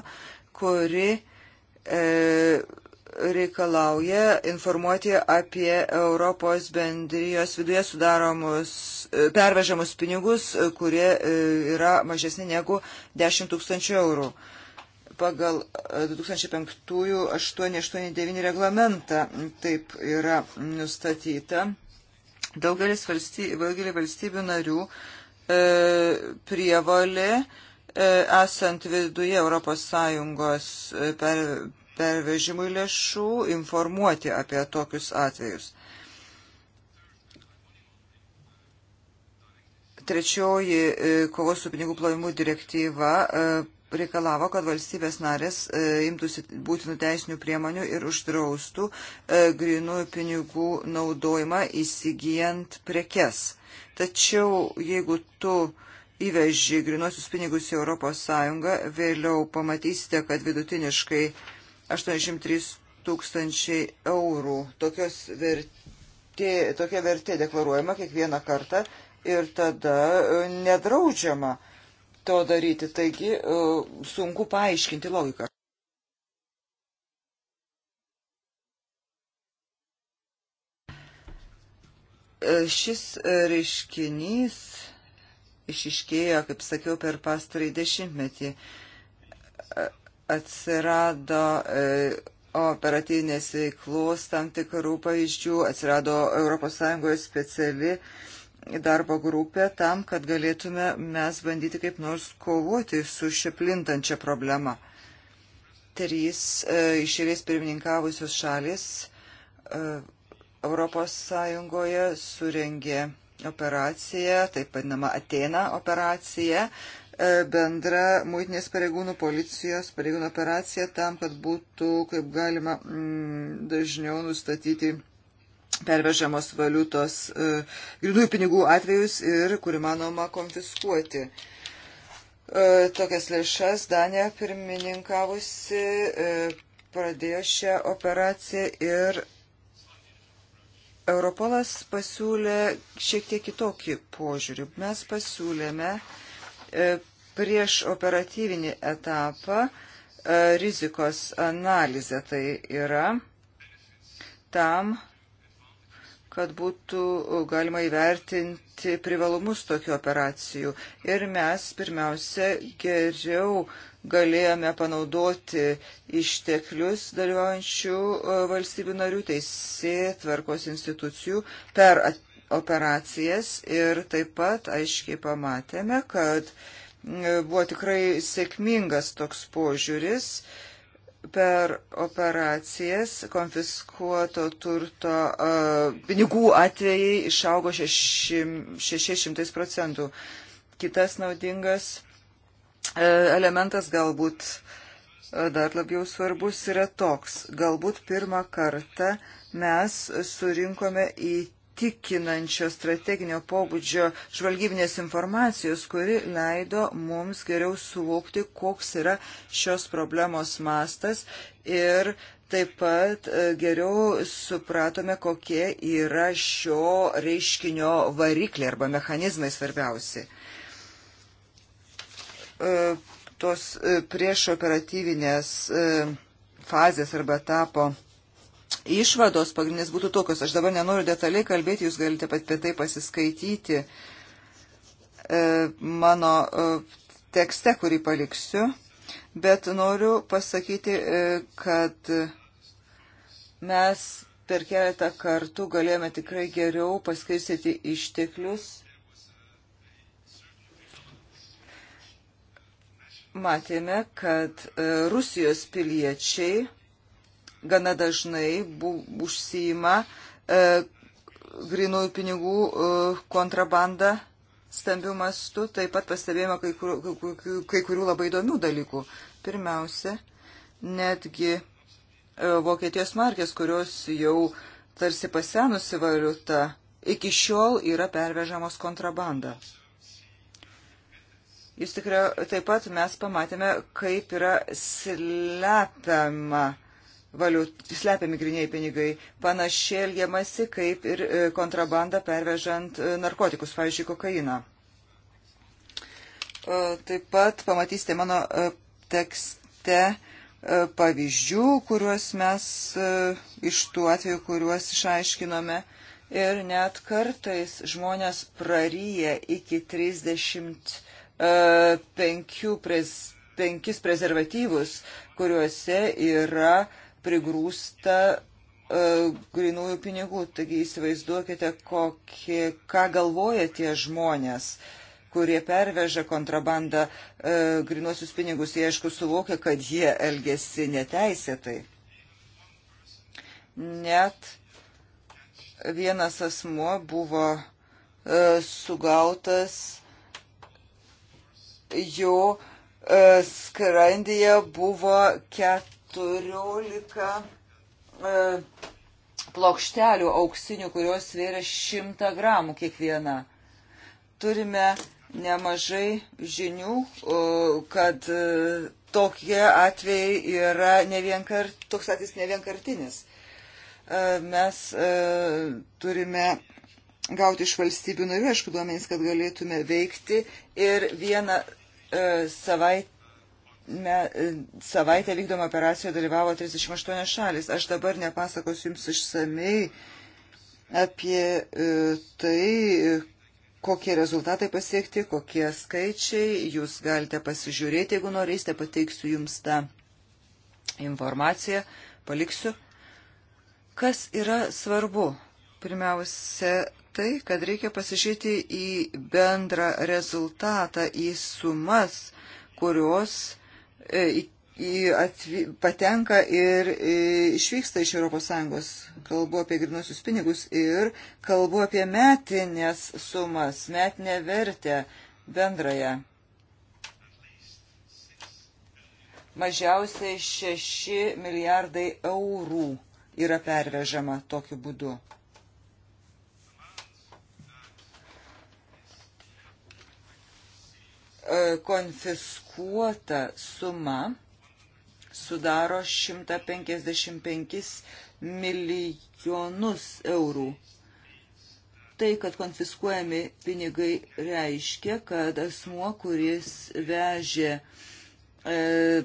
[SPEAKER 3] kuri E, reikalauja informuoti apie Europos bendrijos viduje sudaromus, e, pervežamus pinigus, e, kurie yra mažesni negu 10 tūkstančių eurų. Pagal 2005-889 reglamentą taip yra nustatyta. Daugelis valstybių, valstybių narių e, prievalė e, E, esant viduje ES e, per, pervežimui lėšų informuoti apie tokius atvejus. Trečioji e, kovos su pinigų plovimu direktyva reikalavo, kad valstybės narės imtųsi būtinų teisinių priemonių ir uždraustų grinųjų pinigų naudojimą įsigijant prekes. Tačiau jeigu tu uh, įveži grinuosius pinigus į Europos Sąjungą, vėliau pamatysite, kad vidutiniškai 83 tūkstančiai eurų tokios vertė, tokia vertė deklaruojama kiekvieną kartą ir tada e, nedraudžiama to daryti. Taigi e, sunku paaiškinti logiką. E, šis reiškinys išiškėjo, kaip sakiau, per pastarąjį dešimtmetį. Atsirado e, operatyvinės veiklos tam tikrų pavyzdžių, atsirado ES speciali darbo grupė tam, kad galėtume mes bandyti kaip nors kovoti su šia plintančia problema. Trys e, išėlės pirmininkavusios šalis e, Europos Sąjungoje surengė operacija, taip vadinama Atena operacija, e, bendra muitinės pareigūnų policijos pareigūnų operacija tam, kad būtų kaip galima mm, dažniau nustatyti pervežamos valiutos e, grįdųjų pinigų atvejus ir kur įmanoma konfiskuoti. E, tokias lėšas Danija pirmininkavusi pradėjo šią operaciją ir Europolas pasiūlė šiek tiek kitokį požiūrį. Mes pasiūlėme e, prieš operatyvinį etapą e, rizikos analizę. Tai yra tam, kad būtų galima įvertinti privalumus tokių operacijų. Ir mes pirmiausia geriau galėjome panaudoti išteklius dalyvaujančių e, valstybių narių, teisė tvarkos institucijų per operacijas ir taip pat aiškiai pamatėme, kad e, buvo tikrai sėkmingas toks požiūris per operacijas konfiskuoto turto e, pinigų atvejai išaugo 600 procentų. Kitas naudingas E, elementas galbūt e, dar labiau svarbus yra toks. Galbūt pirmą kartą mes surinkome į tikinančio strateginio pobūdžio žvalgybinės informacijos, kuri leido mums geriau suvokti, koks yra šios problemos mastas ir taip pat e, geriau supratome, kokie yra šio reiškinio varikliai arba mechanizmai svarbiausi. E, tos e, prieš operatyvinės e, fazės arba etapo išvados pagrindinės būtų tokios. Aš dabar nenoriu detaliai kalbėti, jūs galite pat apie tai pasiskaityti mano tekste, kurį paliksiu, bet noriu pasakyti, kad mes per keletą kartų galėjome tikrai geriau paskirstyti išteklius matėme, kad e, Rusijos piliečiai gana dažnai bu, užsijima e, grinųjų pinigų e, kontrabandą stambių mastų. Taip pat pastebėjome kai, kur, kai, kai kurių labai įdomių dalykų. Pirmiausia, netgi e, Vokietijos markės, kurios jau tarsi pasenusi valiuta, iki šiol yra pervežamos kontrabanda. Jūs tikrai taip pat mes pamatėme, kaip yra slepiama valiut, slepiami griniai pinigai. Panašiai elgiamasi, kaip ir e, kontrabanda pervežant e, narkotikus, pavyzdžiui, kokainą. E, taip pat pamatysite mano tekste pavyzdžių, kuriuos mes iš tų atvejų, kuriuos išaiškinome. Ir net kartais žmonės praryja iki 30 E, prez, penkis prezervatyvus, kuriuose yra prigrūsta e, grinųjų pinigų. Taigi įsivaizduokite, kokie, ką galvoja tie žmonės kurie perveža kontrabandą e, grinuosius pinigus, jie aišku suvokia, kad jie elgesi neteisėtai. Net vienas asmuo buvo e, sugautas jo e, skrandyje buvo 14 e, plokštelių auksinių, kurios svėrė 100 gramų kiekviena. Turime nemažai žinių, e, kad tokie atvejai yra ne vienkart, toks atvejis ne vienkartinis. Mes turime gauti iš valstybių narių, aišku, duomenys, kad galėtume veikti ir vieną E, e, savaitę me, savaitę vykdomą operaciją dalyvavo 38 šalis. Aš dabar nepasakosiu jums išsamei apie e, tai, kokie rezultatai pasiekti, kokie skaičiai. Jūs galite pasižiūrėti, jeigu norėsite, pateiksiu jums tą informaciją, paliksiu. Kas yra svarbu? Pirmiausia, tai, kad reikia pasižiūrėti į bendrą rezultatą, į sumas, kurios e, į, į atvi, patenka ir į, e, išvyksta iš ES. Kalbu apie grinuosius pinigus ir kalbu apie metinės sumas, metinę vertę bendrąją. Mažiausiai 6 milijardai eurų yra pervežama tokiu būdu. E, konfiskuota suma sudaro 155 milijonus eurų. Tai, kad konfiskuojami pinigai, reiškia, kad asmuo, kuris vežė e,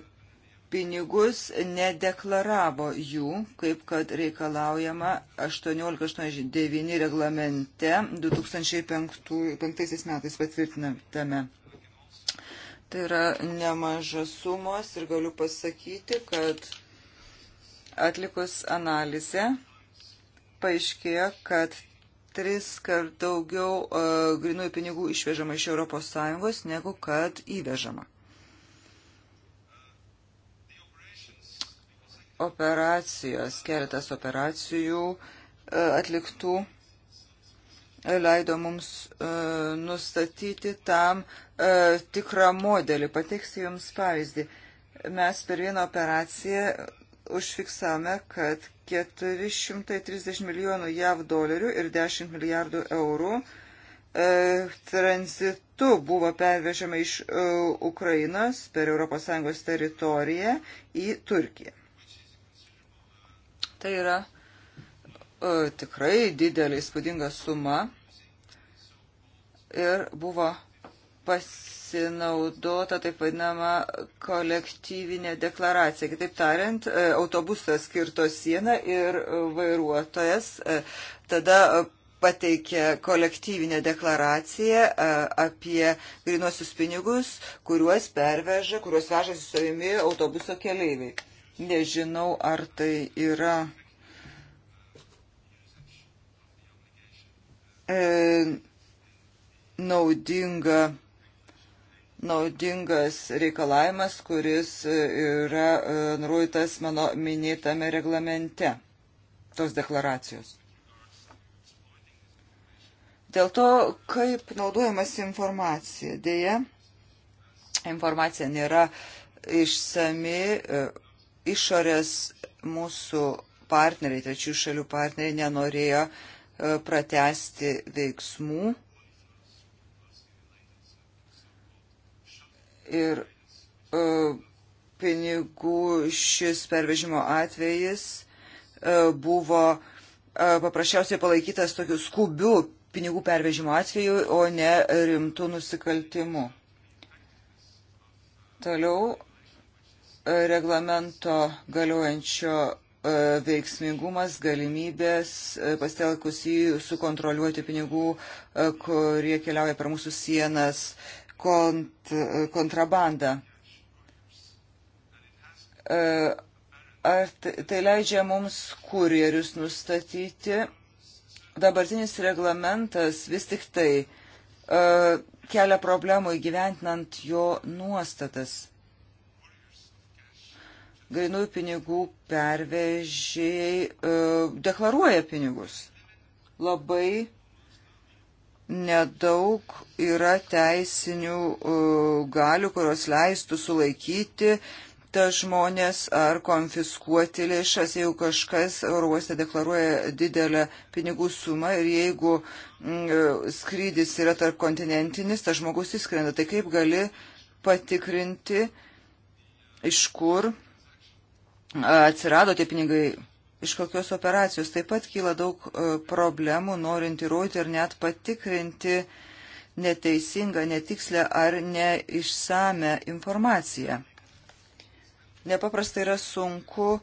[SPEAKER 3] pinigus, nedeklaravo jų, kaip kad reikalaujama 1889 reglamente 2005 metais patvirtiname. Tai yra nemažas sumos ir galiu pasakyti, kad atlikus analizę paaiškėjo, kad tris kart daugiau uh, grinųjų pinigų išvežama iš ES negu kad įvežama. Operacijos, keletas operacijų uh, atliktų leido mums e, nustatyti tam e, tikrą modelį. Pateiksiu Jums pavyzdį. Mes per vieną operaciją užfiksame, kad 430 milijonų JAV dolerių ir 10 milijardų eurų e, tranzitu buvo pervežama iš e, Ukrainos per ES teritoriją į Turkiją. Tai yra e, E, tikrai didelė įspūdinga suma ir buvo pasinaudota taip vadinama kolektyvinė deklaracija. Kitaip tariant, e, autobusas skirto sieną ir vairuotojas e, tada pateikė kolektyvinę deklaraciją apie grinuosius pinigus, kuriuos perveža, kuriuos veža su savimi autobuso keleiviai. Nežinau, ar tai yra E, naudinga naudingas reikalavimas, kuris yra e, nurodytas mano minėtame reglamente tos deklaracijos. Dėl to, kaip naudojamas informacija. Deja, informacija nėra išsami, e, išorės mūsų partneriai, trečių šalių partneriai nenorėjo uh, pratesti veiksmų. Ir e, pinigų šis pervežimo atvejis e, buvo e, paprasčiausiai palaikytas tokiu skubiu pinigų pervežimo atveju, o ne rimtų nusikaltimų. Toliau reglamento galiojančio E, veiksmingumas, galimybės e, pastelkus jį sukontroliuoti pinigų, e, kurie keliauja per mūsų sienas, kont, kontrabandą. Ar tai leidžia mums kurjerius nustatyti? Dabartinis reglamentas vis tik tai kelia problemų įgyventinant jo nuostatas grinųjų pinigų pervežėjai e, deklaruoja pinigus. Labai nedaug yra teisinių e, galių, kurios leistų sulaikyti tas žmonės ar konfiskuoti lėšas, jeigu kažkas oruoste deklaruoja didelę pinigų sumą ir jeigu mm, e, skrydis yra tarp kontinentinis, tas žmogus įskrenda. Tai kaip gali patikrinti, iš kur atsirado tie pinigai, iš kokios operacijos. Taip pat kyla daug e, problemų, norint įrodyti ir net patikrinti neteisingą, netikslę ar neišsame informaciją. Nepaprastai yra sunku e,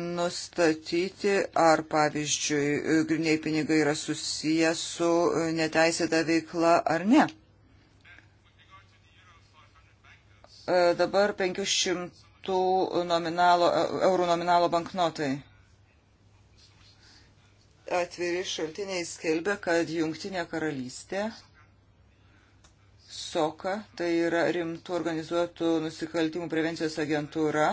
[SPEAKER 3] nustatyti, ar pavyzdžiui, griniai pinigai yra susiję su neteisėta veikla ar ne. E, dabar 500 nominalo, eurų nominalo banknotai. Atviri šaltiniai skelbia, kad Jungtinė karalystė SOKA, tai yra rimtų organizuotų nusikaltimų prevencijos agentūra,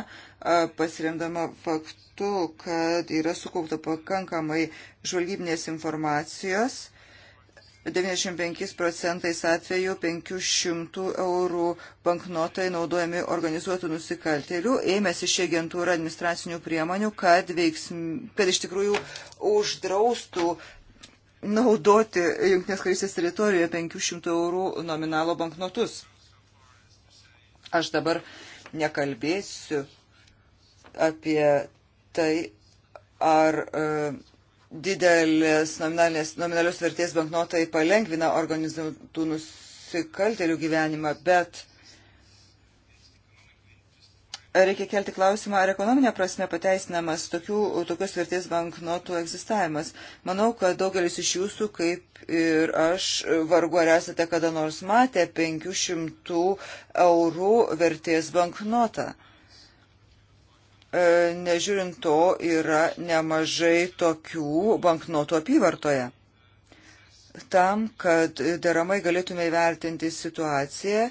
[SPEAKER 3] pasiremdama faktu, kad yra sukaupta pakankamai žvalgybinės informacijos 95 procentais atveju 500 eurų banknotai naudojami organizuotų nusikaltėlių. Ėmėsi ši agentūra administracinių priemonių, kad, veiksm, kad iš tikrųjų uždraustų naudoti Junktinės karystės teritorijoje 500 eurų nominalo banknotus. Aš dabar nekalbėsiu apie tai, ar. Uh, didelės nominalios vertės banknotai palengvina organizuotų nusikaltelių gyvenimą, bet reikia kelti klausimą, ar ekonominė prasme pateisinamas tokių, tokios vertės banknotų egzistavimas. Manau, kad daugelis iš jūsų, kaip ir aš, vargu ar esate kada nors matę 500 eurų vertės banknotą. E, nežiūrint to, yra nemažai tokių banknotų apyvartoje. Tam, kad deramai galėtume įvertinti situaciją,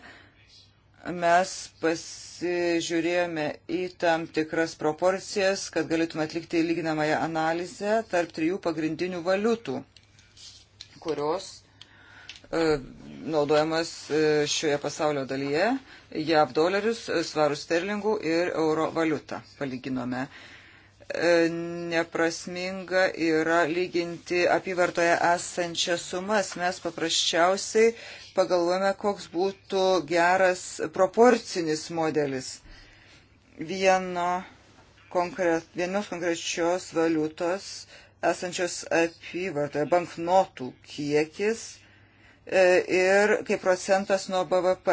[SPEAKER 3] mes pasižiūrėjome į tam tikras proporcijas, kad galėtume atlikti lyginamąją analizę tarp trijų pagrindinių valiutų, kurios E, naudojamas e, šioje pasaulio dalyje JAV dolerius, e, svarų sterlingų ir euro valiutą palyginome. Neprasminga yra lyginti apyvartoje esančias sumas. Mes paprasčiausiai pagalvojame, koks būtų geras proporcinis modelis. Vieno konkret, vienos konkrečios valiutos esančios apyvartoje banknotų kiekis E, ir kaip procentas nuo BVP.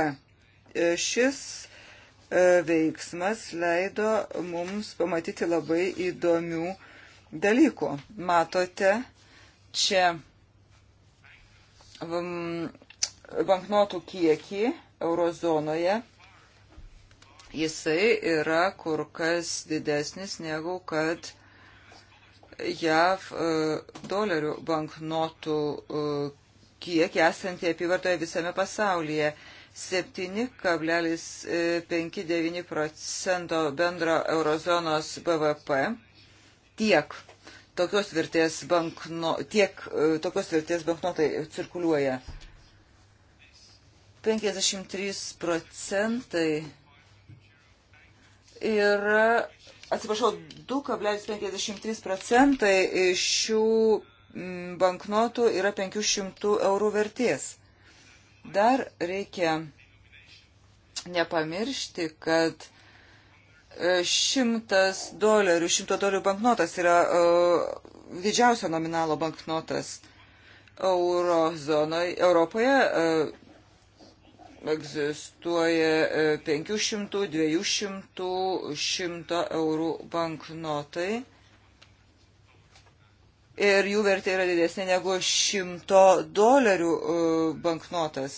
[SPEAKER 3] E, šis e, veiksmas leido mums pamatyti labai įdomių dalykų. Matote, čia um, banknotų kiekį eurozonoje jisai yra kur kas didesnis negu kad JAV dolerių banknotų kiekį esantį apyvartoje visame pasaulyje. 7,59 e, procento bendro eurozonos BVP tiek tokios vertės, bankno, tiek, e, tokios vertės banknotai cirkuliuoja. 53 procentai yra, atsiprašau, 2,53 procentai šių Mm, banknotų yra 500 eurų vertės. Dar reikia nepamiršti, kad e, šimtas dolerių, šimto dolerių banknotas yra uh, didžiausio nominalo banknotas eurozonoje. Europoje uh, egzistuoja 500, 200, 100 eurų banknotai ir jų vertė yra didesnė negu šimto dolerių e, banknotas.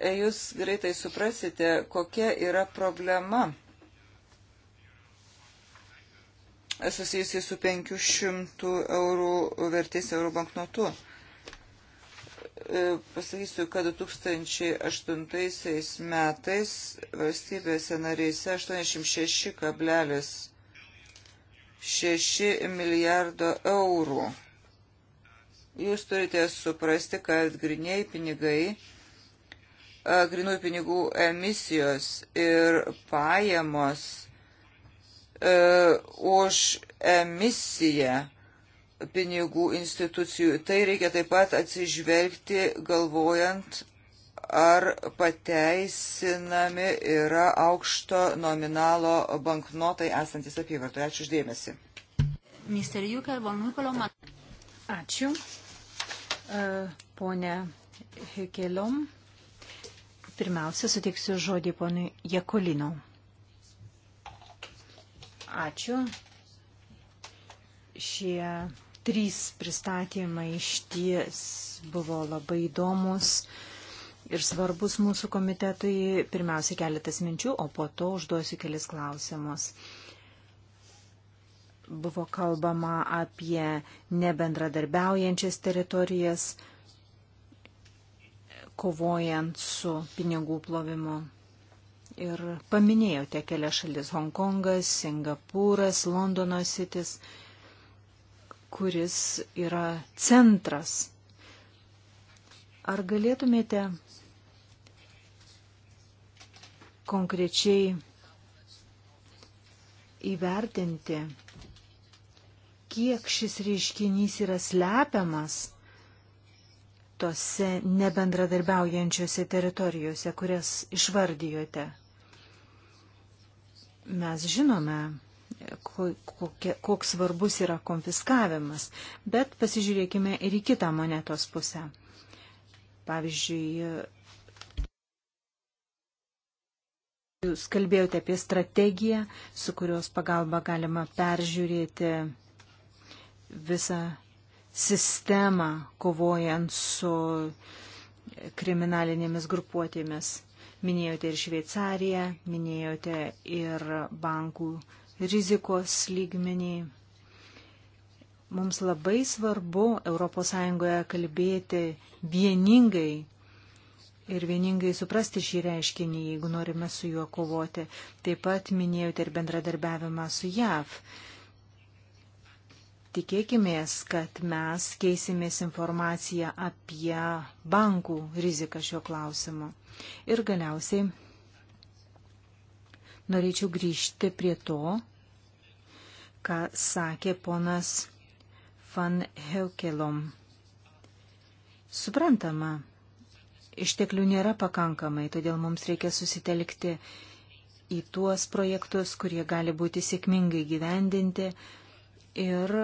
[SPEAKER 3] E, jūs greitai suprasite, kokia yra problema susijusi su 500 eurų vertės eurų banknotu. E, pasakysiu, kad 2008 metais valstybėse narėse 86,5 6 milijardo eurų. Jūs turite suprasti, kad griniai pinigai, grinųjų pinigų emisijos ir pajamos e, už emisiją pinigų institucijų. Tai reikia taip pat atsižvelgti galvojant ar pateisinami yra aukšto nominalo banknotai esantis apyvartoje. Ačiū uždėmesi.
[SPEAKER 2] Ačiū. E, pone Hekeliom, pirmiausia, suteiksiu žodį ponui Jekolino. Ačiū. Šie trys pristatymai iš ties buvo labai įdomus. Uh, ir svarbus mūsų komitetui. Pirmiausia, keletas minčių, o po to užduosiu kelis klausimus. Buvo kalbama apie nebendradarbiaujančias teritorijas, kovojant su pinigų plovimu. Ir paminėjote kelias šalis - Hongkongas, Singapūras, Londono sitis, kuris yra centras Ar galėtumėte konkrečiai įvertinti, kiek šis reiškinys yra slepiamas tose nebendradarbiaujančiose teritorijose, kurias išvardijote. Mes žinome, kokie, koks svarbus yra konfiskavimas, bet pasižiūrėkime ir į kitą monetos pusę. Pavyzdžiui, Jūs kalbėjote apie strategiją, su kurios pagalba galima peržiūrėti visą sistemą kovojant su kriminalinėmis grupuotėmis. Minėjote ir Šveicariją, minėjote ir bankų rizikos lygmenį. Mums labai svarbu ES kalbėti vieningai ir vieningai suprasti šį reiškinį, jeigu norime su juo kovoti. Taip pat minėjote ir bendradarbiavimą su JAV. Tikėkime, kad mes keisimės informaciją apie bankų riziką šiuo klausimu. Ir galiausiai norėčiau grįžti prie to, ką sakė ponas Van Heukelom. Suprantama, Išteklių nėra pakankamai, todėl mums reikia susitelkti į tuos projektus, kurie gali būti sėkmingai gyvendinti ir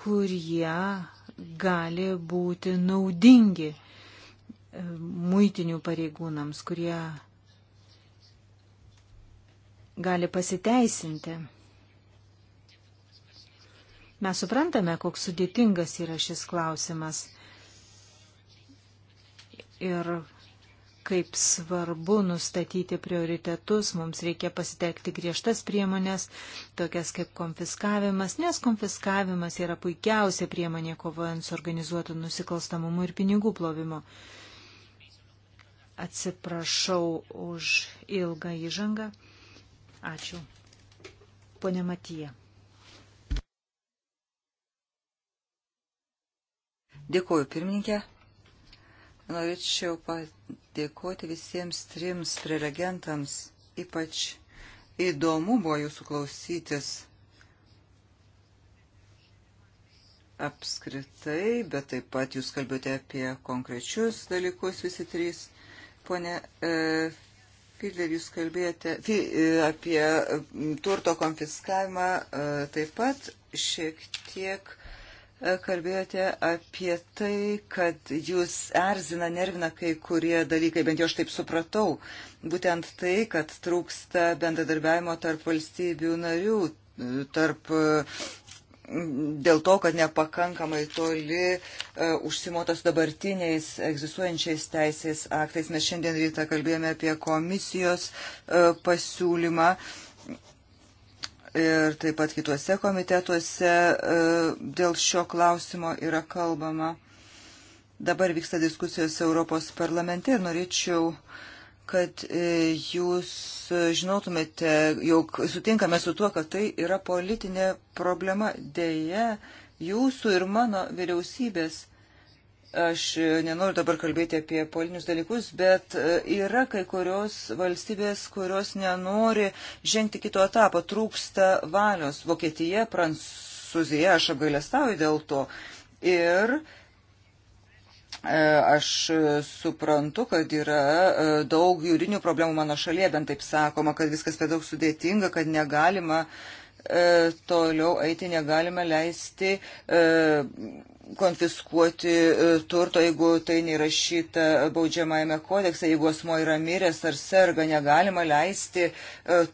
[SPEAKER 2] kurie gali būti naudingi e, muitinių pareigūnams, kurie gali pasiteisinti. Mes suprantame, koks sudėtingas yra šis klausimas ir kaip svarbu nustatyti prioritetus, mums reikia pasitelkti griežtas priemonės, tokias kaip konfiskavimas, nes konfiskavimas yra puikiausia priemonė kovojant su organizuotu nusikalstamumu ir pinigų plovimu. Atsiprašau už ilgą įžangą. Ačiū. Pone Matija. Dėkuoju, pirmininkė.
[SPEAKER 3] Norėčiau padėkoti visiems trims prelegentams. Ypač įdomu buvo jūsų klausytis apskritai, bet taip pat jūs kalbėjote apie konkrečius dalykus visi trys. Pone e, Fidler, jūs kalbėjote fi, e, apie turto konfiskavimą e, taip pat šiek tiek kalbėjote apie tai, kad jūs erzina, nervina kai kurie dalykai, bent jau aš taip supratau. Būtent tai, kad trūksta bendradarbiavimo tarp valstybių narių, tarp dėl to, kad nepakankamai toli uh, e, užsimotas dabartiniais egzistuojančiais teisės aktais. Mes šiandien rytą kalbėjome apie komisijos uh, pasiūlymą uh, ir taip pat kituose komitetuose e, dėl šio klausimo yra kalbama. Dabar vyksta diskusijos Europos parlamente ir norėčiau, kad e, jūs žinotumėte, jog sutinkame su tuo, kad tai yra politinė problema dėje jūsų ir mano vyriausybės Aš e, nenoriu dabar kalbėti apie politinius dalykus, bet e, yra kai kurios valstybės, kurios nenori žengti kito etapo, trūksta valios. Vokietija, Prancūzija, aš apgailestauju dėl to. Ir e, Aš suprantu, kad yra daug jūrinių problemų mano šalyje, bent taip sakoma, kad viskas per daug sudėtinga, kad negalima toliau eiti, negalima leisti konfiskuoti e, turto, jeigu tai nėrašyta baudžiamajame kodekse, jeigu asmo yra miręs ar serga, negalima leisti e,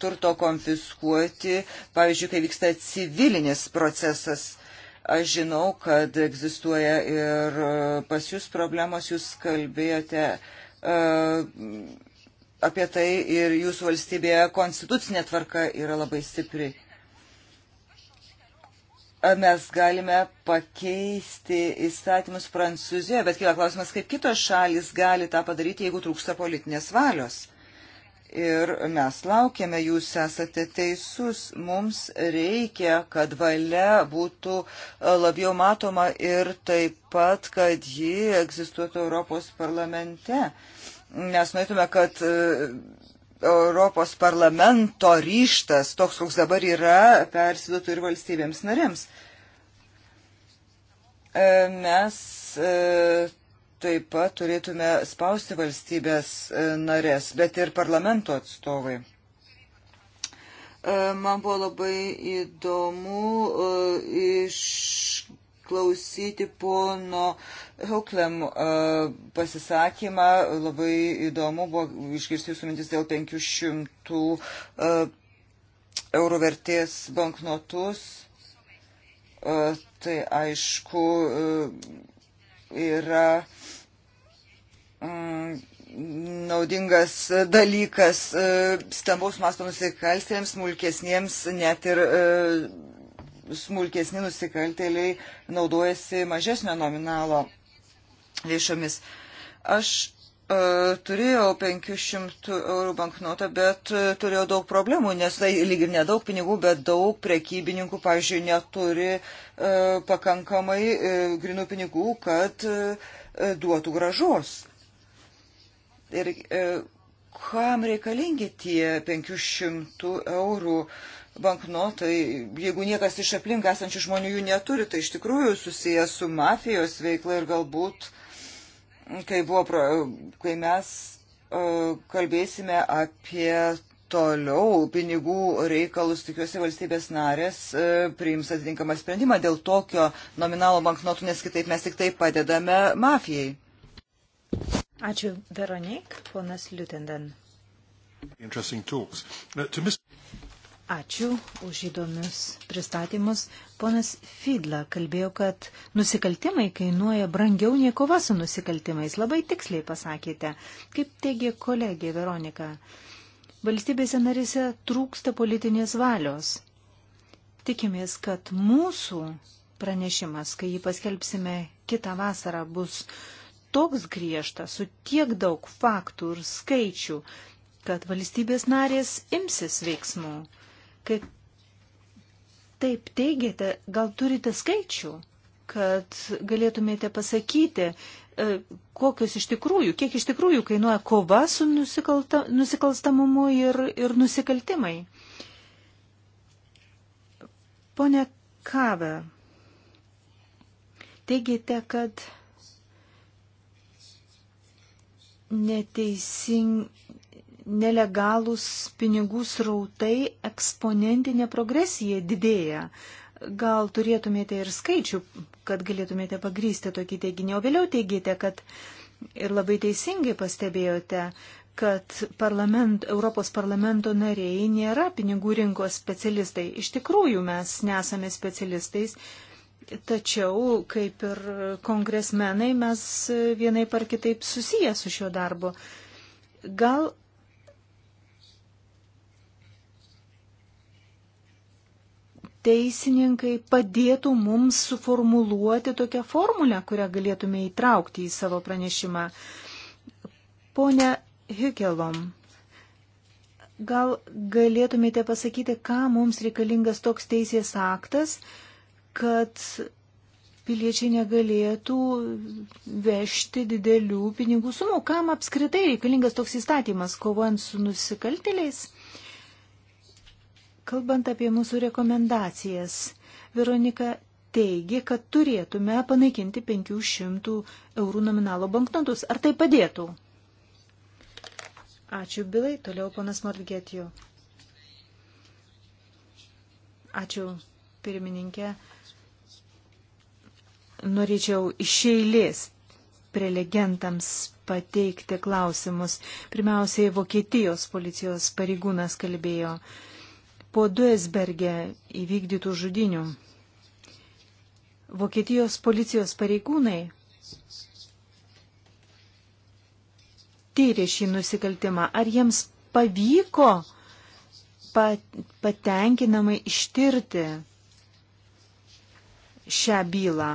[SPEAKER 3] turto konfiskuoti, pavyzdžiui, kai vyksta civilinis procesas. Aš žinau, kad egzistuoja ir e, pas jūs problemos, jūs kalbėjote apie tai ir jūsų valstybėje konstitucinė tvarka yra labai stipri mes galime pakeisti įstatymus Prancūzijoje, bet kyla klausimas, kaip kitos šalis gali tą padaryti, jeigu trūksta politinės valios. Ir mes laukiame, jūs esate teisus, mums reikia, kad valia būtų e, labiau matoma ir taip pat, kad ji egzistuotų Europos parlamente. Mes norėtume, kad e, Europos parlamento ryštas, toks, koks dabar yra, persiduotų ir valstybėms narėms. E, mes e, taip pat turėtume spausti valstybės e, narės, bet ir parlamento atstovai. Man buvo labai įdomu iš išklausyti pono Hauklem e, pasisakymą. Labai įdomu buvo išgirsti jūsų mintis dėl 500 e, eurų vertės banknotus. E, tai aišku yra mm, naudingas dalykas stambaus masto nusikaltėms, smulkesniems, net ir smulkesni nusikaltėliai naudojasi mažesnio nominalo lėšomis. Aš e, turėjau 500 eurų banknotą, bet e, turėjau daug problemų, nes tai lyg ir nedaug pinigų, bet daug prekybininkų, pavyzdžiui, neturi e, pakankamai e, grinų pinigų, kad e, e duotų gražos. Ir e, kam reikalingi tie 500 eurų? E, banknotai, jeigu niekas iš aplink esančių žmonių jų neturi, tai iš tikrųjų susijęs su mafijos veikla ir galbūt, kai, buvo, kai mes e, kalbėsime apie toliau pinigų reikalus, tikiuosi valstybės narės e, priims atitinkamą sprendimą dėl tokio nominalo banknotų, nes kitaip mes tik tai padedame mafijai.
[SPEAKER 2] Ačiū, Veronik, ponas Liutenden.
[SPEAKER 1] Interesting talks. Now, to Mr.
[SPEAKER 2] Ačiū už įdomius pristatymus. Ponas Fidla kalbėjo, kad nusikaltimai kainuoja brangiau nei kova su nusikaltimais. Labai tiksliai pasakėte, kaip teigia kolegė Veronika. Valstybėse narise trūksta politinės valios. Tikimės, kad mūsų pranešimas, kai jį paskelbsime kitą vasarą, bus toks griežtas, su tiek daug faktų ir skaičių, kad valstybės narės imsis veiksmų. Kai taip teigiate, gal turite skaičių, kad galėtumėte pasakyti, e, kokios iš tikrųjų, kiek iš tikrųjų kainuoja kova su nusikalta, nusikalstamumu ir, ir nusikaltimai. Pone Kave, teigite, kad neteising, nelegalūs pinigų srautai eksponentinė progresija didėja. Gal turėtumėte ir skaičių, kad galėtumėte pagrysti tokį teiginį, o vėliau teigite, kad ir labai teisingai pastebėjote, kad parlament, Europos parlamento nariai nėra pinigų rinkos specialistai. Iš tikrųjų mes nesame specialistais, tačiau kaip ir kongresmenai mes vienai par kitaip susiję su šiuo darbu. Gal teisininkai padėtų mums suformuluoti tokią formulę, kurią galėtume įtraukti į savo pranešimą. Pone Hikelom, gal galėtumėte pasakyti, ką mums reikalingas toks teisės aktas, kad piliečiai negalėtų vežti didelių pinigų sumų. Kam apskritai reikalingas toks įstatymas, kovojant su nusikaltėliais? Kalbant apie mūsų rekomendacijas, Veronika teigia, kad turėtume panaikinti 500 eurų nominalo banknotus. Ar tai padėtų? Ačiū, Bilai. Toliau ponas Morgetijo. Ačiū, pirmininkė. Norėčiau iš eilės prelegentams pateikti klausimus. Pirmiausiai Vokietijos policijos pareigūnas kalbėjo. Uh, po Duisberge įvykdytų žudinių. Vokietijos policijos pareigūnai tyrė šį nusikaltimą. Ar jiems pavyko patenkinamai ištirti šią bylą,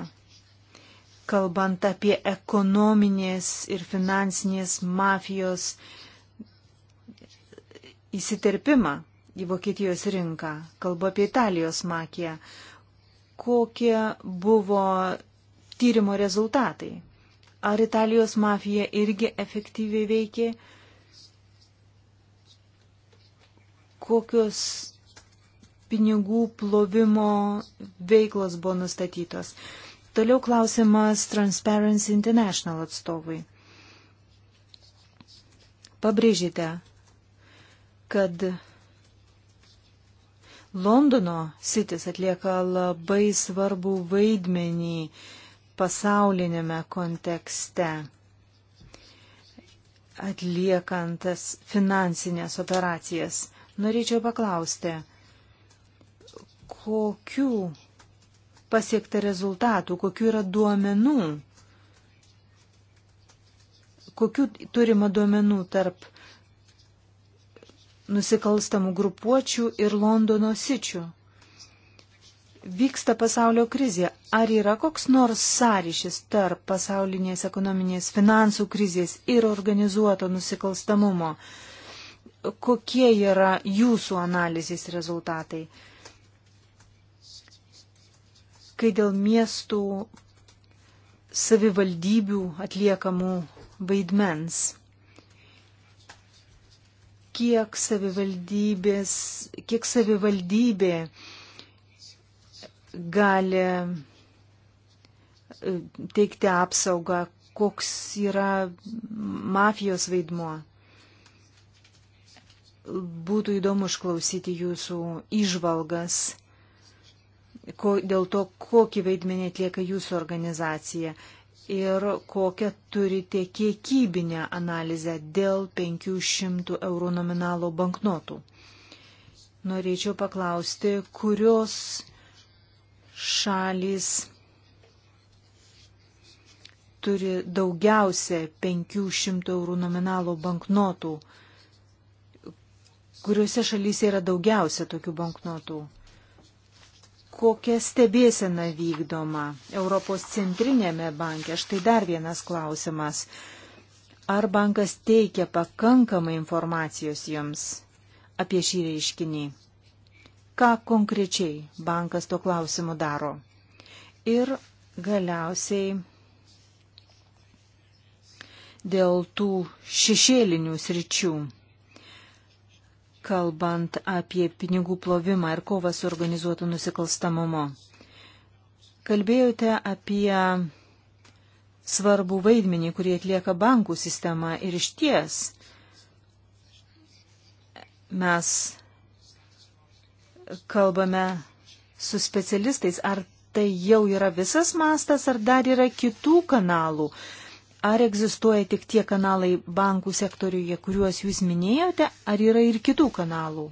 [SPEAKER 2] kalbant apie ekonominės ir finansinės mafijos įsiterpimą? į Vokietijos rinką. Kalbu apie Italijos makiją. Kokie buvo tyrimo rezultatai? Ar Italijos mafija irgi efektyviai veikė? Kokios pinigų plovimo veiklos buvo nustatytos? Toliau klausimas Transparency International atstovui. Pabrėžite, kad Londono sitis atlieka labai svarbų vaidmenį pasaulinėme kontekste, atliekantas finansinės operacijas. Norėčiau paklausti, kokių pasiekta rezultatų, kokių yra duomenų, kokių turima duomenų tarp nusikalstamų grupuočių ir Londono sičių. Vyksta pasaulio krizė. Ar yra koks nors sąryšis tarp pasaulinės ekonominės finansų krizės ir organizuoto nusikalstamumo? Kokie yra jūsų analizės rezultatai? Kai dėl miestų savivaldybių atliekamų vaidmens kiek, kiek savivaldybė gali e, teikti apsaugą, koks yra mafijos vaidmuo. Būtų įdomu išklausyti jūsų išvalgas ko, dėl to, kokį vaidmenį atlieka jūsų organizacija ir kokią turite kiekybinę analizę dėl 500 eurų nominalo banknotų. Norėčiau paklausti, kurios šalis turi daugiausia 500 eurų nominalo banknotų, kuriuose šalyse yra daugiausia tokių banknotų kokia stebėsena vykdoma Europos centrinėme banke. Štai dar vienas klausimas. Ar bankas teikia pakankamai informacijos jums apie šį reiškinį? Ką konkrečiai bankas tuo klausimu daro? Ir galiausiai dėl tų šešėlinių sričių kalbant apie pinigų plovimą ir kovą su organizuotu nusikalstamumu. Kalbėjote apie svarbų vaidmenį, kurį atlieka bankų sistema ir iš ties mes kalbame su specialistais, ar tai jau yra visas mastas, ar dar yra kitų kanalų, Ar egzistuoja tik tie kanalai bankų sektoriuje, kuriuos jūs minėjote, ar yra ir kitų kanalų?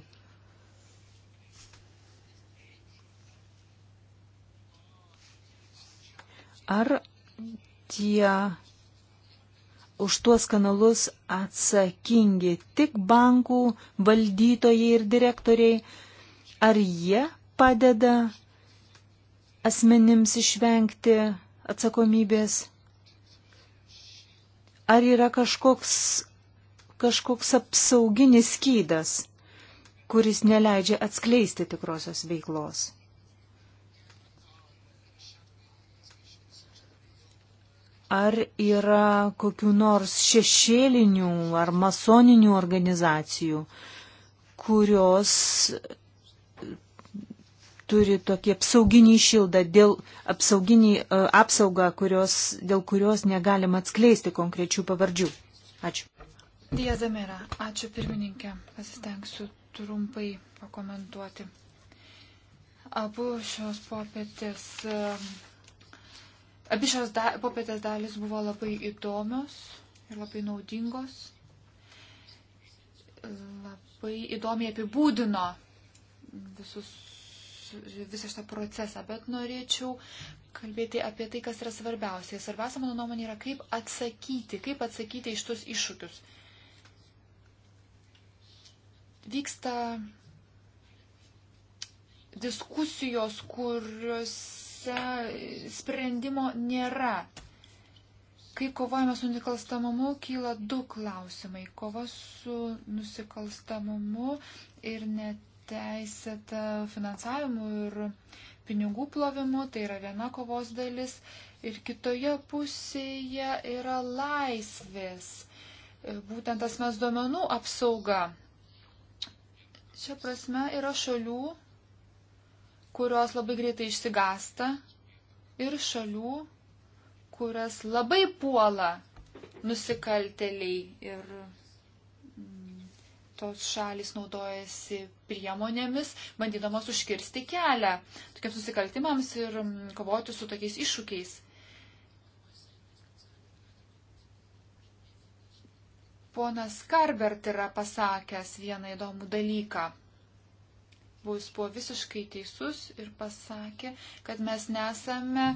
[SPEAKER 2] Ar tie už tuos kanalus atsakingi tik bankų valdytojai ir direktoriai, ar jie padeda asmenims išvengti atsakomybės? Ar yra kažkoks, kažkoks apsauginis skydas, kuris neleidžia atskleisti tikrosios veiklos? Ar yra kokiu nors šešėlinių ar masoninių organizacijų, kurios turi tokį apsauginį šildą, dėl apsauginį uh, apsaugą, kurios, dėl kurios negalima atskleisti konkrečių pavardžių. Ačiū.
[SPEAKER 1] Diezamera, ačiū pirmininkė. Pasistengsiu trumpai pakomentuoti. Abu šios popietės, e, abi šios da, popietės dalis buvo labai įdomios ir labai naudingos. Labai įdomiai apibūdino visus visą šitą procesą, bet norėčiau kalbėti apie tai, kas yra svarbiausia. Svarbiausia, mano nuomonė, yra kaip atsakyti, kaip atsakyti iš tuos iššūkius. Vyksta diskusijos, kuriuose sprendimo nėra. Kai kovojame su nusikalstamumu, kyla du klausimai. Kova su nusikalstamumu ir net teisėtą finansavimu ir pinigų plovimu, tai yra viena kovos dalis, ir kitoje pusėje yra laisvės, e, būtent asmens duomenų apsauga. Šia prasme yra šalių, kurios labai greitai išsigasta ir šalių, kurias labai puola nusikalteliai ir tos šalis naudojasi priemonėmis, bandydamos užkirsti kelią tokiems nusikaltimams ir mm, kovoti su tokiais iššūkiais. Ponas Karbert yra pasakęs vieną įdomų dalyką. Bus buvo visiškai teisus ir pasakė, kad mes nesame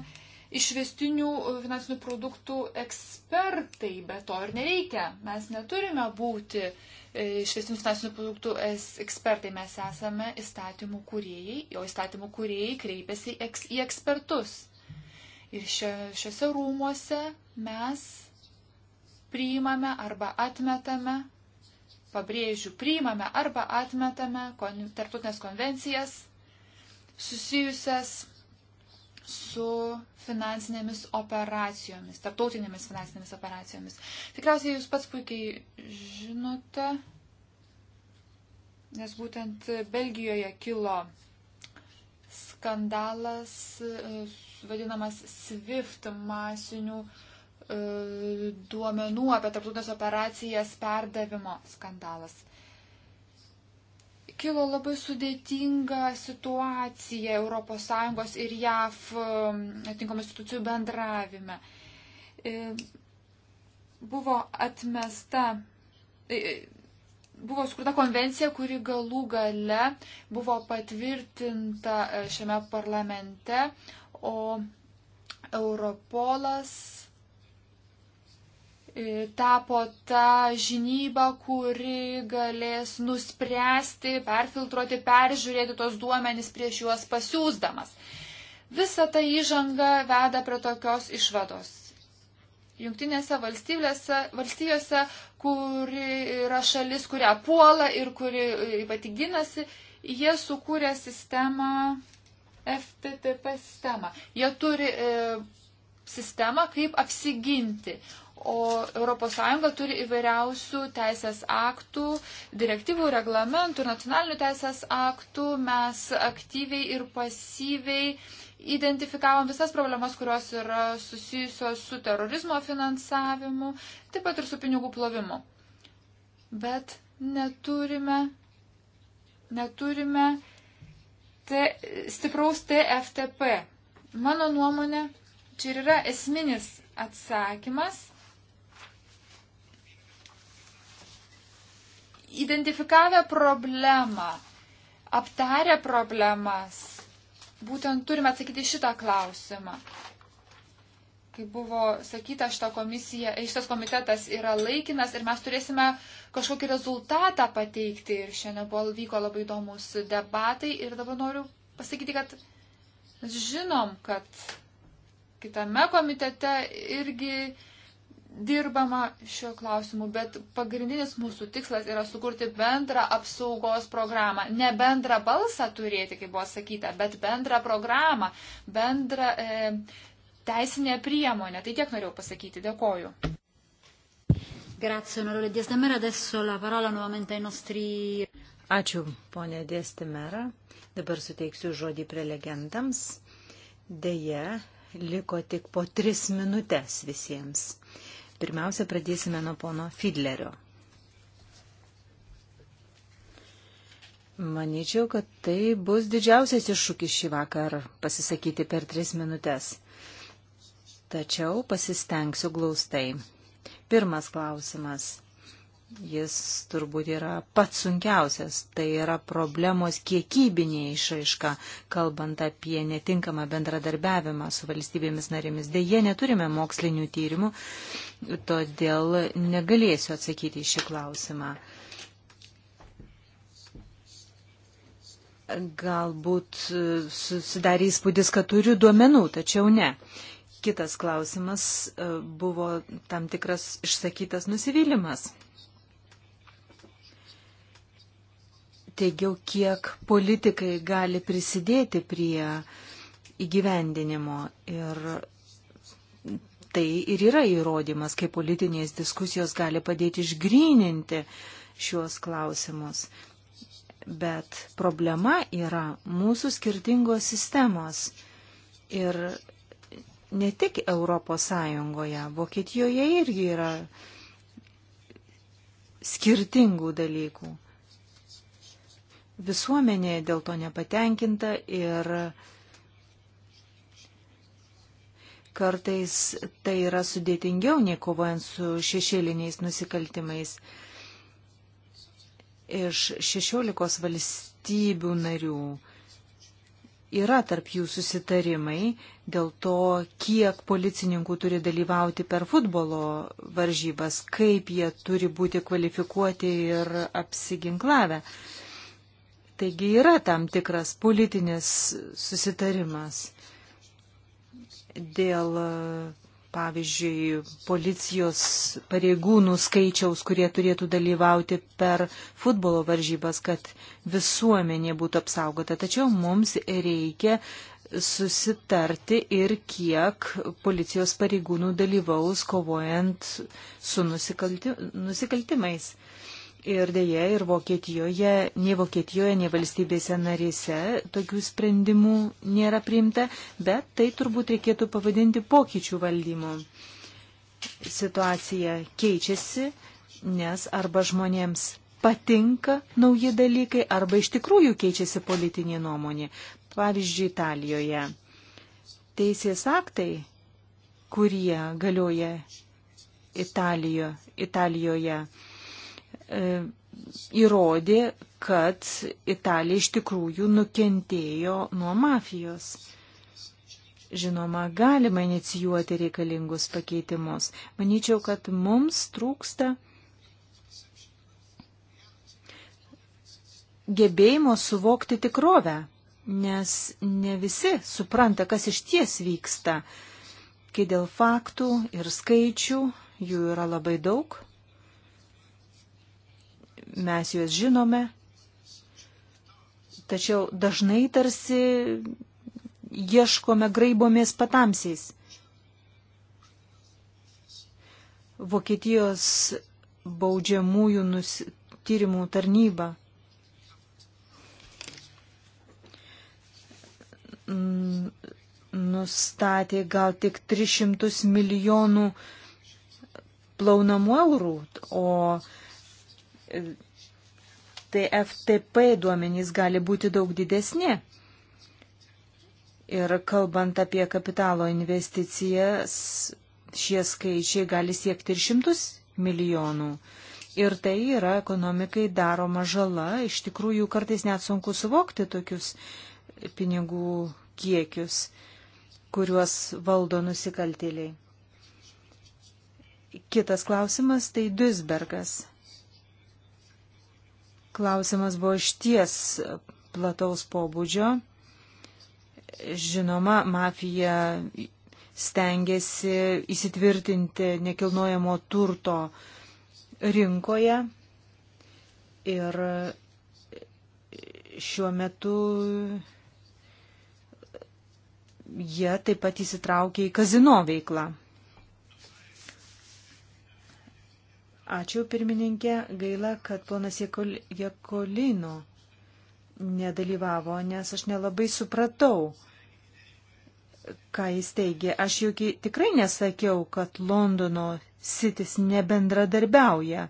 [SPEAKER 1] išvestinių e, finansinių produktų ekspertai, bet to ir nereikia. Mes neturime būti uh, E, išvestinių finansinių produktų ekspertai. Mes esame įstatymų kūrėjai, jo įstatymų kūrėjai kreipiasi į ekspertus. Ir šiuose rūmuose mes priimame arba atmetame, pabrėžiu, priimame arba atmetame tarptautinės konvencijas susijusias su finansinėmis operacijomis, tarptautinėmis finansinėmis operacijomis. Tikriausiai jūs pats puikiai žinote, nes būtent Belgijoje kilo skandalas, e, vadinamas SWIFT masinių e, duomenų apie tarptautinės operacijas perdavimo skandalas kilo labai sudėtinga situacija ES ir JAF um, atinkamų institucijų bendravime. E, buvo atmesta, e, e, buvo skurta konvencija, kuri galų gale buvo patvirtinta šiame parlamente, o Europolas E, tapo ta žinyba, kuri galės nuspręsti, perfiltruoti, peržiūrėti tos duomenys prieš juos pasiūsdamas. Visa ta įžanga veda prie tokios išvados. Junktinėse valstijose, kuri yra šalis, kurią puola ir kuri e, pati ginasi, jie sukūrė sistemą, FTTP sistemą. Jie turi e, sistemą, kaip apsiginti. O ES turi įvairiausių teisės aktų, direktyvų, reglamentų ir nacionalinių teisės aktų. Mes aktyviai ir pasyviai identifikavom visas problemas, kurios yra susijusios su terorizmo finansavimu, taip pat ir su pinigų plovimu. Bet neturime, neturime te, stipraus TFTP. Mano nuomonė, čia yra esminis atsakymas identifikavę problemą, aptarę problemas, būtent turime atsakyti šitą klausimą. Kaip buvo sakyta, šita komisija, šitas komitetas yra laikinas ir mes turėsime kažkokį rezultatą pateikti. Ir šiandien buvo vyko labai įdomus debatai ir dabar noriu pasakyti, kad žinom, kad kitame komitete irgi dirbama šiuo klausimu, bet pagrindinis mūsų tikslas yra sukurti bendrą apsaugos programą. Ne bendrą balsą turėti, kaip buvo sakyta, bet bendrą programą, bendrą e, teisinę priemonę. Tai tiek norėjau pasakyti. Dėkoju. Grazie,
[SPEAKER 2] onorevole Diestemera. Adesso la parola nuovamente ai nostri. Ačiū, ponė Diestemera. Dabar suteiksiu žodį prelegentams. Deja, liko tik po tris minutės visiems. Pirmiausia, pradėsime nuo pono Fidlerio. Maničiau, kad tai bus didžiausias iššūkis šį vakarą pasisakyti per tris minutės. Tačiau pasistengsiu glaustai. Pirmas klausimas jis turbūt yra pats sunkiausias. Tai yra problemos kiekybinė išaiška, kalbant apie netinkamą bendradarbiavimą su valstybėmis narėmis. Deja, neturime mokslinių tyrimų, todėl negalėsiu atsakyti į šį klausimą. Galbūt susidarė įspūdis, kad turiu duomenų, tačiau ne. Kitas klausimas e, buvo tam tikras išsakytas nusivylimas teigiau, kiek politikai gali prisidėti prie įgyvendinimo. Ir tai ir yra įrodymas, kaip politinės diskusijos gali padėti išgryninti šiuos klausimus. Bet problema yra mūsų skirtingos sistemos. Ir ne tik Europos Sąjungoje, Vokietijoje irgi yra skirtingų dalykų. Visuomenė dėl to nepatenkinta ir kartais tai yra sudėtingiau nei kovojant su šešėliniais nusikaltimais. Iš 16 valstybių narių yra tarp jų susitarimai dėl to, kiek policininkų turi dalyvauti per futbolo varžybas, kaip jie turi būti kvalifikuoti ir apsiginklavę. Taigi yra tam tikras politinis susitarimas dėl, pavyzdžiui, policijos pareigūnų skaičiaus, kurie turėtų dalyvauti per futbolo varžybas, kad visuomenė būtų apsaugota. Tačiau mums reikia susitarti ir kiek policijos pareigūnų dalyvaus kovojant su nusikalti, nusikaltimais. Ir dėje ir Vokietijoje, nei Vokietijoje, nei valstybėse narėse tokių sprendimų nėra priimta, bet tai turbūt reikėtų pavadinti pokyčių valdymu. Situacija keičiasi, nes arba žmonėms patinka nauji dalykai, arba iš tikrųjų keičiasi politinė nuomonė. Pavyzdžiui, Italijoje teisės aktai, kurie galioja Italijo, Italijoje, Italijoje E, įrodė, kad Italija iš tikrųjų nukentėjo nuo mafijos. Žinoma, galima inicijuoti reikalingus pakeitimus. Manyčiau, kad mums trūksta gebėjimo suvokti tikrovę, nes ne visi supranta, kas iš ties vyksta, kai dėl faktų ir skaičių jų yra labai daug mes juos žinome, tačiau dažnai tarsi ieškome graibomės patamsiais. Vokietijos baudžiamųjų tyrimų tarnyba nustatė gal tik 300 milijonų plaunamų eurų, o tai FTP duomenys gali būti daug didesni. Ir kalbant apie kapitalo investicijas, šie skaičiai gali siekti ir šimtus milijonų. Ir tai yra ekonomikai daroma žala, iš tikrųjų kartais net sunku suvokti tokius pinigų kiekius, kuriuos valdo nusikaltėliai. Kitas klausimas tai Duisbergas. Klausimas buvo išties plataus pobūdžio. Žinoma, mafija stengiasi įsitvirtinti nekilnojamo turto rinkoje ir šiuo metu jie taip pat įsitraukia į kazino veiklą. Ačiū pirmininkė, gaila, kad ponas Jekolino nedalyvavo, nes aš nelabai supratau, ką jis teigė. Aš juk tikrai nesakiau, kad Londono sitis nebendradarbiauja.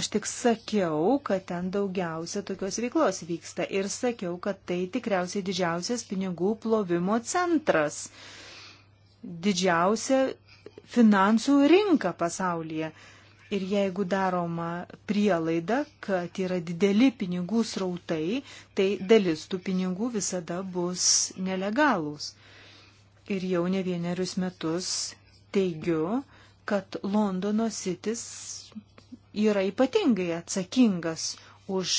[SPEAKER 2] Aš tik sakiau, kad ten daugiausia tokios veiklos vyksta ir sakiau, kad tai tikriausiai didžiausias pinigų plovimo centras. Didžiausia finansų rinka pasaulyje. Ir jeigu daroma prielaida, kad yra dideli pinigų srautai, tai dalis tų pinigų visada bus nelegalūs. Ir jau ne vienerius metus teigiu, kad Londono sitis yra ypatingai atsakingas už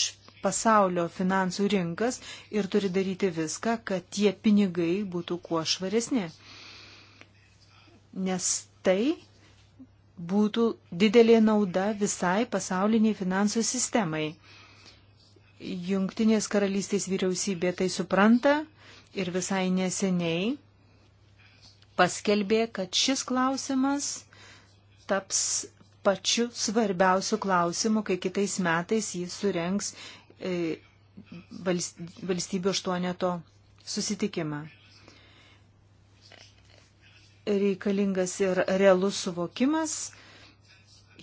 [SPEAKER 2] pasaulio finansų rinkas ir turi daryti viską, kad tie pinigai būtų kuo švaresni. Nes tai būtų didelė nauda visai pasauliniai finansų sistemai. Jungtinės karalystės vyriausybė tai supranta ir visai neseniai paskelbė, kad šis klausimas taps pačiu svarbiausiu klausimu, kai kitais metais jis surenks e, valstybių aštuoneto susitikimą reikalingas ir realus suvokimas,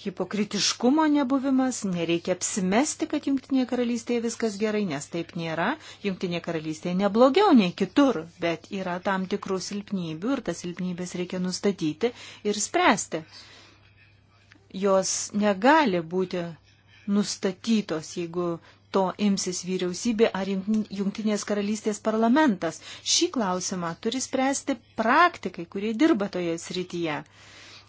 [SPEAKER 2] hipokritiškumo nebuvimas, nereikia apsimesti, kad Junktinėje karalystėje viskas gerai, nes taip nėra. Junktinėje karalystėje neblogiau nei kitur, bet yra tam tikrų silpnybių ir tas silpnybės reikia nustatyti ir spręsti. Jos negali būti nustatytos, jeigu to imsis vyriausybė ar Junktinės karalystės parlamentas. Šį klausimą turi spręsti praktikai, kurie dirba toje srityje.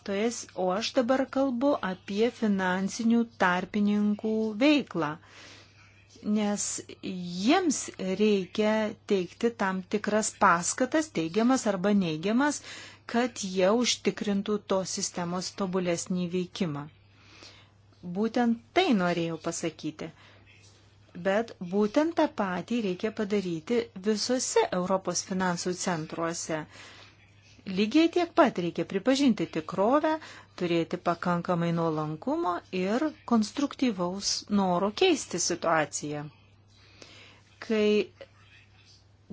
[SPEAKER 2] Toje, o aš dabar kalbu apie finansinių tarpininkų veiklą, nes jiems reikia teikti tam tikras paskatas, teigiamas arba neigiamas, kad jie užtikrintų tos sistemos tobulesnį veikimą. Būtent tai norėjau pasakyti. Bet būtent tą patį reikia padaryti visose Europos finansų centruose. Lygiai tiek pat reikia pripažinti tikrovę, turėti pakankamai nuolankumo ir konstruktyvaus noro keisti situaciją. Kai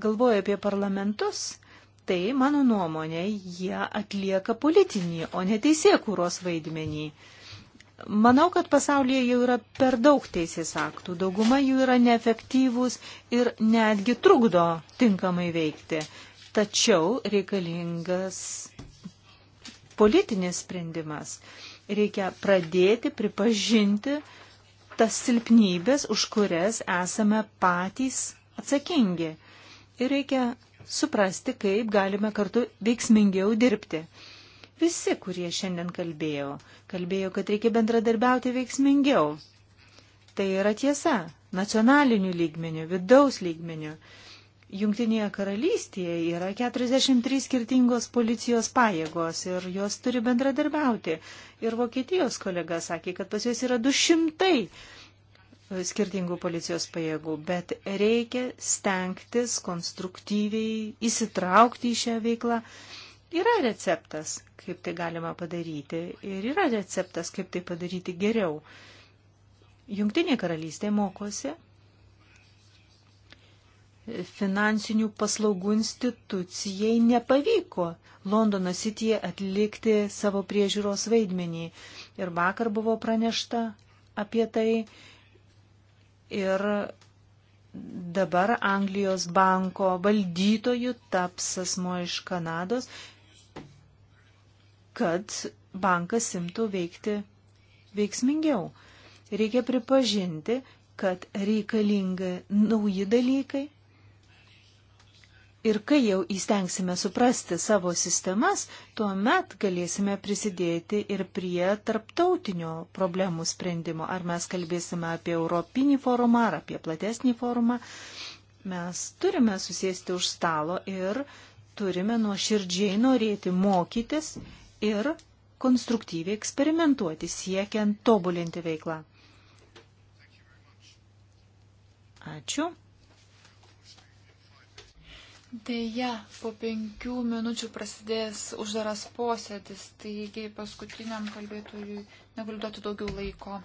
[SPEAKER 2] galvoju apie parlamentus, tai, mano nuomonė, jie atlieka politinį, o ne teisėkūros vaidmenį. Manau, kad pasaulyje jau yra per daug teisės aktų, dauguma jų yra neefektyvūs ir netgi trukdo tinkamai veikti. Tačiau reikalingas politinis sprendimas. Reikia pradėti pripažinti tas silpnybės, už kurias esame patys atsakingi. Ir reikia suprasti, kaip galime kartu veiksmingiau dirbti. Visi, kurie šiandien kalbėjo, kalbėjo, kad reikia bendradarbiauti veiksmingiau. Tai yra tiesa. Nacionaliniu lygmeniu, vidaus lygmeniu. Jungtinėje karalystėje yra 43 skirtingos policijos pajėgos ir jos turi bendradarbiauti. Ir Vokietijos kolega sakė, kad pas juos yra 200 e, skirtingų policijos pajėgų, bet reikia stengtis konstruktyviai įsitraukti į šią veiklą yra receptas, kaip tai galima padaryti ir yra receptas, kaip tai padaryti geriau. Jungtinė karalystė mokosi finansinių paslaugų institucijai nepavyko Londono City atlikti savo priežiūros vaidmenį. Ir vakar buvo pranešta apie tai. Ir dabar Anglijos banko valdytojų taps asmo iš Kanados kad bankas imtų veikti veiksmingiau. Reikia pripažinti, kad reikalinga nauji dalykai. Ir kai jau įstengsime suprasti savo sistemas, tuomet galėsime prisidėti ir prie tarptautinio problemų sprendimo. Ar mes kalbėsime apie Europinį forumą, ar apie platesnį forumą, mes turime susėsti už stalo ir turime nuoširdžiai norėti mokytis ir konstruktyviai eksperimentuoti, siekiant tobulinti veiklą. Ačiū.
[SPEAKER 1] Deja, po penkių minučių prasidės uždaras posėdis, taigi paskutiniam kalbėtojui negaliu duoti daugiau laiko.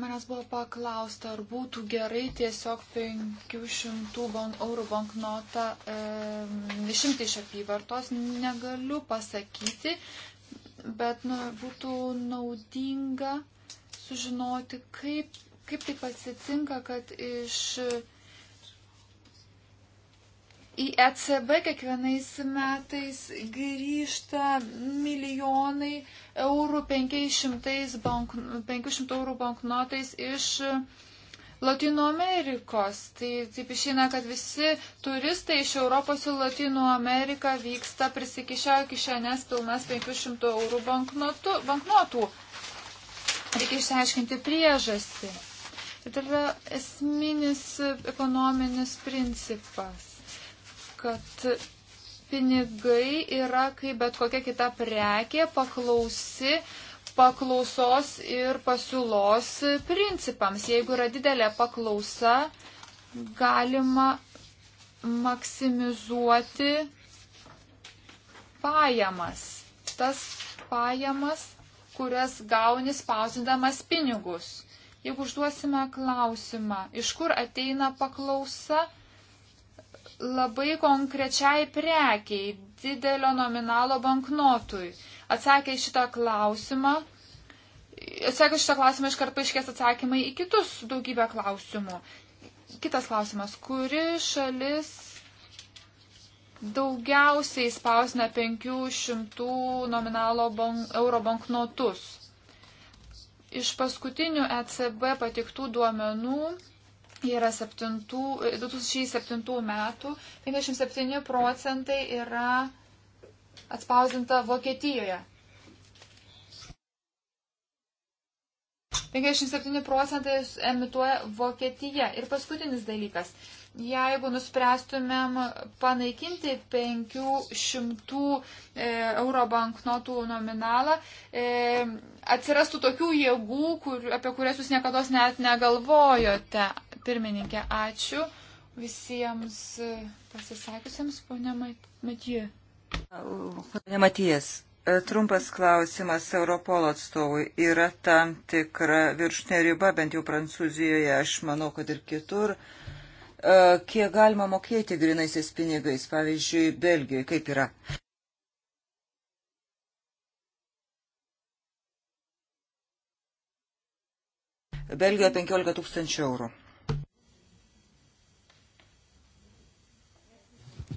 [SPEAKER 1] Manęs buvo paklausta, ar būtų gerai tiesiog 500 bon, eurų banknotą e, išimti iš apyvartos. Negaliu pasakyti, bet nu, būtų naudinga sužinoti, kaip, kaip taip atsitinka, kad iš. E, Į ECB kiekvienais metais grįžta milijonai eurų 500, bank, 500 eurų banknotais iš Latino Amerikos. Tai taip išeina, kad visi turistai iš Europos į Latino Ameriką vyksta prisikišę kišenės pilnas 500 eurų banknotų. banknotų. Reikia išsiaiškinti priežastį. Tai yra esminis ekonominis principas kad pinigai yra kaip bet kokia kita prekė paklausi paklausos ir pasiūlos principams. Jeigu yra didelė paklausa, galima maksimizuoti pajamas. Tas pajamas, kurias gauni spausindamas pinigus. Jeigu užduosime klausimą, iš kur ateina paklausa, labai konkrečiai prekiai, didelio nominalo banknotui. Atsakę šitą klausimą, atsakę šitą klausimą iškart paaiškės atsakymai į kitus daugybę klausimų. Kitas klausimas, kuri šalis daugiausiai spausina 500 nominalo bank, euro banknotus? Iš paskutinių ECB patiktų duomenų yra 7, 2007 e, metų, 57 procentai yra atspausinta Vokietijoje. 57 procentai emituoja Vokietija. Ir paskutinis dalykas jeigu nuspręstumėm panaikinti 500 e, euro banknotų nominalą, e, atsirastų tokių jėgų, kur, apie kurias jūs niekada net negalvojote. Pirmininkė, ačiū visiems e, pasisakiusiems, ponė Matijai. Ponė
[SPEAKER 3] Matijas, trumpas klausimas Europolo atstovui. Yra tam tikra viršutinė riba, bent jau Prancūzijoje, aš manau, kad ir kitur E, kiek galima mokėti grinaisiais pinigais, pavyzdžiui, Belgijoje, kaip yra. Belgijoje 15 tūkstančių eurų.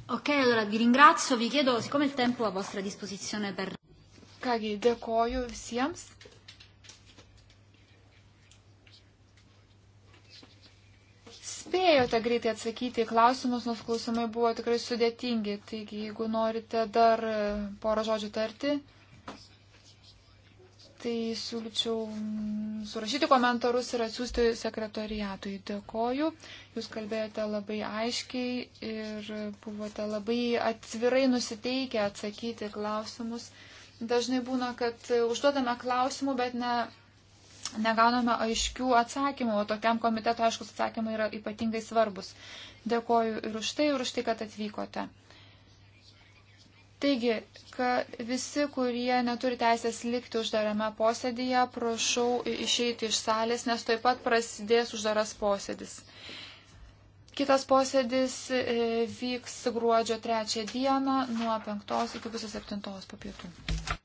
[SPEAKER 1] Ok, allora vi ringrazio, vi chiedo, siccome il tempo a vostra disposizione per... Kągi, dėkoju visiems. spėjote greitai atsakyti į klausimus, nors klausimai buvo tikrai sudėtingi. Taigi, jeigu norite dar e, porą žodžių tarti, tai siūlyčiau mm, surašyti komentarus ir atsiųsti sekretoriatui. Dėkoju. Jūs kalbėjote labai aiškiai ir buvote labai atvirai nusiteikę atsakyti klausimus. Dažnai būna, kad e, užduodame klausimų, bet ne, negauname aiškių atsakymų, o tokiam komiteto aiškus atsakymai yra ypatingai svarbus. Dėkoju ir už tai, ir už tai, kad atvykote. Taigi, kad visi, kurie neturi teisės likti uždarame posėdėje, prašau išeiti iš salės, nes taip pat prasidės uždaras posėdis. Kitas posėdis e, vyks gruodžio trečią dieną nuo 5 iki pusės 7 po pietų.